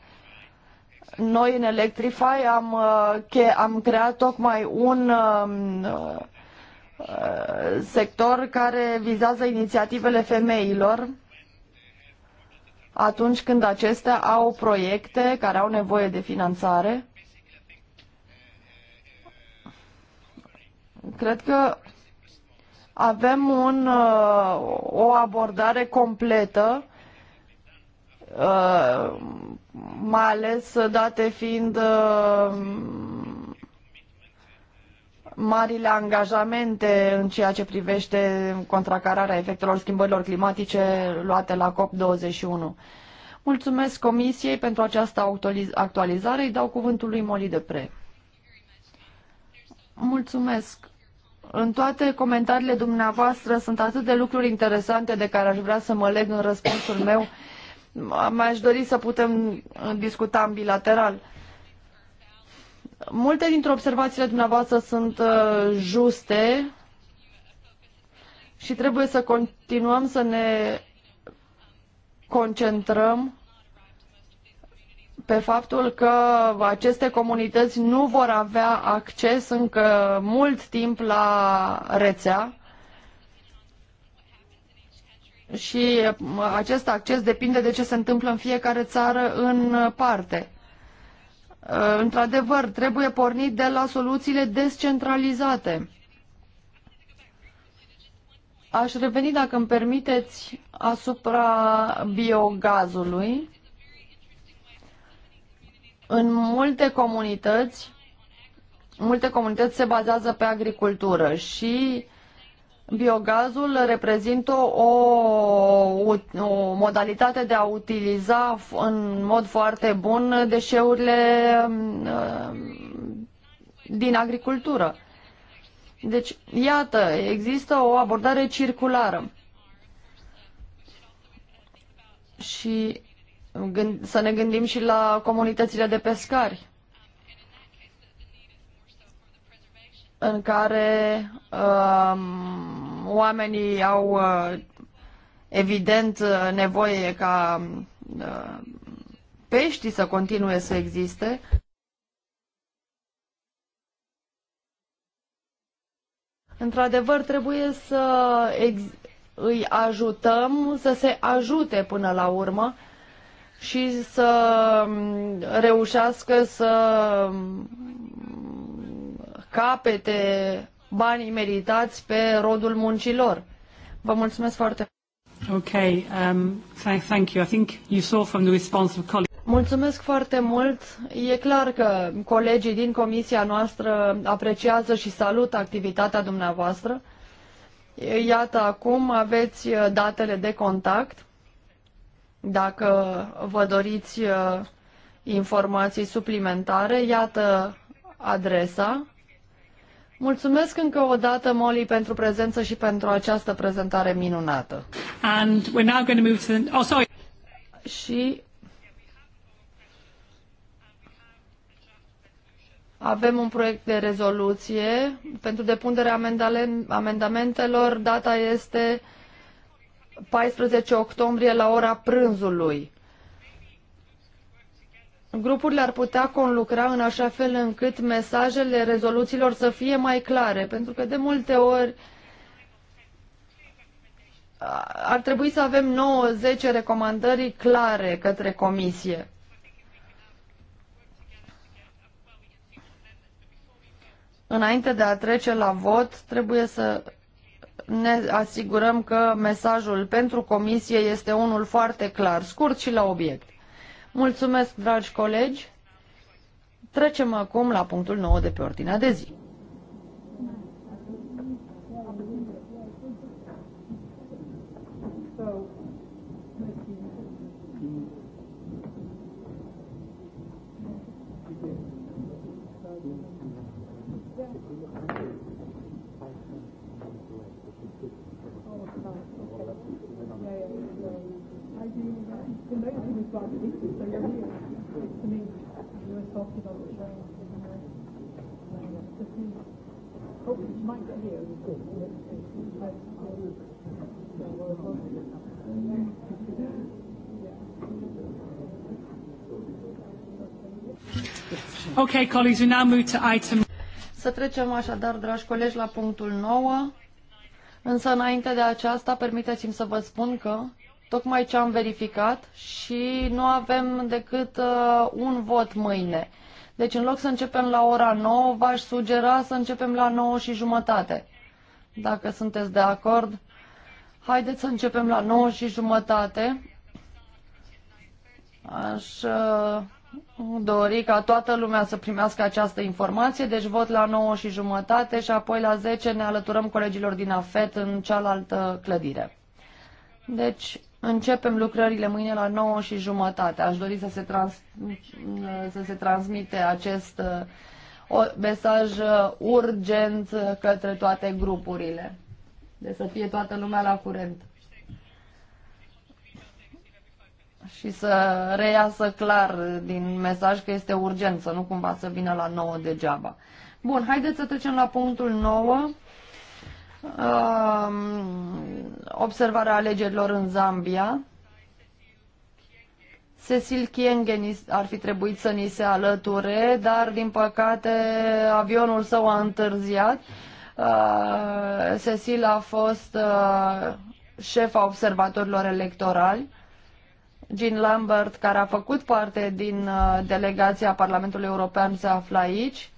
Noi în Electrify am, uh, am creat tocmai un uh, sector care vizează inițiativele femeilor atunci când acestea au proiecte care au nevoie de finanțare cred că avem un, uh, o abordare completă, uh, mai ales date fiind uh, marile angajamente în ceea ce privește contracararea efectelor schimbărilor climatice luate la COP21. Mulțumesc Comisiei pentru această actualizare. Îi dau cuvântul lui Moli de Pre. Mulțumesc. În toate comentariile dumneavoastră sunt atât de lucruri interesante de care aș vrea să mă leg în răspunsul meu. Mi-aș dori să putem discuta în bilateral. Multe dintre observațiile dumneavoastră sunt uh, juste și trebuie să continuăm să ne concentrăm pe faptul că aceste comunități nu vor avea acces încă mult timp la rețea și acest acces depinde de ce se întâmplă în fiecare țară în parte. Uh, într-adevăr, trebuie pornit de la soluțiile descentralizate. Aș reveni, dacă îmi permiteți, asupra biogazului în multe comunități, multe comunități se bazează pe agricultură și biogazul reprezintă o, o modalitate de a utiliza în mod foarte bun deșeurile mm, uh, din agricultură. Deci, iată, există o abordare circulară. Și gând, să ne gândim și la comunitățile de pescari, în care um, oamenii au uh, evident uh, nevoie ca uh, peștii să continue să existe. Într-adevăr, trebuie să îi ajutăm să se ajute până la urmă și să mm, reușească să mm, capete banii meritați pe rodul muncilor. Vă mulțumesc foarte mult. Okay, um, thank you. I think you saw from the response of colleagues. Mulțumesc foarte mult. E clar că colegii din comisia noastră apreciază și salută activitatea dumneavoastră. Iată acum aveți uh, datele de contact dacă vă doriți uh, informații suplimentare, iată adresa. Mulțumesc încă o dată, Molly, pentru prezență și pentru această prezentare minunată. And we're now going to move to the... oh, sorry. Și Avem un proiect de rezoluție pentru depunerea amendamentelor. Data este 14 octombrie la ora prânzului. Grupurile ar putea conlucra în așa fel încât mesajele rezoluțiilor să fie mai clare, pentru că de multe ori ar trebui să avem 9-10 recomandări clare către comisie. Înainte de a trece la vot, trebuie să ne asigurăm că mesajul pentru comisie este unul foarte clar, scurt și la obiect. Mulțumesc, dragi colegi! Trecem acum la punctul 9 de pe ordinea de zi. it's like addictive. So you're you about the Okay, colleagues, we now move to item... Să trecem așadar, dragi colegi, la punctul 9. Însă, înainte de aceasta, permiteți-mi să vă spun că tocmai ce am verificat și nu avem decât uh, un vot mâine. Deci în loc să începem la ora 9, v-aș sugera să începem la 9 și jumătate. Dacă sunteți de acord, haideți să începem la 9 și jumătate. Aș uh, dori ca toată lumea să primească această informație, deci vot la 9 și jumătate și apoi la 10 ne alăturăm colegilor din AFET în cealaltă clădire. Deci, Începem lucrările mâine la 9 și jumătate. Aș dori să se, trans, să se transmite acest uh, mesaj uh, urgent către toate grupurile. De să fie toată lumea la curent. Și să reiasă clar din mesaj că este urgent, să nu cumva să vină la 9 degeaba. Bun, haideți să trecem la punctul 9. Um, observarea alegerilor în Zambia. Cecil Kiengen ar fi trebuit să ni se alăture, dar din păcate avionul său a întârziat. Uh, Cecil a fost uh, șefa observatorilor electorali. Jean Lambert, care a făcut parte din uh, delegația Parlamentului European, se află aici.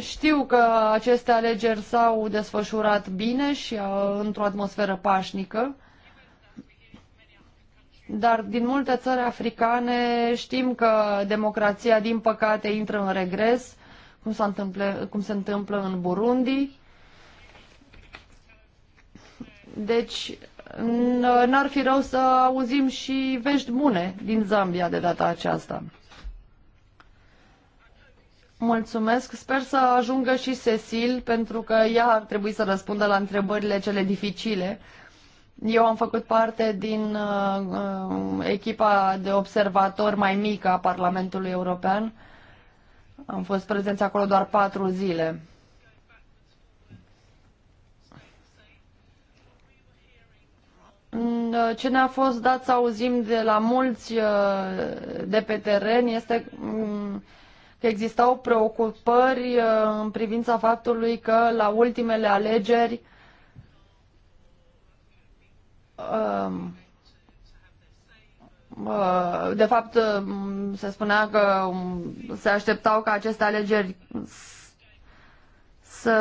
Știu că aceste alegeri s-au desfășurat bine și uh, într-o atmosferă pașnică, dar din multe țări africane știm că democrația, din păcate, intră în regres, cum, se întâmplă, cum se întâmplă în Burundi. Deci, n-ar fi rău să auzim și vești bune din Zambia de data aceasta. Mulțumesc. Sper să ajungă și Cecil, pentru că ea ar trebui să răspundă la întrebările cele dificile. Eu am făcut parte din uh, uh echipa de observator mai mică a Parlamentului European. Am fost prezenți acolo doar patru zile. Uh, ce ne-a fost dat să auzim de la mulți uh, de pe teren este mm, că existau preocupări uh, în privința faptului că la ultimele alegeri um, uh, de fapt uh, se spunea că um, se așteptau ca aceste alegeri să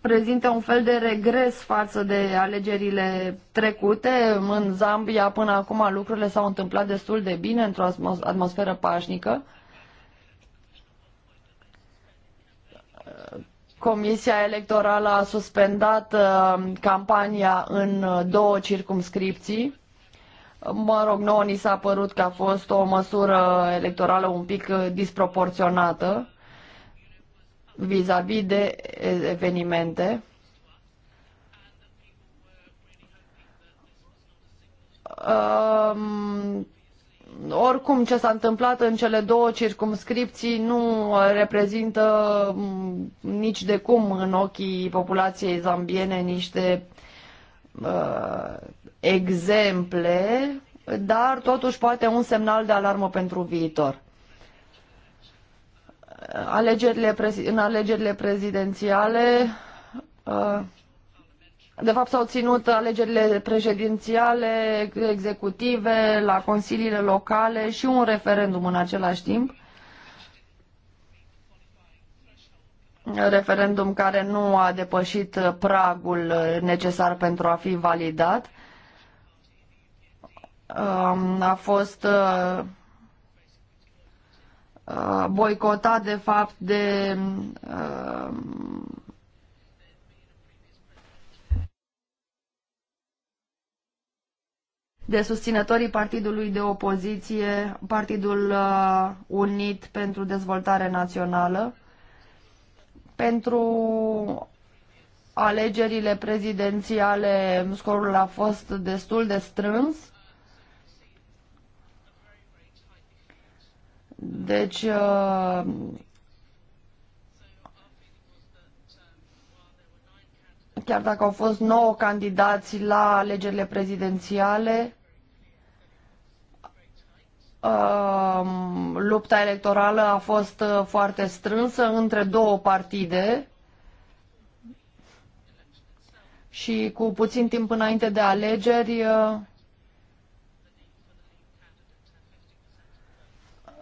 prezinte un fel de regres față de alegerile trecute. În Zambia până acum lucrurile s-au întâmplat destul de bine într-o atmosferă pașnică. Comisia Electorală a suspendat uh, campania în uh, două circumscripții. Mă rog, nouă ni s-a părut că a fost o măsură electorală un pic uh, disproporționată vis-a-vis -vis de evenimente. Um, oricum ce s-a întâmplat în cele două circumscripții nu reprezintă mm, nici de cum în ochii populației zambiene niște uh, exemple, dar totuși poate un semnal de alarmă pentru viitor. Alegerile în alegerile prezidențiale uh, de fapt, s-au ținut alegerile prezidențiale, executive, la consiliile locale și un referendum în același timp. Referendum care nu a depășit pragul necesar pentru a fi validat. A fost uh, uh, boicotat de fapt de uh, de susținătorii partidului de opoziție, Partidul uh, Unit pentru Dezvoltare Națională, pentru alegerile prezidențiale scorul a fost destul de strâns. Deci uh, chiar dacă au fost nouă candidați la alegerile prezidențiale, lupta electorală a fost uh, foarte strânsă între două partide și cu puțin timp înainte de alegeri uh,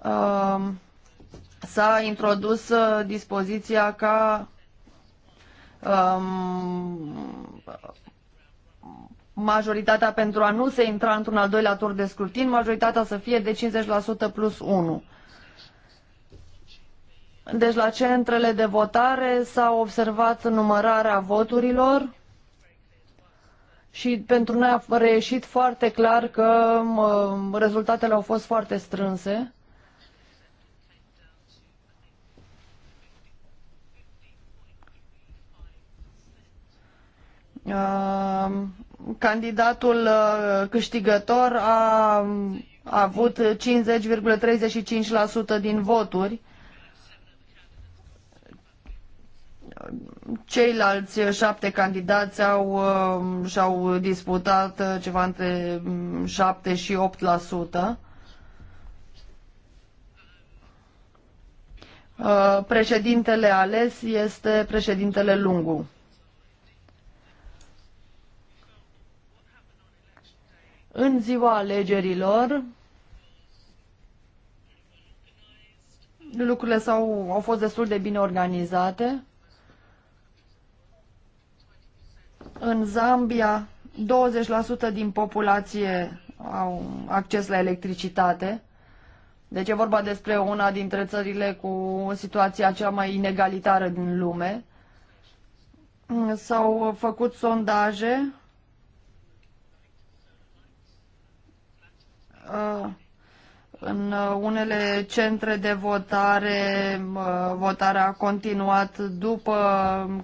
um, s-a introdus uh, dispoziția ca um, majoritatea pentru a nu se intra într-un al doilea tur de scrutin, majoritatea să fie de 50% plus 1. Deci la centrele de votare s-a observat numărarea voturilor și pentru noi a reieșit foarte clar că rezultatele au fost foarte strânse candidatul uh, câștigător a, avut 50,35% din voturi. Ceilalți șapte candidați au, uh, și-au disputat uh, ceva între 7 mm, și 8%. Președintele ales este președintele Lungu. în ziua alegerilor lucrurile s-au, au fost destul de bine organizate. În Zambia, 20% din populație au acces la electricitate. Deci e vorba despre una dintre țările cu situația cea mai inegalitară din lume. S-au făcut sondaje Uh, în unele centre de votare, uh, votarea a continuat după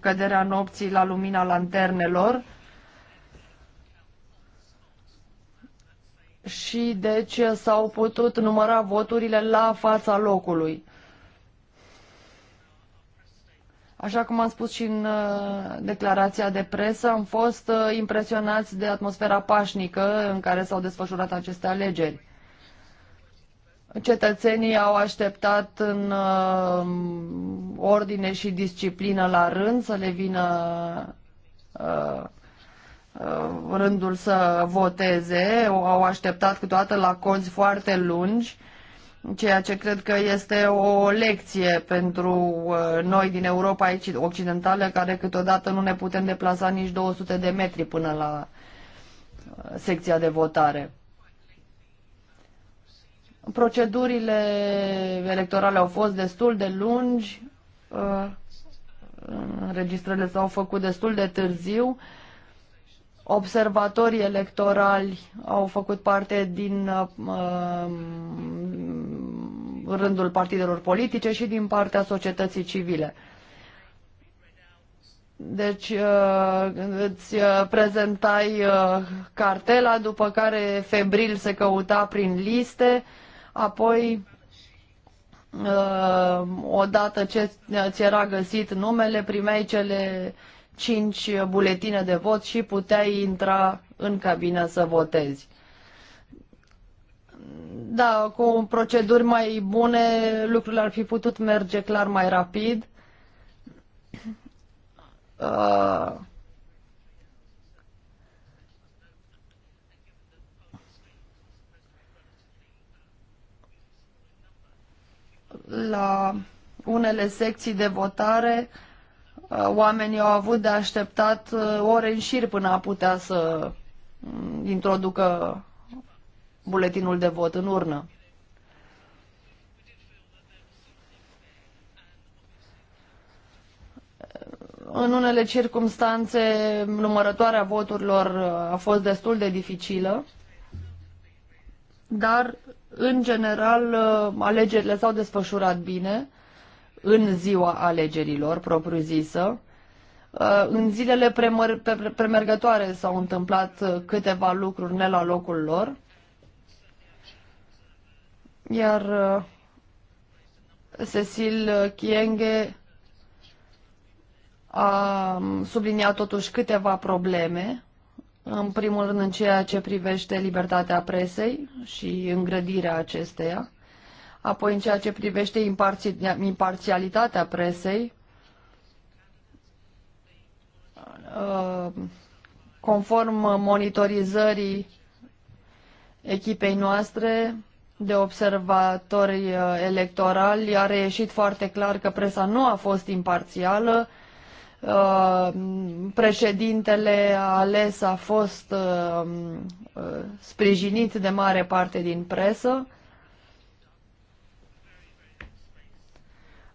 căderea nopții la lumina lanternelor. Și deci s-au putut număra voturile la fața locului. Așa cum am spus și în uh, declarația de presă, am fost uh, impresionați de atmosfera pașnică în care s-au desfășurat aceste alegeri. Cetățenii au așteptat în uh, ordine și disciplină la rând să le vină rândul să voteze, au așteptat câteodată la cozi foarte lungi ceea ce cred că este o lecție pentru uh, noi din Europa Occidentală, care câteodată nu ne putem deplasa nici 200 de metri până la uh, secția de votare. Procedurile electorale au fost destul de lungi, uh, înregistrările s-au făcut destul de târziu, observatorii electorali au făcut parte din rândul partidelor politice și din partea societății civile. Deci uh, îți uh, prezentai uh, cartela, după care febril se căuta prin liste, apoi odată ce ți era găsit numele, primeai cele cinci buletine de vot și puteai intra în cabină să votezi da, cu proceduri mai bune lucrurile ar fi putut merge clar mai rapid. Uh, la unele secții de votare uh, oamenii au avut de așteptat uh, ore în șir până a putea să mm, introducă buletinul de vot în urnă. În unele circunstanțe, numărătoarea voturilor uh, a fost destul de dificilă, dar, în general, uh, alegerile s-au desfășurat bine în ziua alegerilor propriu-zisă. Uh, în zilele premergătoare s-au întâmplat câteva lucruri ne la locul lor. Iar uh, Cecil Kienge a um, subliniat totuși câteva probleme, în primul rând în ceea ce privește libertatea presei și îngrădirea acesteia, apoi în ceea ce privește imparțialitatea presei, uh, conform monitorizării echipei noastre, de observatori uh, electorali a reieșit foarte clar că presa nu a fost imparțială, uh, președintele ales a fost uh, sprijinit de mare parte din presă.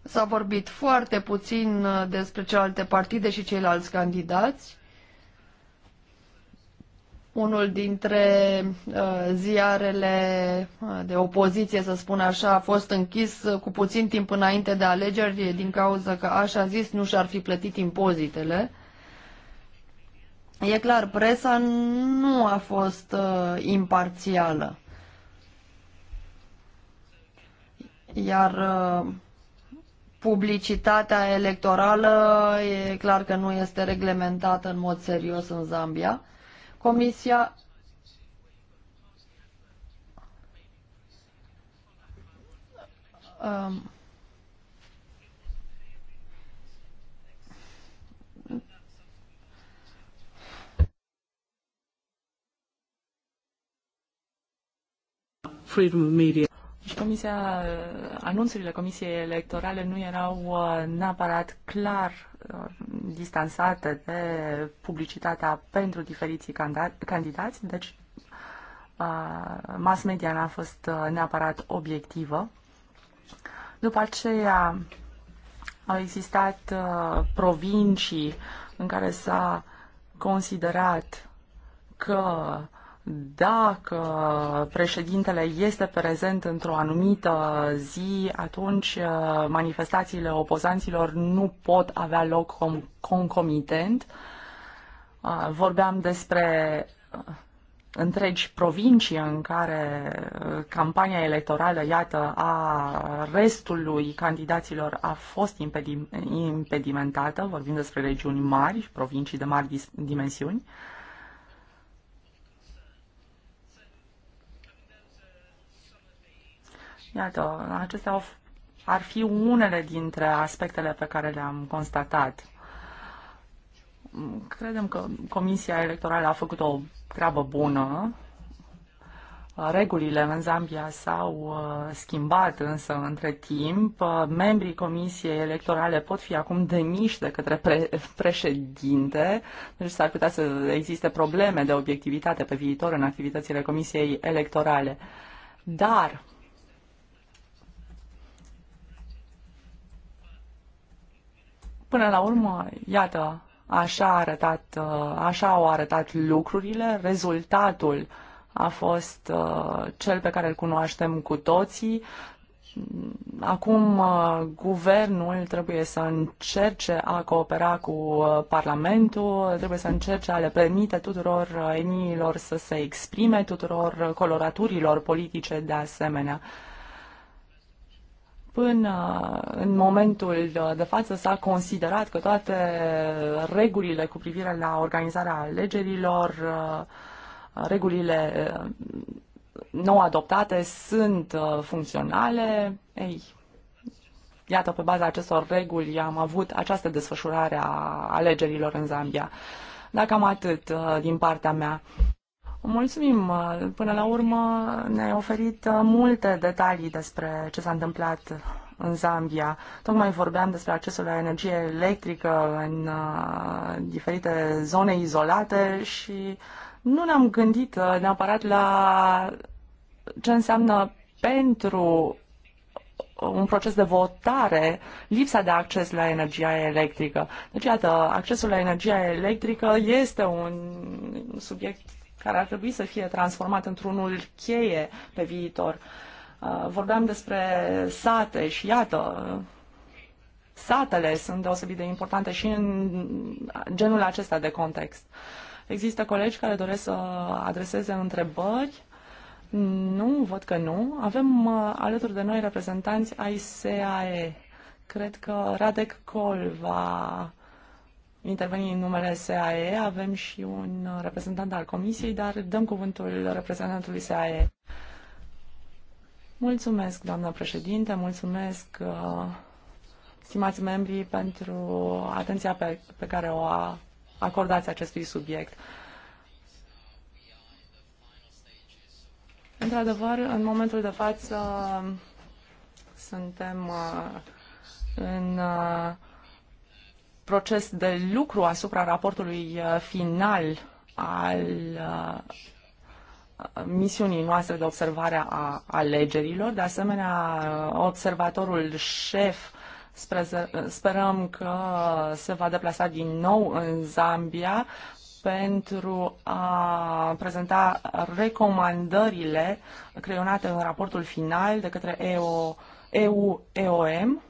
S-a vorbit foarte puțin despre celelalte partide și ceilalți candidați. Unul dintre uh, ziarele uh, de opoziție, să spun așa, a fost închis uh, cu puțin timp înainte de alegeri din cauza că, așa zis, nu și-ar fi plătit impozitele. E clar, presa nu a fost uh, imparțială. Iar uh, publicitatea electorală e clar că nu este reglementată în mod serios în Zambia. Comisia um, freedom of media. Deci comisia, anunțurile Comisiei Electorale nu erau uh, neapărat clar distansate de publicitatea pentru diferiții candidați, deci mass media n-a fost uh, neapărat obiectivă. După aceea au existat uh, provincii în care s-a considerat că dacă președintele este prezent într-o anumită zi, atunci uh, manifestațiile opozanților nu pot avea loc concomitent. Uh, vorbeam despre uh, întregi provincii în care campania electorală, iată, a restului candidaților a fost impedimentată, vorbim despre regiuni mari, provincii de mari dimensiuni. Iată, acestea ar fi unele dintre aspectele pe care le-am constatat. Credem că Comisia Electorală a făcut o treabă bună. Regulile în Zambia s-au uh, schimbat însă între timp. Uh, membrii Comisiei Electorale pot fi acum demiși de către pre- președinte, deci s-ar putea să existe probleme de obiectivitate pe viitor în activitățile Comisiei Electorale. Dar Până la urmă, iată, așa, a arătat, uh, așa au arătat lucrurile, rezultatul a fost uh, cel pe care îl cunoaștem cu toții. Acum uh, guvernul trebuie să încerce a coopera cu Parlamentul, trebuie să încerce a le permite tuturor eniilor să se exprime, tuturor coloraturilor politice de asemenea până în momentul de față s-a considerat că toate regulile cu privire la organizarea alegerilor, regulile uh, nou adoptate sunt uh, funcționale. Ei, iată, pe baza acestor reguli am avut această desfășurare a alegerilor în Zambia. Dacă cam atât uh, din partea mea. Mulțumim! Până la urmă ne-ai oferit uh, multe detalii despre ce s-a întâmplat în Zambia. Tocmai vorbeam despre accesul la energie electrică în uh, diferite zone izolate și nu ne-am gândit uh, neapărat la ce înseamnă pentru un proces de votare lipsa de acces la energia electrică. Deci, iată, accesul la energia electrică este un subiect care ar trebui să fie transformat într-unul cheie pe viitor. Uh, vorbeam despre sate și iată, satele sunt deosebit de importante și în genul acesta de context. Există colegi care doresc să adreseze întrebări. Nu, văd că nu. Avem uh, alături de noi reprezentanți ai SAE. Cred că Radek Col va interveni în numele SAE. Avem și un reprezentant al Comisiei, dar dăm cuvântul reprezentantului SAE. Mulțumesc, doamnă președinte, mulțumesc, uh, stimați membrii, pentru atenția pe, pe care o a, acordați acestui subiect. Într-adevăr, în momentul de față suntem uh, în uh, proces de lucru asupra raportului uh, final al uh, misiunii noastre de observare a alegerilor. De asemenea, uh, observatorul șef sperăm că se va deplasa din nou în Zambia pentru a prezenta recomandările creionate în raportul final de către EU, EU-EOM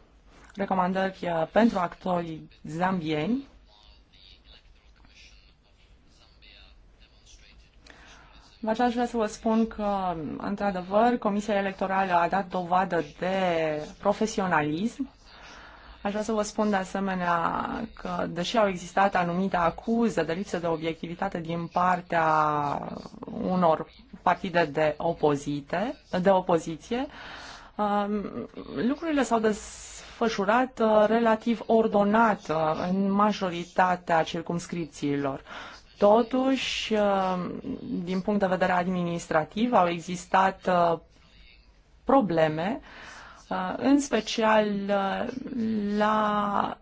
recomandări uh, pentru actorii zambieni. vă deci aș vrea să vă spun că, într-adevăr, Comisia Electorală a dat dovadă de profesionalism. Aș vrea să vă spun de asemenea că, deși au existat anumite acuze de lipsă de obiectivitate din partea unor partide de, opozite, de opoziție, um, lucrurile s-au des desfășurat uh, relativ ordonat uh, în majoritatea circumscripțiilor. Totuși, uh, din punct de vedere administrativ, au existat probleme, în special la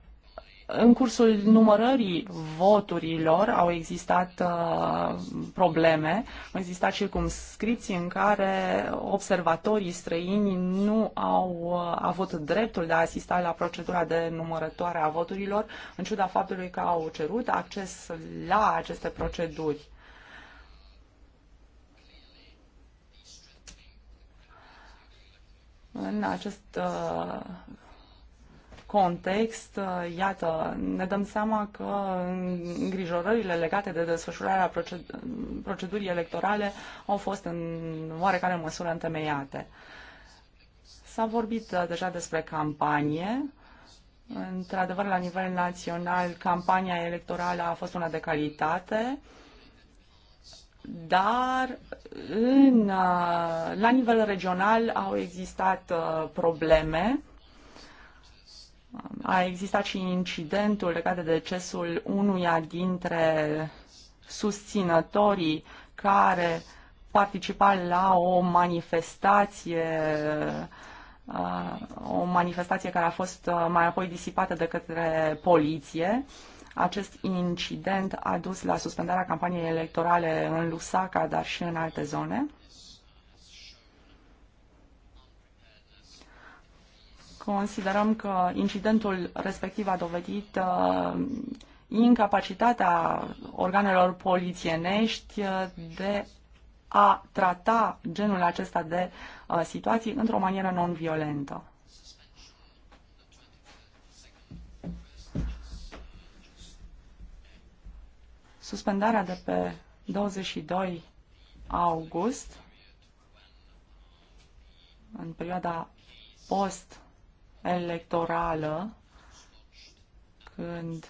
în cursul numărării voturilor au existat uh, probleme, au existat circumscripții în care observatorii străini nu au uh, avut dreptul de a asista la procedura de numărătoare a voturilor, în ciuda faptului că au cerut acces la aceste proceduri. În acest uh, context, uh, iată, ne dăm seama că îngrijorările legate de desfășurarea procedurii electorale au fost în oarecare măsură întemeiate. S-a vorbit uh, deja despre campanie. Într-adevăr, la nivel național, campania electorală a fost una de calitate dar în, uh, la nivel regional au existat probleme a existat și incidentul legat de decesul unuia dintre susținătorii care participa la o manifestație uh, o manifestație care a fost uh, mai apoi disipată de către poliție. Acest incident a dus la suspendarea campaniei electorale în Lusaka, dar și în alte zone. Considerăm că incidentul respectiv a dovedit uh, incapacitatea organelor polițienești uh, de a trata genul acesta de uh, situații într-o manieră non-violentă. Suspendarea de pe 22 august, în perioada post electorală, când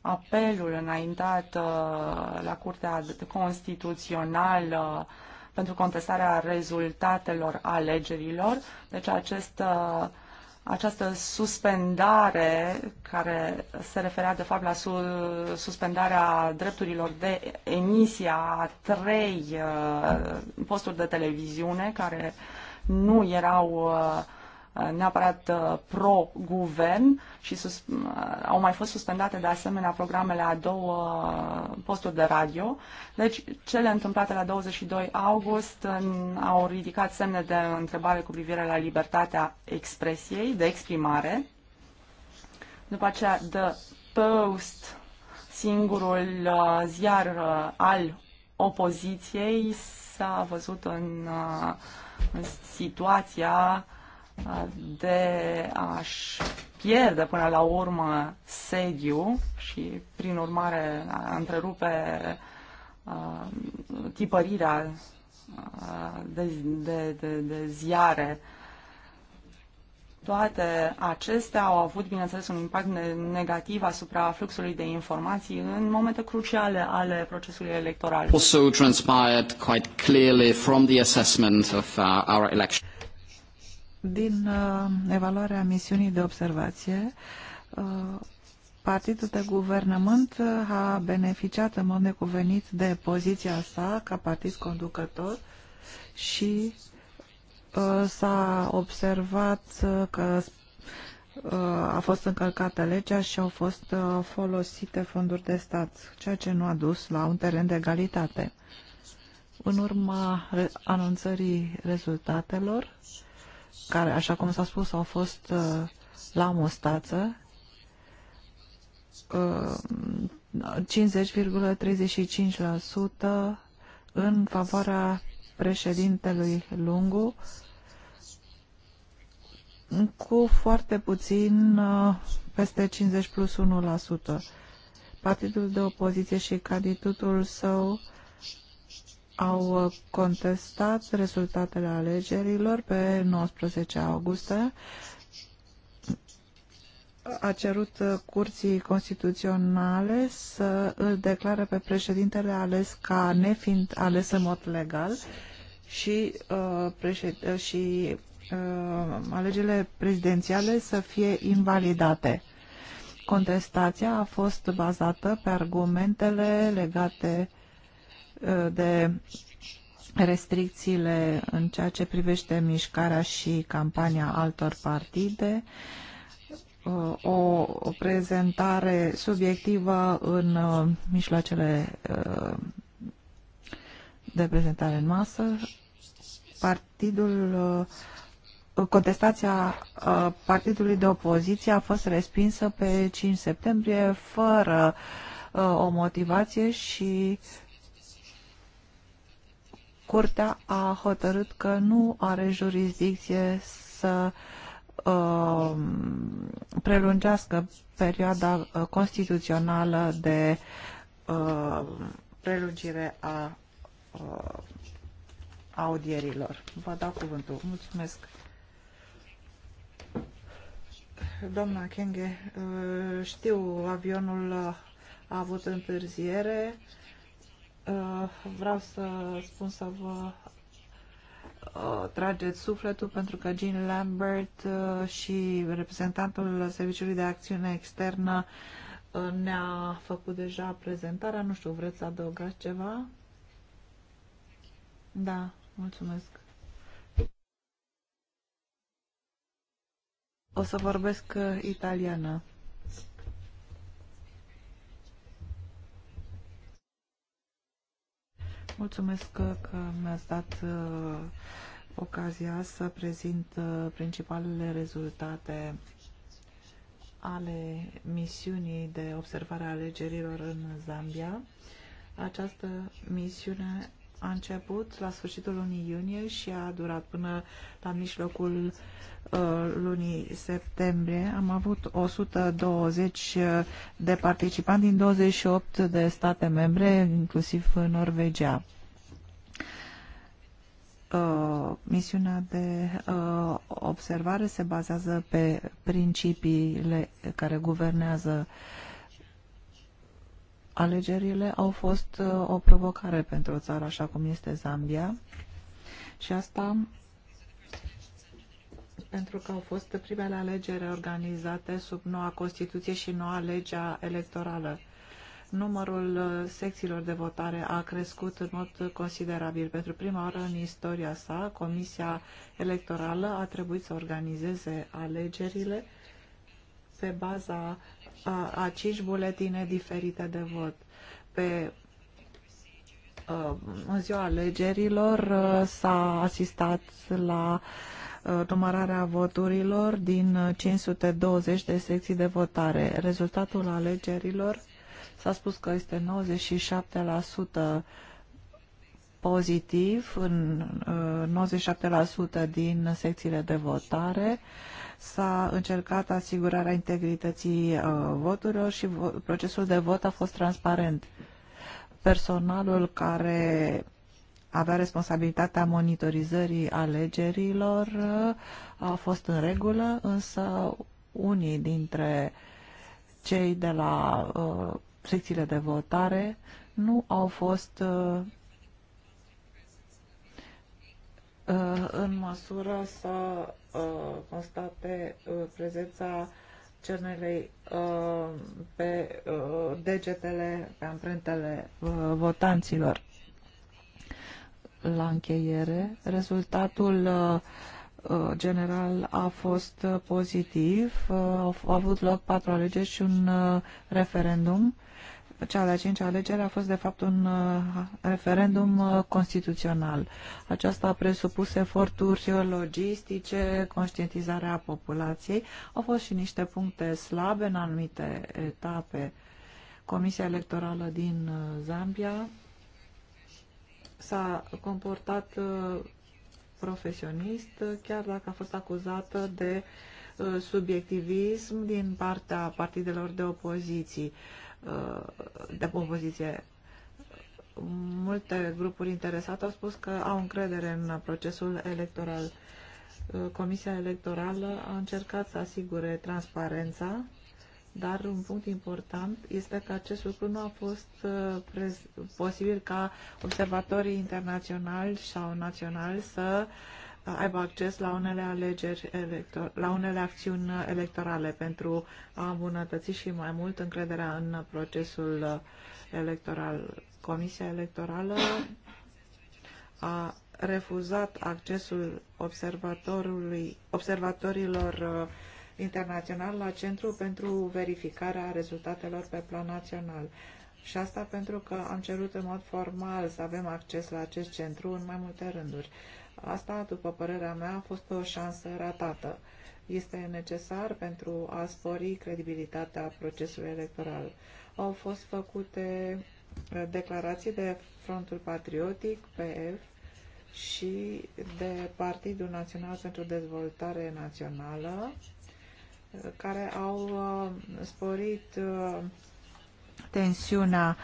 apelul înaintat uh, la Curtea Constituțională pentru contestarea rezultatelor alegerilor, deci acest, uh, această suspendare care se referea de fapt la su, suspendarea drepturilor de emisie a trei uh, posturi de televiziune care nu erau uh, Uh, neapărat uh, pro-guvern și sus, uh, au mai fost suspendate de asemenea programele a două posturi de radio. Deci cele întâmplate la 22 august au ridicat semne de întrebare cu privire la libertatea expresiei, de exprimare. După aceea, The Post, singurul ziar al opoziției, s-a văzut în, în situația uh, de a-și pierde până la urmă sediu și, prin urmare, a întrerupe uh, tipărirea de, de, de, de ziare. Toate acestea au avut, bineînțeles, un impact negativ asupra fluxului de informații în momente cruciale ale procesului electoral. Also transpired quite clearly from the assessment of uh, our election. Din uh, evaluarea misiunii de observație, uh, Partidul de guvernământ uh, a beneficiat în mod necuvenit de poziția sa ca partid conducător și s-a observat că a fost încălcată legea și au fost folosite fonduri de stat, ceea ce nu a dus la un teren de egalitate. În urma anunțării rezultatelor, care, așa cum s-a spus, au fost uh, la mustață, 50,35% uh, în favoarea președintelui Lungu, cu foarte puțin uh, peste 50 plus 1%. Partidul de opoziție și candidatul său au uh, contestat rezultatele alegerilor pe 19 august. A cerut uh, Curții Constituționale să îl declare pe președintele ales ca nefiind ales în mod legal și, uh, președ, uh, și uh, alegerile prezidențiale să fie invalidate. Contestația a fost bazată pe argumentele legate uh, de restricțiile în ceea ce privește mișcarea și campania altor partide, o prezentare subiectivă în uh, mijloacele uh, de prezentare în masă, partidul uh, contestația partidului de opoziție a fost respinsă pe 5 septembrie fără o motivație și uh, Curtea a hotărât că nu are jurisdicție să uh, prelungească perioada uh, constituțională de uh, prelungire a uh, audierilor. Vă dau cuvântul. Mulțumesc. Doamna Kenge, uh, știu, avionul uh, a avut întârziere Uh, vreau să spun să vă uh, trageți sufletul pentru că Jean Lambert uh, și reprezentantul Serviciului de Acțiune Externă ne-a făcut deja prezentarea. Nu știu, vreți să adăugați ceva? Da, mulțumesc. O să vorbesc italiană. Mulțumesc că, mi-ați dat uh, ocazia să prezint uh, principalele rezultate ale misiunii de observare a alegerilor în Zambia. Această misiune a început la sfârșitul lunii iunie și a durat până la mijlocul uh, lunii septembrie. Am avut 120 uh, de participanți din 28 de state membre, inclusiv Norvegia. Uh, misiunea de observare se bazează pe principiile care guvernează uh, Alegerile au fost uh, o provocare pentru o țară așa cum este Zambia și asta pentru că au fost primele alegeri organizate sub noua Constituție și noua legea electorală. Numărul uh, secțiilor de votare a crescut în mod considerabil. Pentru prima oară în istoria sa, Comisia Electorală a trebuit să organizeze alegerile pe baza a cinci buletine diferite de vot. Pe în ziua alegerilor s-a asistat la numărarea voturilor din 520 de secții de votare. Rezultatul alegerilor s-a spus că este 97% pozitiv în 97% din secțiile de votare s-a încercat asigurarea integrității uh, voturilor și procesul de vot a fost transparent. Personalul care avea responsabilitatea monitorizării alegerilor uh, a fost în regulă, însă unii dintre cei de la uh, secțiile de votare nu au fost uh, Uh, în măsură să uh, constate uh, prezența cernelei pe degetele, pe amprentele votanților. La încheiere, rezultatul general a fost pozitiv. Au avut loc patru alegeri și un referendum cea de-a cincea alegere a fost de fapt un uh, referendum uh, constituțional. Aceasta a presupus eforturi logistice, conștientizarea populației. Au fost și niște puncte slabe în anumite etape. Comisia Electorală din uh, Zambia s-a comportat profesionist, chiar dacă a fost acuzată de subiectivism din partea partidelor de opoziții. Uh, de compoziție. Multe grupuri interesate au spus că au încredere în procesul electoral. Uh, Comisia Electorală a încercat să asigure transparența, dar un punct important este că acest lucru nu a fost uh, posibil ca observatorii internaționali sau naționali să uh, aibă acces la unele alegeri, elector, la unele acțiuni electorale pentru a îmbunătăți și mai mult încrederea în procesul electoral. Comisia Electorală a refuzat accesul observatorului, observatorilor uh, internațional la Centru pentru verificarea rezultatelor pe plan național. Și asta pentru că am cerut în mod formal să avem acces la acest centru în mai multe rânduri. Uh, Asta, după părerea mea, a fost o șansă ratată. Este necesar pentru a spori credibilitatea procesului electoral. Au fost făcute uh, declarații de Frontul Patriotic, PF, și de Partidul Național pentru Dezvoltare Națională, uh, care au uh, sporit tensiunea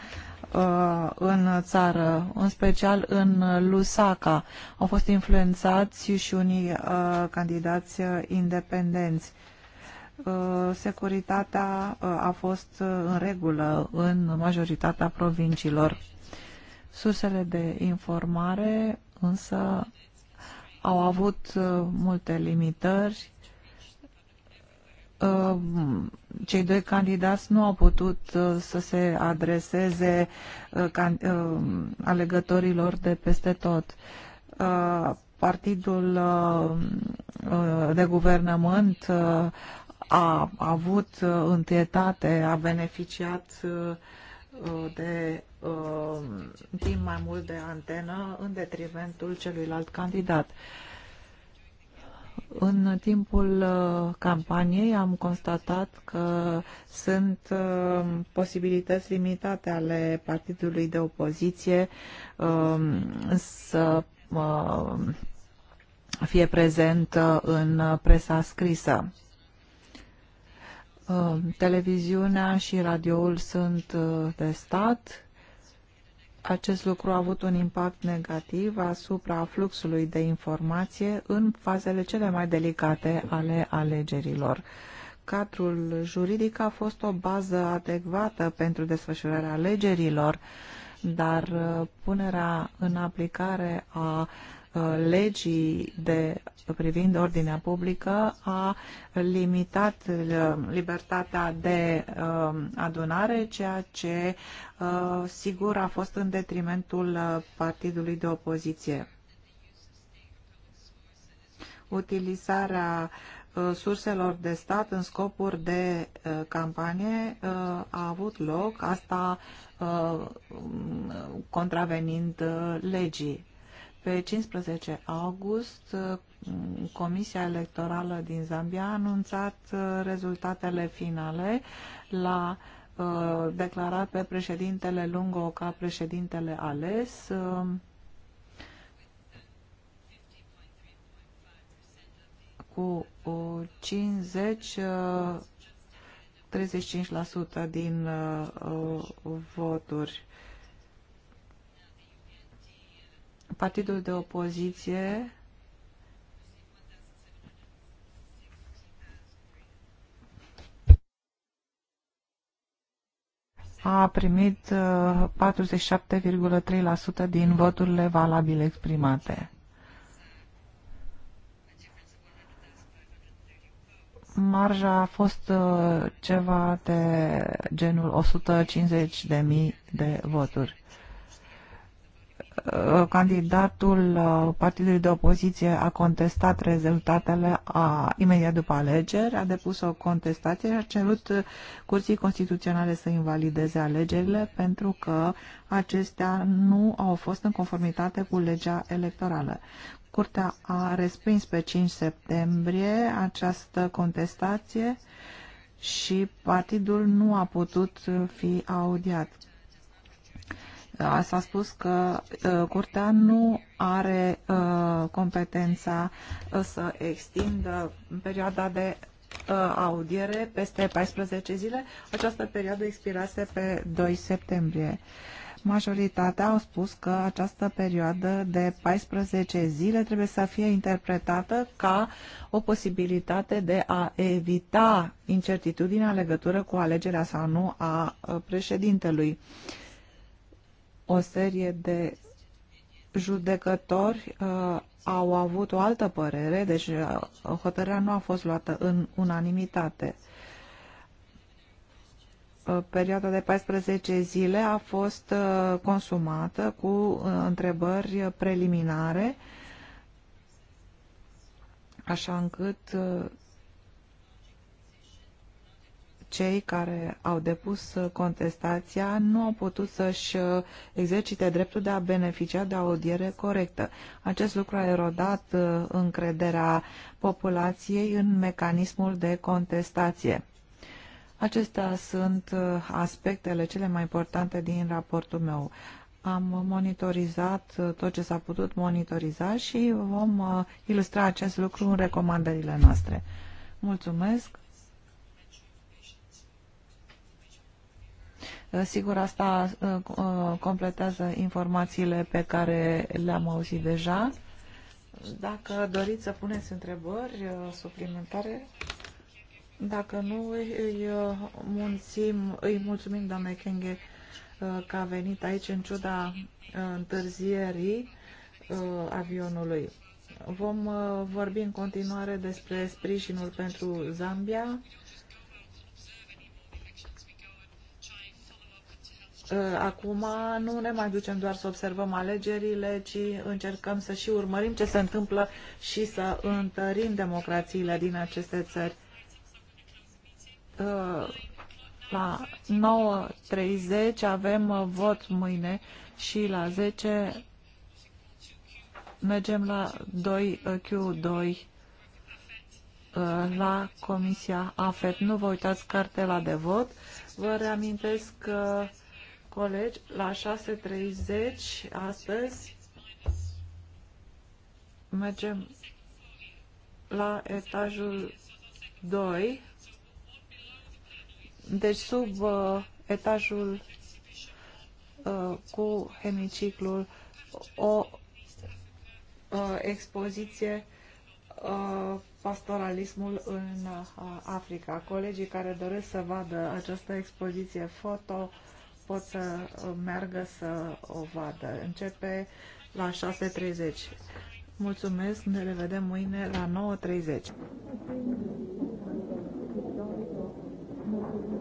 uh, în țară, în special în Lusaka. Au fost influențați și unii uh, candidați uh, independenți. Securitatea a fost în regulă în majoritatea provinciilor. Sursele de informare însă au avut multe limitări Uh, cei doi candidați nu au putut uh, să se adreseze uh, alegătorilor de peste tot. Partidul de guvernământ a avut întâietate, a beneficiat de timp mai mult de antenă în detrimentul celuilalt candidat. Uh, în timpul uh, campaniei am constatat că sunt uh, posibilități limitate ale partidului de opoziție um, să uh, fie prezent în presa scrisă. Um, televiziunea și radioul sunt de stat, acest lucru a avut un impact negativ asupra fluxului de informație în fazele cele mai delicate ale alegerilor. Cadrul juridic a fost o bază adecvată pentru desfășurarea alegerilor, dar uh, punerea în aplicare a Uh, legii de privind ordinea publică a limitat uh, libertatea de uh, adunare, ceea ce sigur a fost în detrimentul partidului de opoziție. Utilizarea surselor de stat în scopuri de campanie a avut loc, asta contravenind legii. Pe 15 august, Comisia Electorală din Zambia a anunțat uh, rezultatele finale la uh, declarat pe președintele Lungo ca președintele ales. Uh, cu 50 35% din voturi partidul de opoziție a primit 47,3% uh, din voturile valabile exprimate. Marja a fost uh, ceva de genul 150.000 de voturi. Uh, candidatul uh, partidului de opoziție a contestat rezultatele a, imediat după alegeri, a depus o contestație și a cerut uh, curții constituționale să invalideze alegerile pentru că acestea nu au fost în conformitate cu legea electorală. Curtea a respins pe 5 septembrie această contestație și partidul nu a putut fi audiat. S-a spus că ă, curtea nu are ă, competența ă, să extindă perioada de audiere peste 14 zile. Această perioadă expirase pe 2 septembrie. Majoritatea au spus că această perioadă de 14 zile trebuie să fie interpretată ca o posibilitate de a evita incertitudinea legătură cu alegerea sau nu a președintelui. Uh, o serie de judecători uh, au avut o altă părere, deci uh, hotărârea nu a fost luată în unanimitate. Uh, perioada de 14 zile a fost uh, consumată cu uh, întrebări preliminare, așa încât uh, cei care au depus contestația nu au putut să-și exercite dreptul de a beneficia de audiere corectă. Acest lucru a erodat uh, încrederea populației în mecanismul de contestație. Acestea sunt uh, aspectele cele mai importante din raportul meu. Am monitorizat uh, tot ce s-a putut monitoriza și vom ilustra acest lucru în recomandările noastre. Mulțumesc! Uh, sigur, asta uh, uh, completează informațiile pe care le-am auzit deja. Dacă doriți să puneți întrebări suplimentare, dacă nu, îi, mulțumim, îi mulțumim doamne Kenge că a venit aici în ciuda întârzierii avionului. Vom vorbi în continuare despre sprijinul pentru Zambia Uh, acum nu ne mai ducem doar să observăm alegerile, ci încercăm să și urmărim ce se întâmplă și să întărim democrațiile din aceste țări. Uh, la 9.30 avem vot mâine și la 10 mergem la 2Q2 uh, la Comisia AFET. Nu vă uitați cartela de vot. Vă reamintesc că colegi, la 6.30 astăzi mergem la etajul 2, deci sub uh, etajul uh, cu hemiciclul o uh, expoziție uh, pastoralismul în uh, Africa. Colegii care doresc să vadă această expoziție foto pot să uh, meargă să o vadă. Începe la 6.30. Mulțumesc, ne revedem mâine la 9.30. Thank you.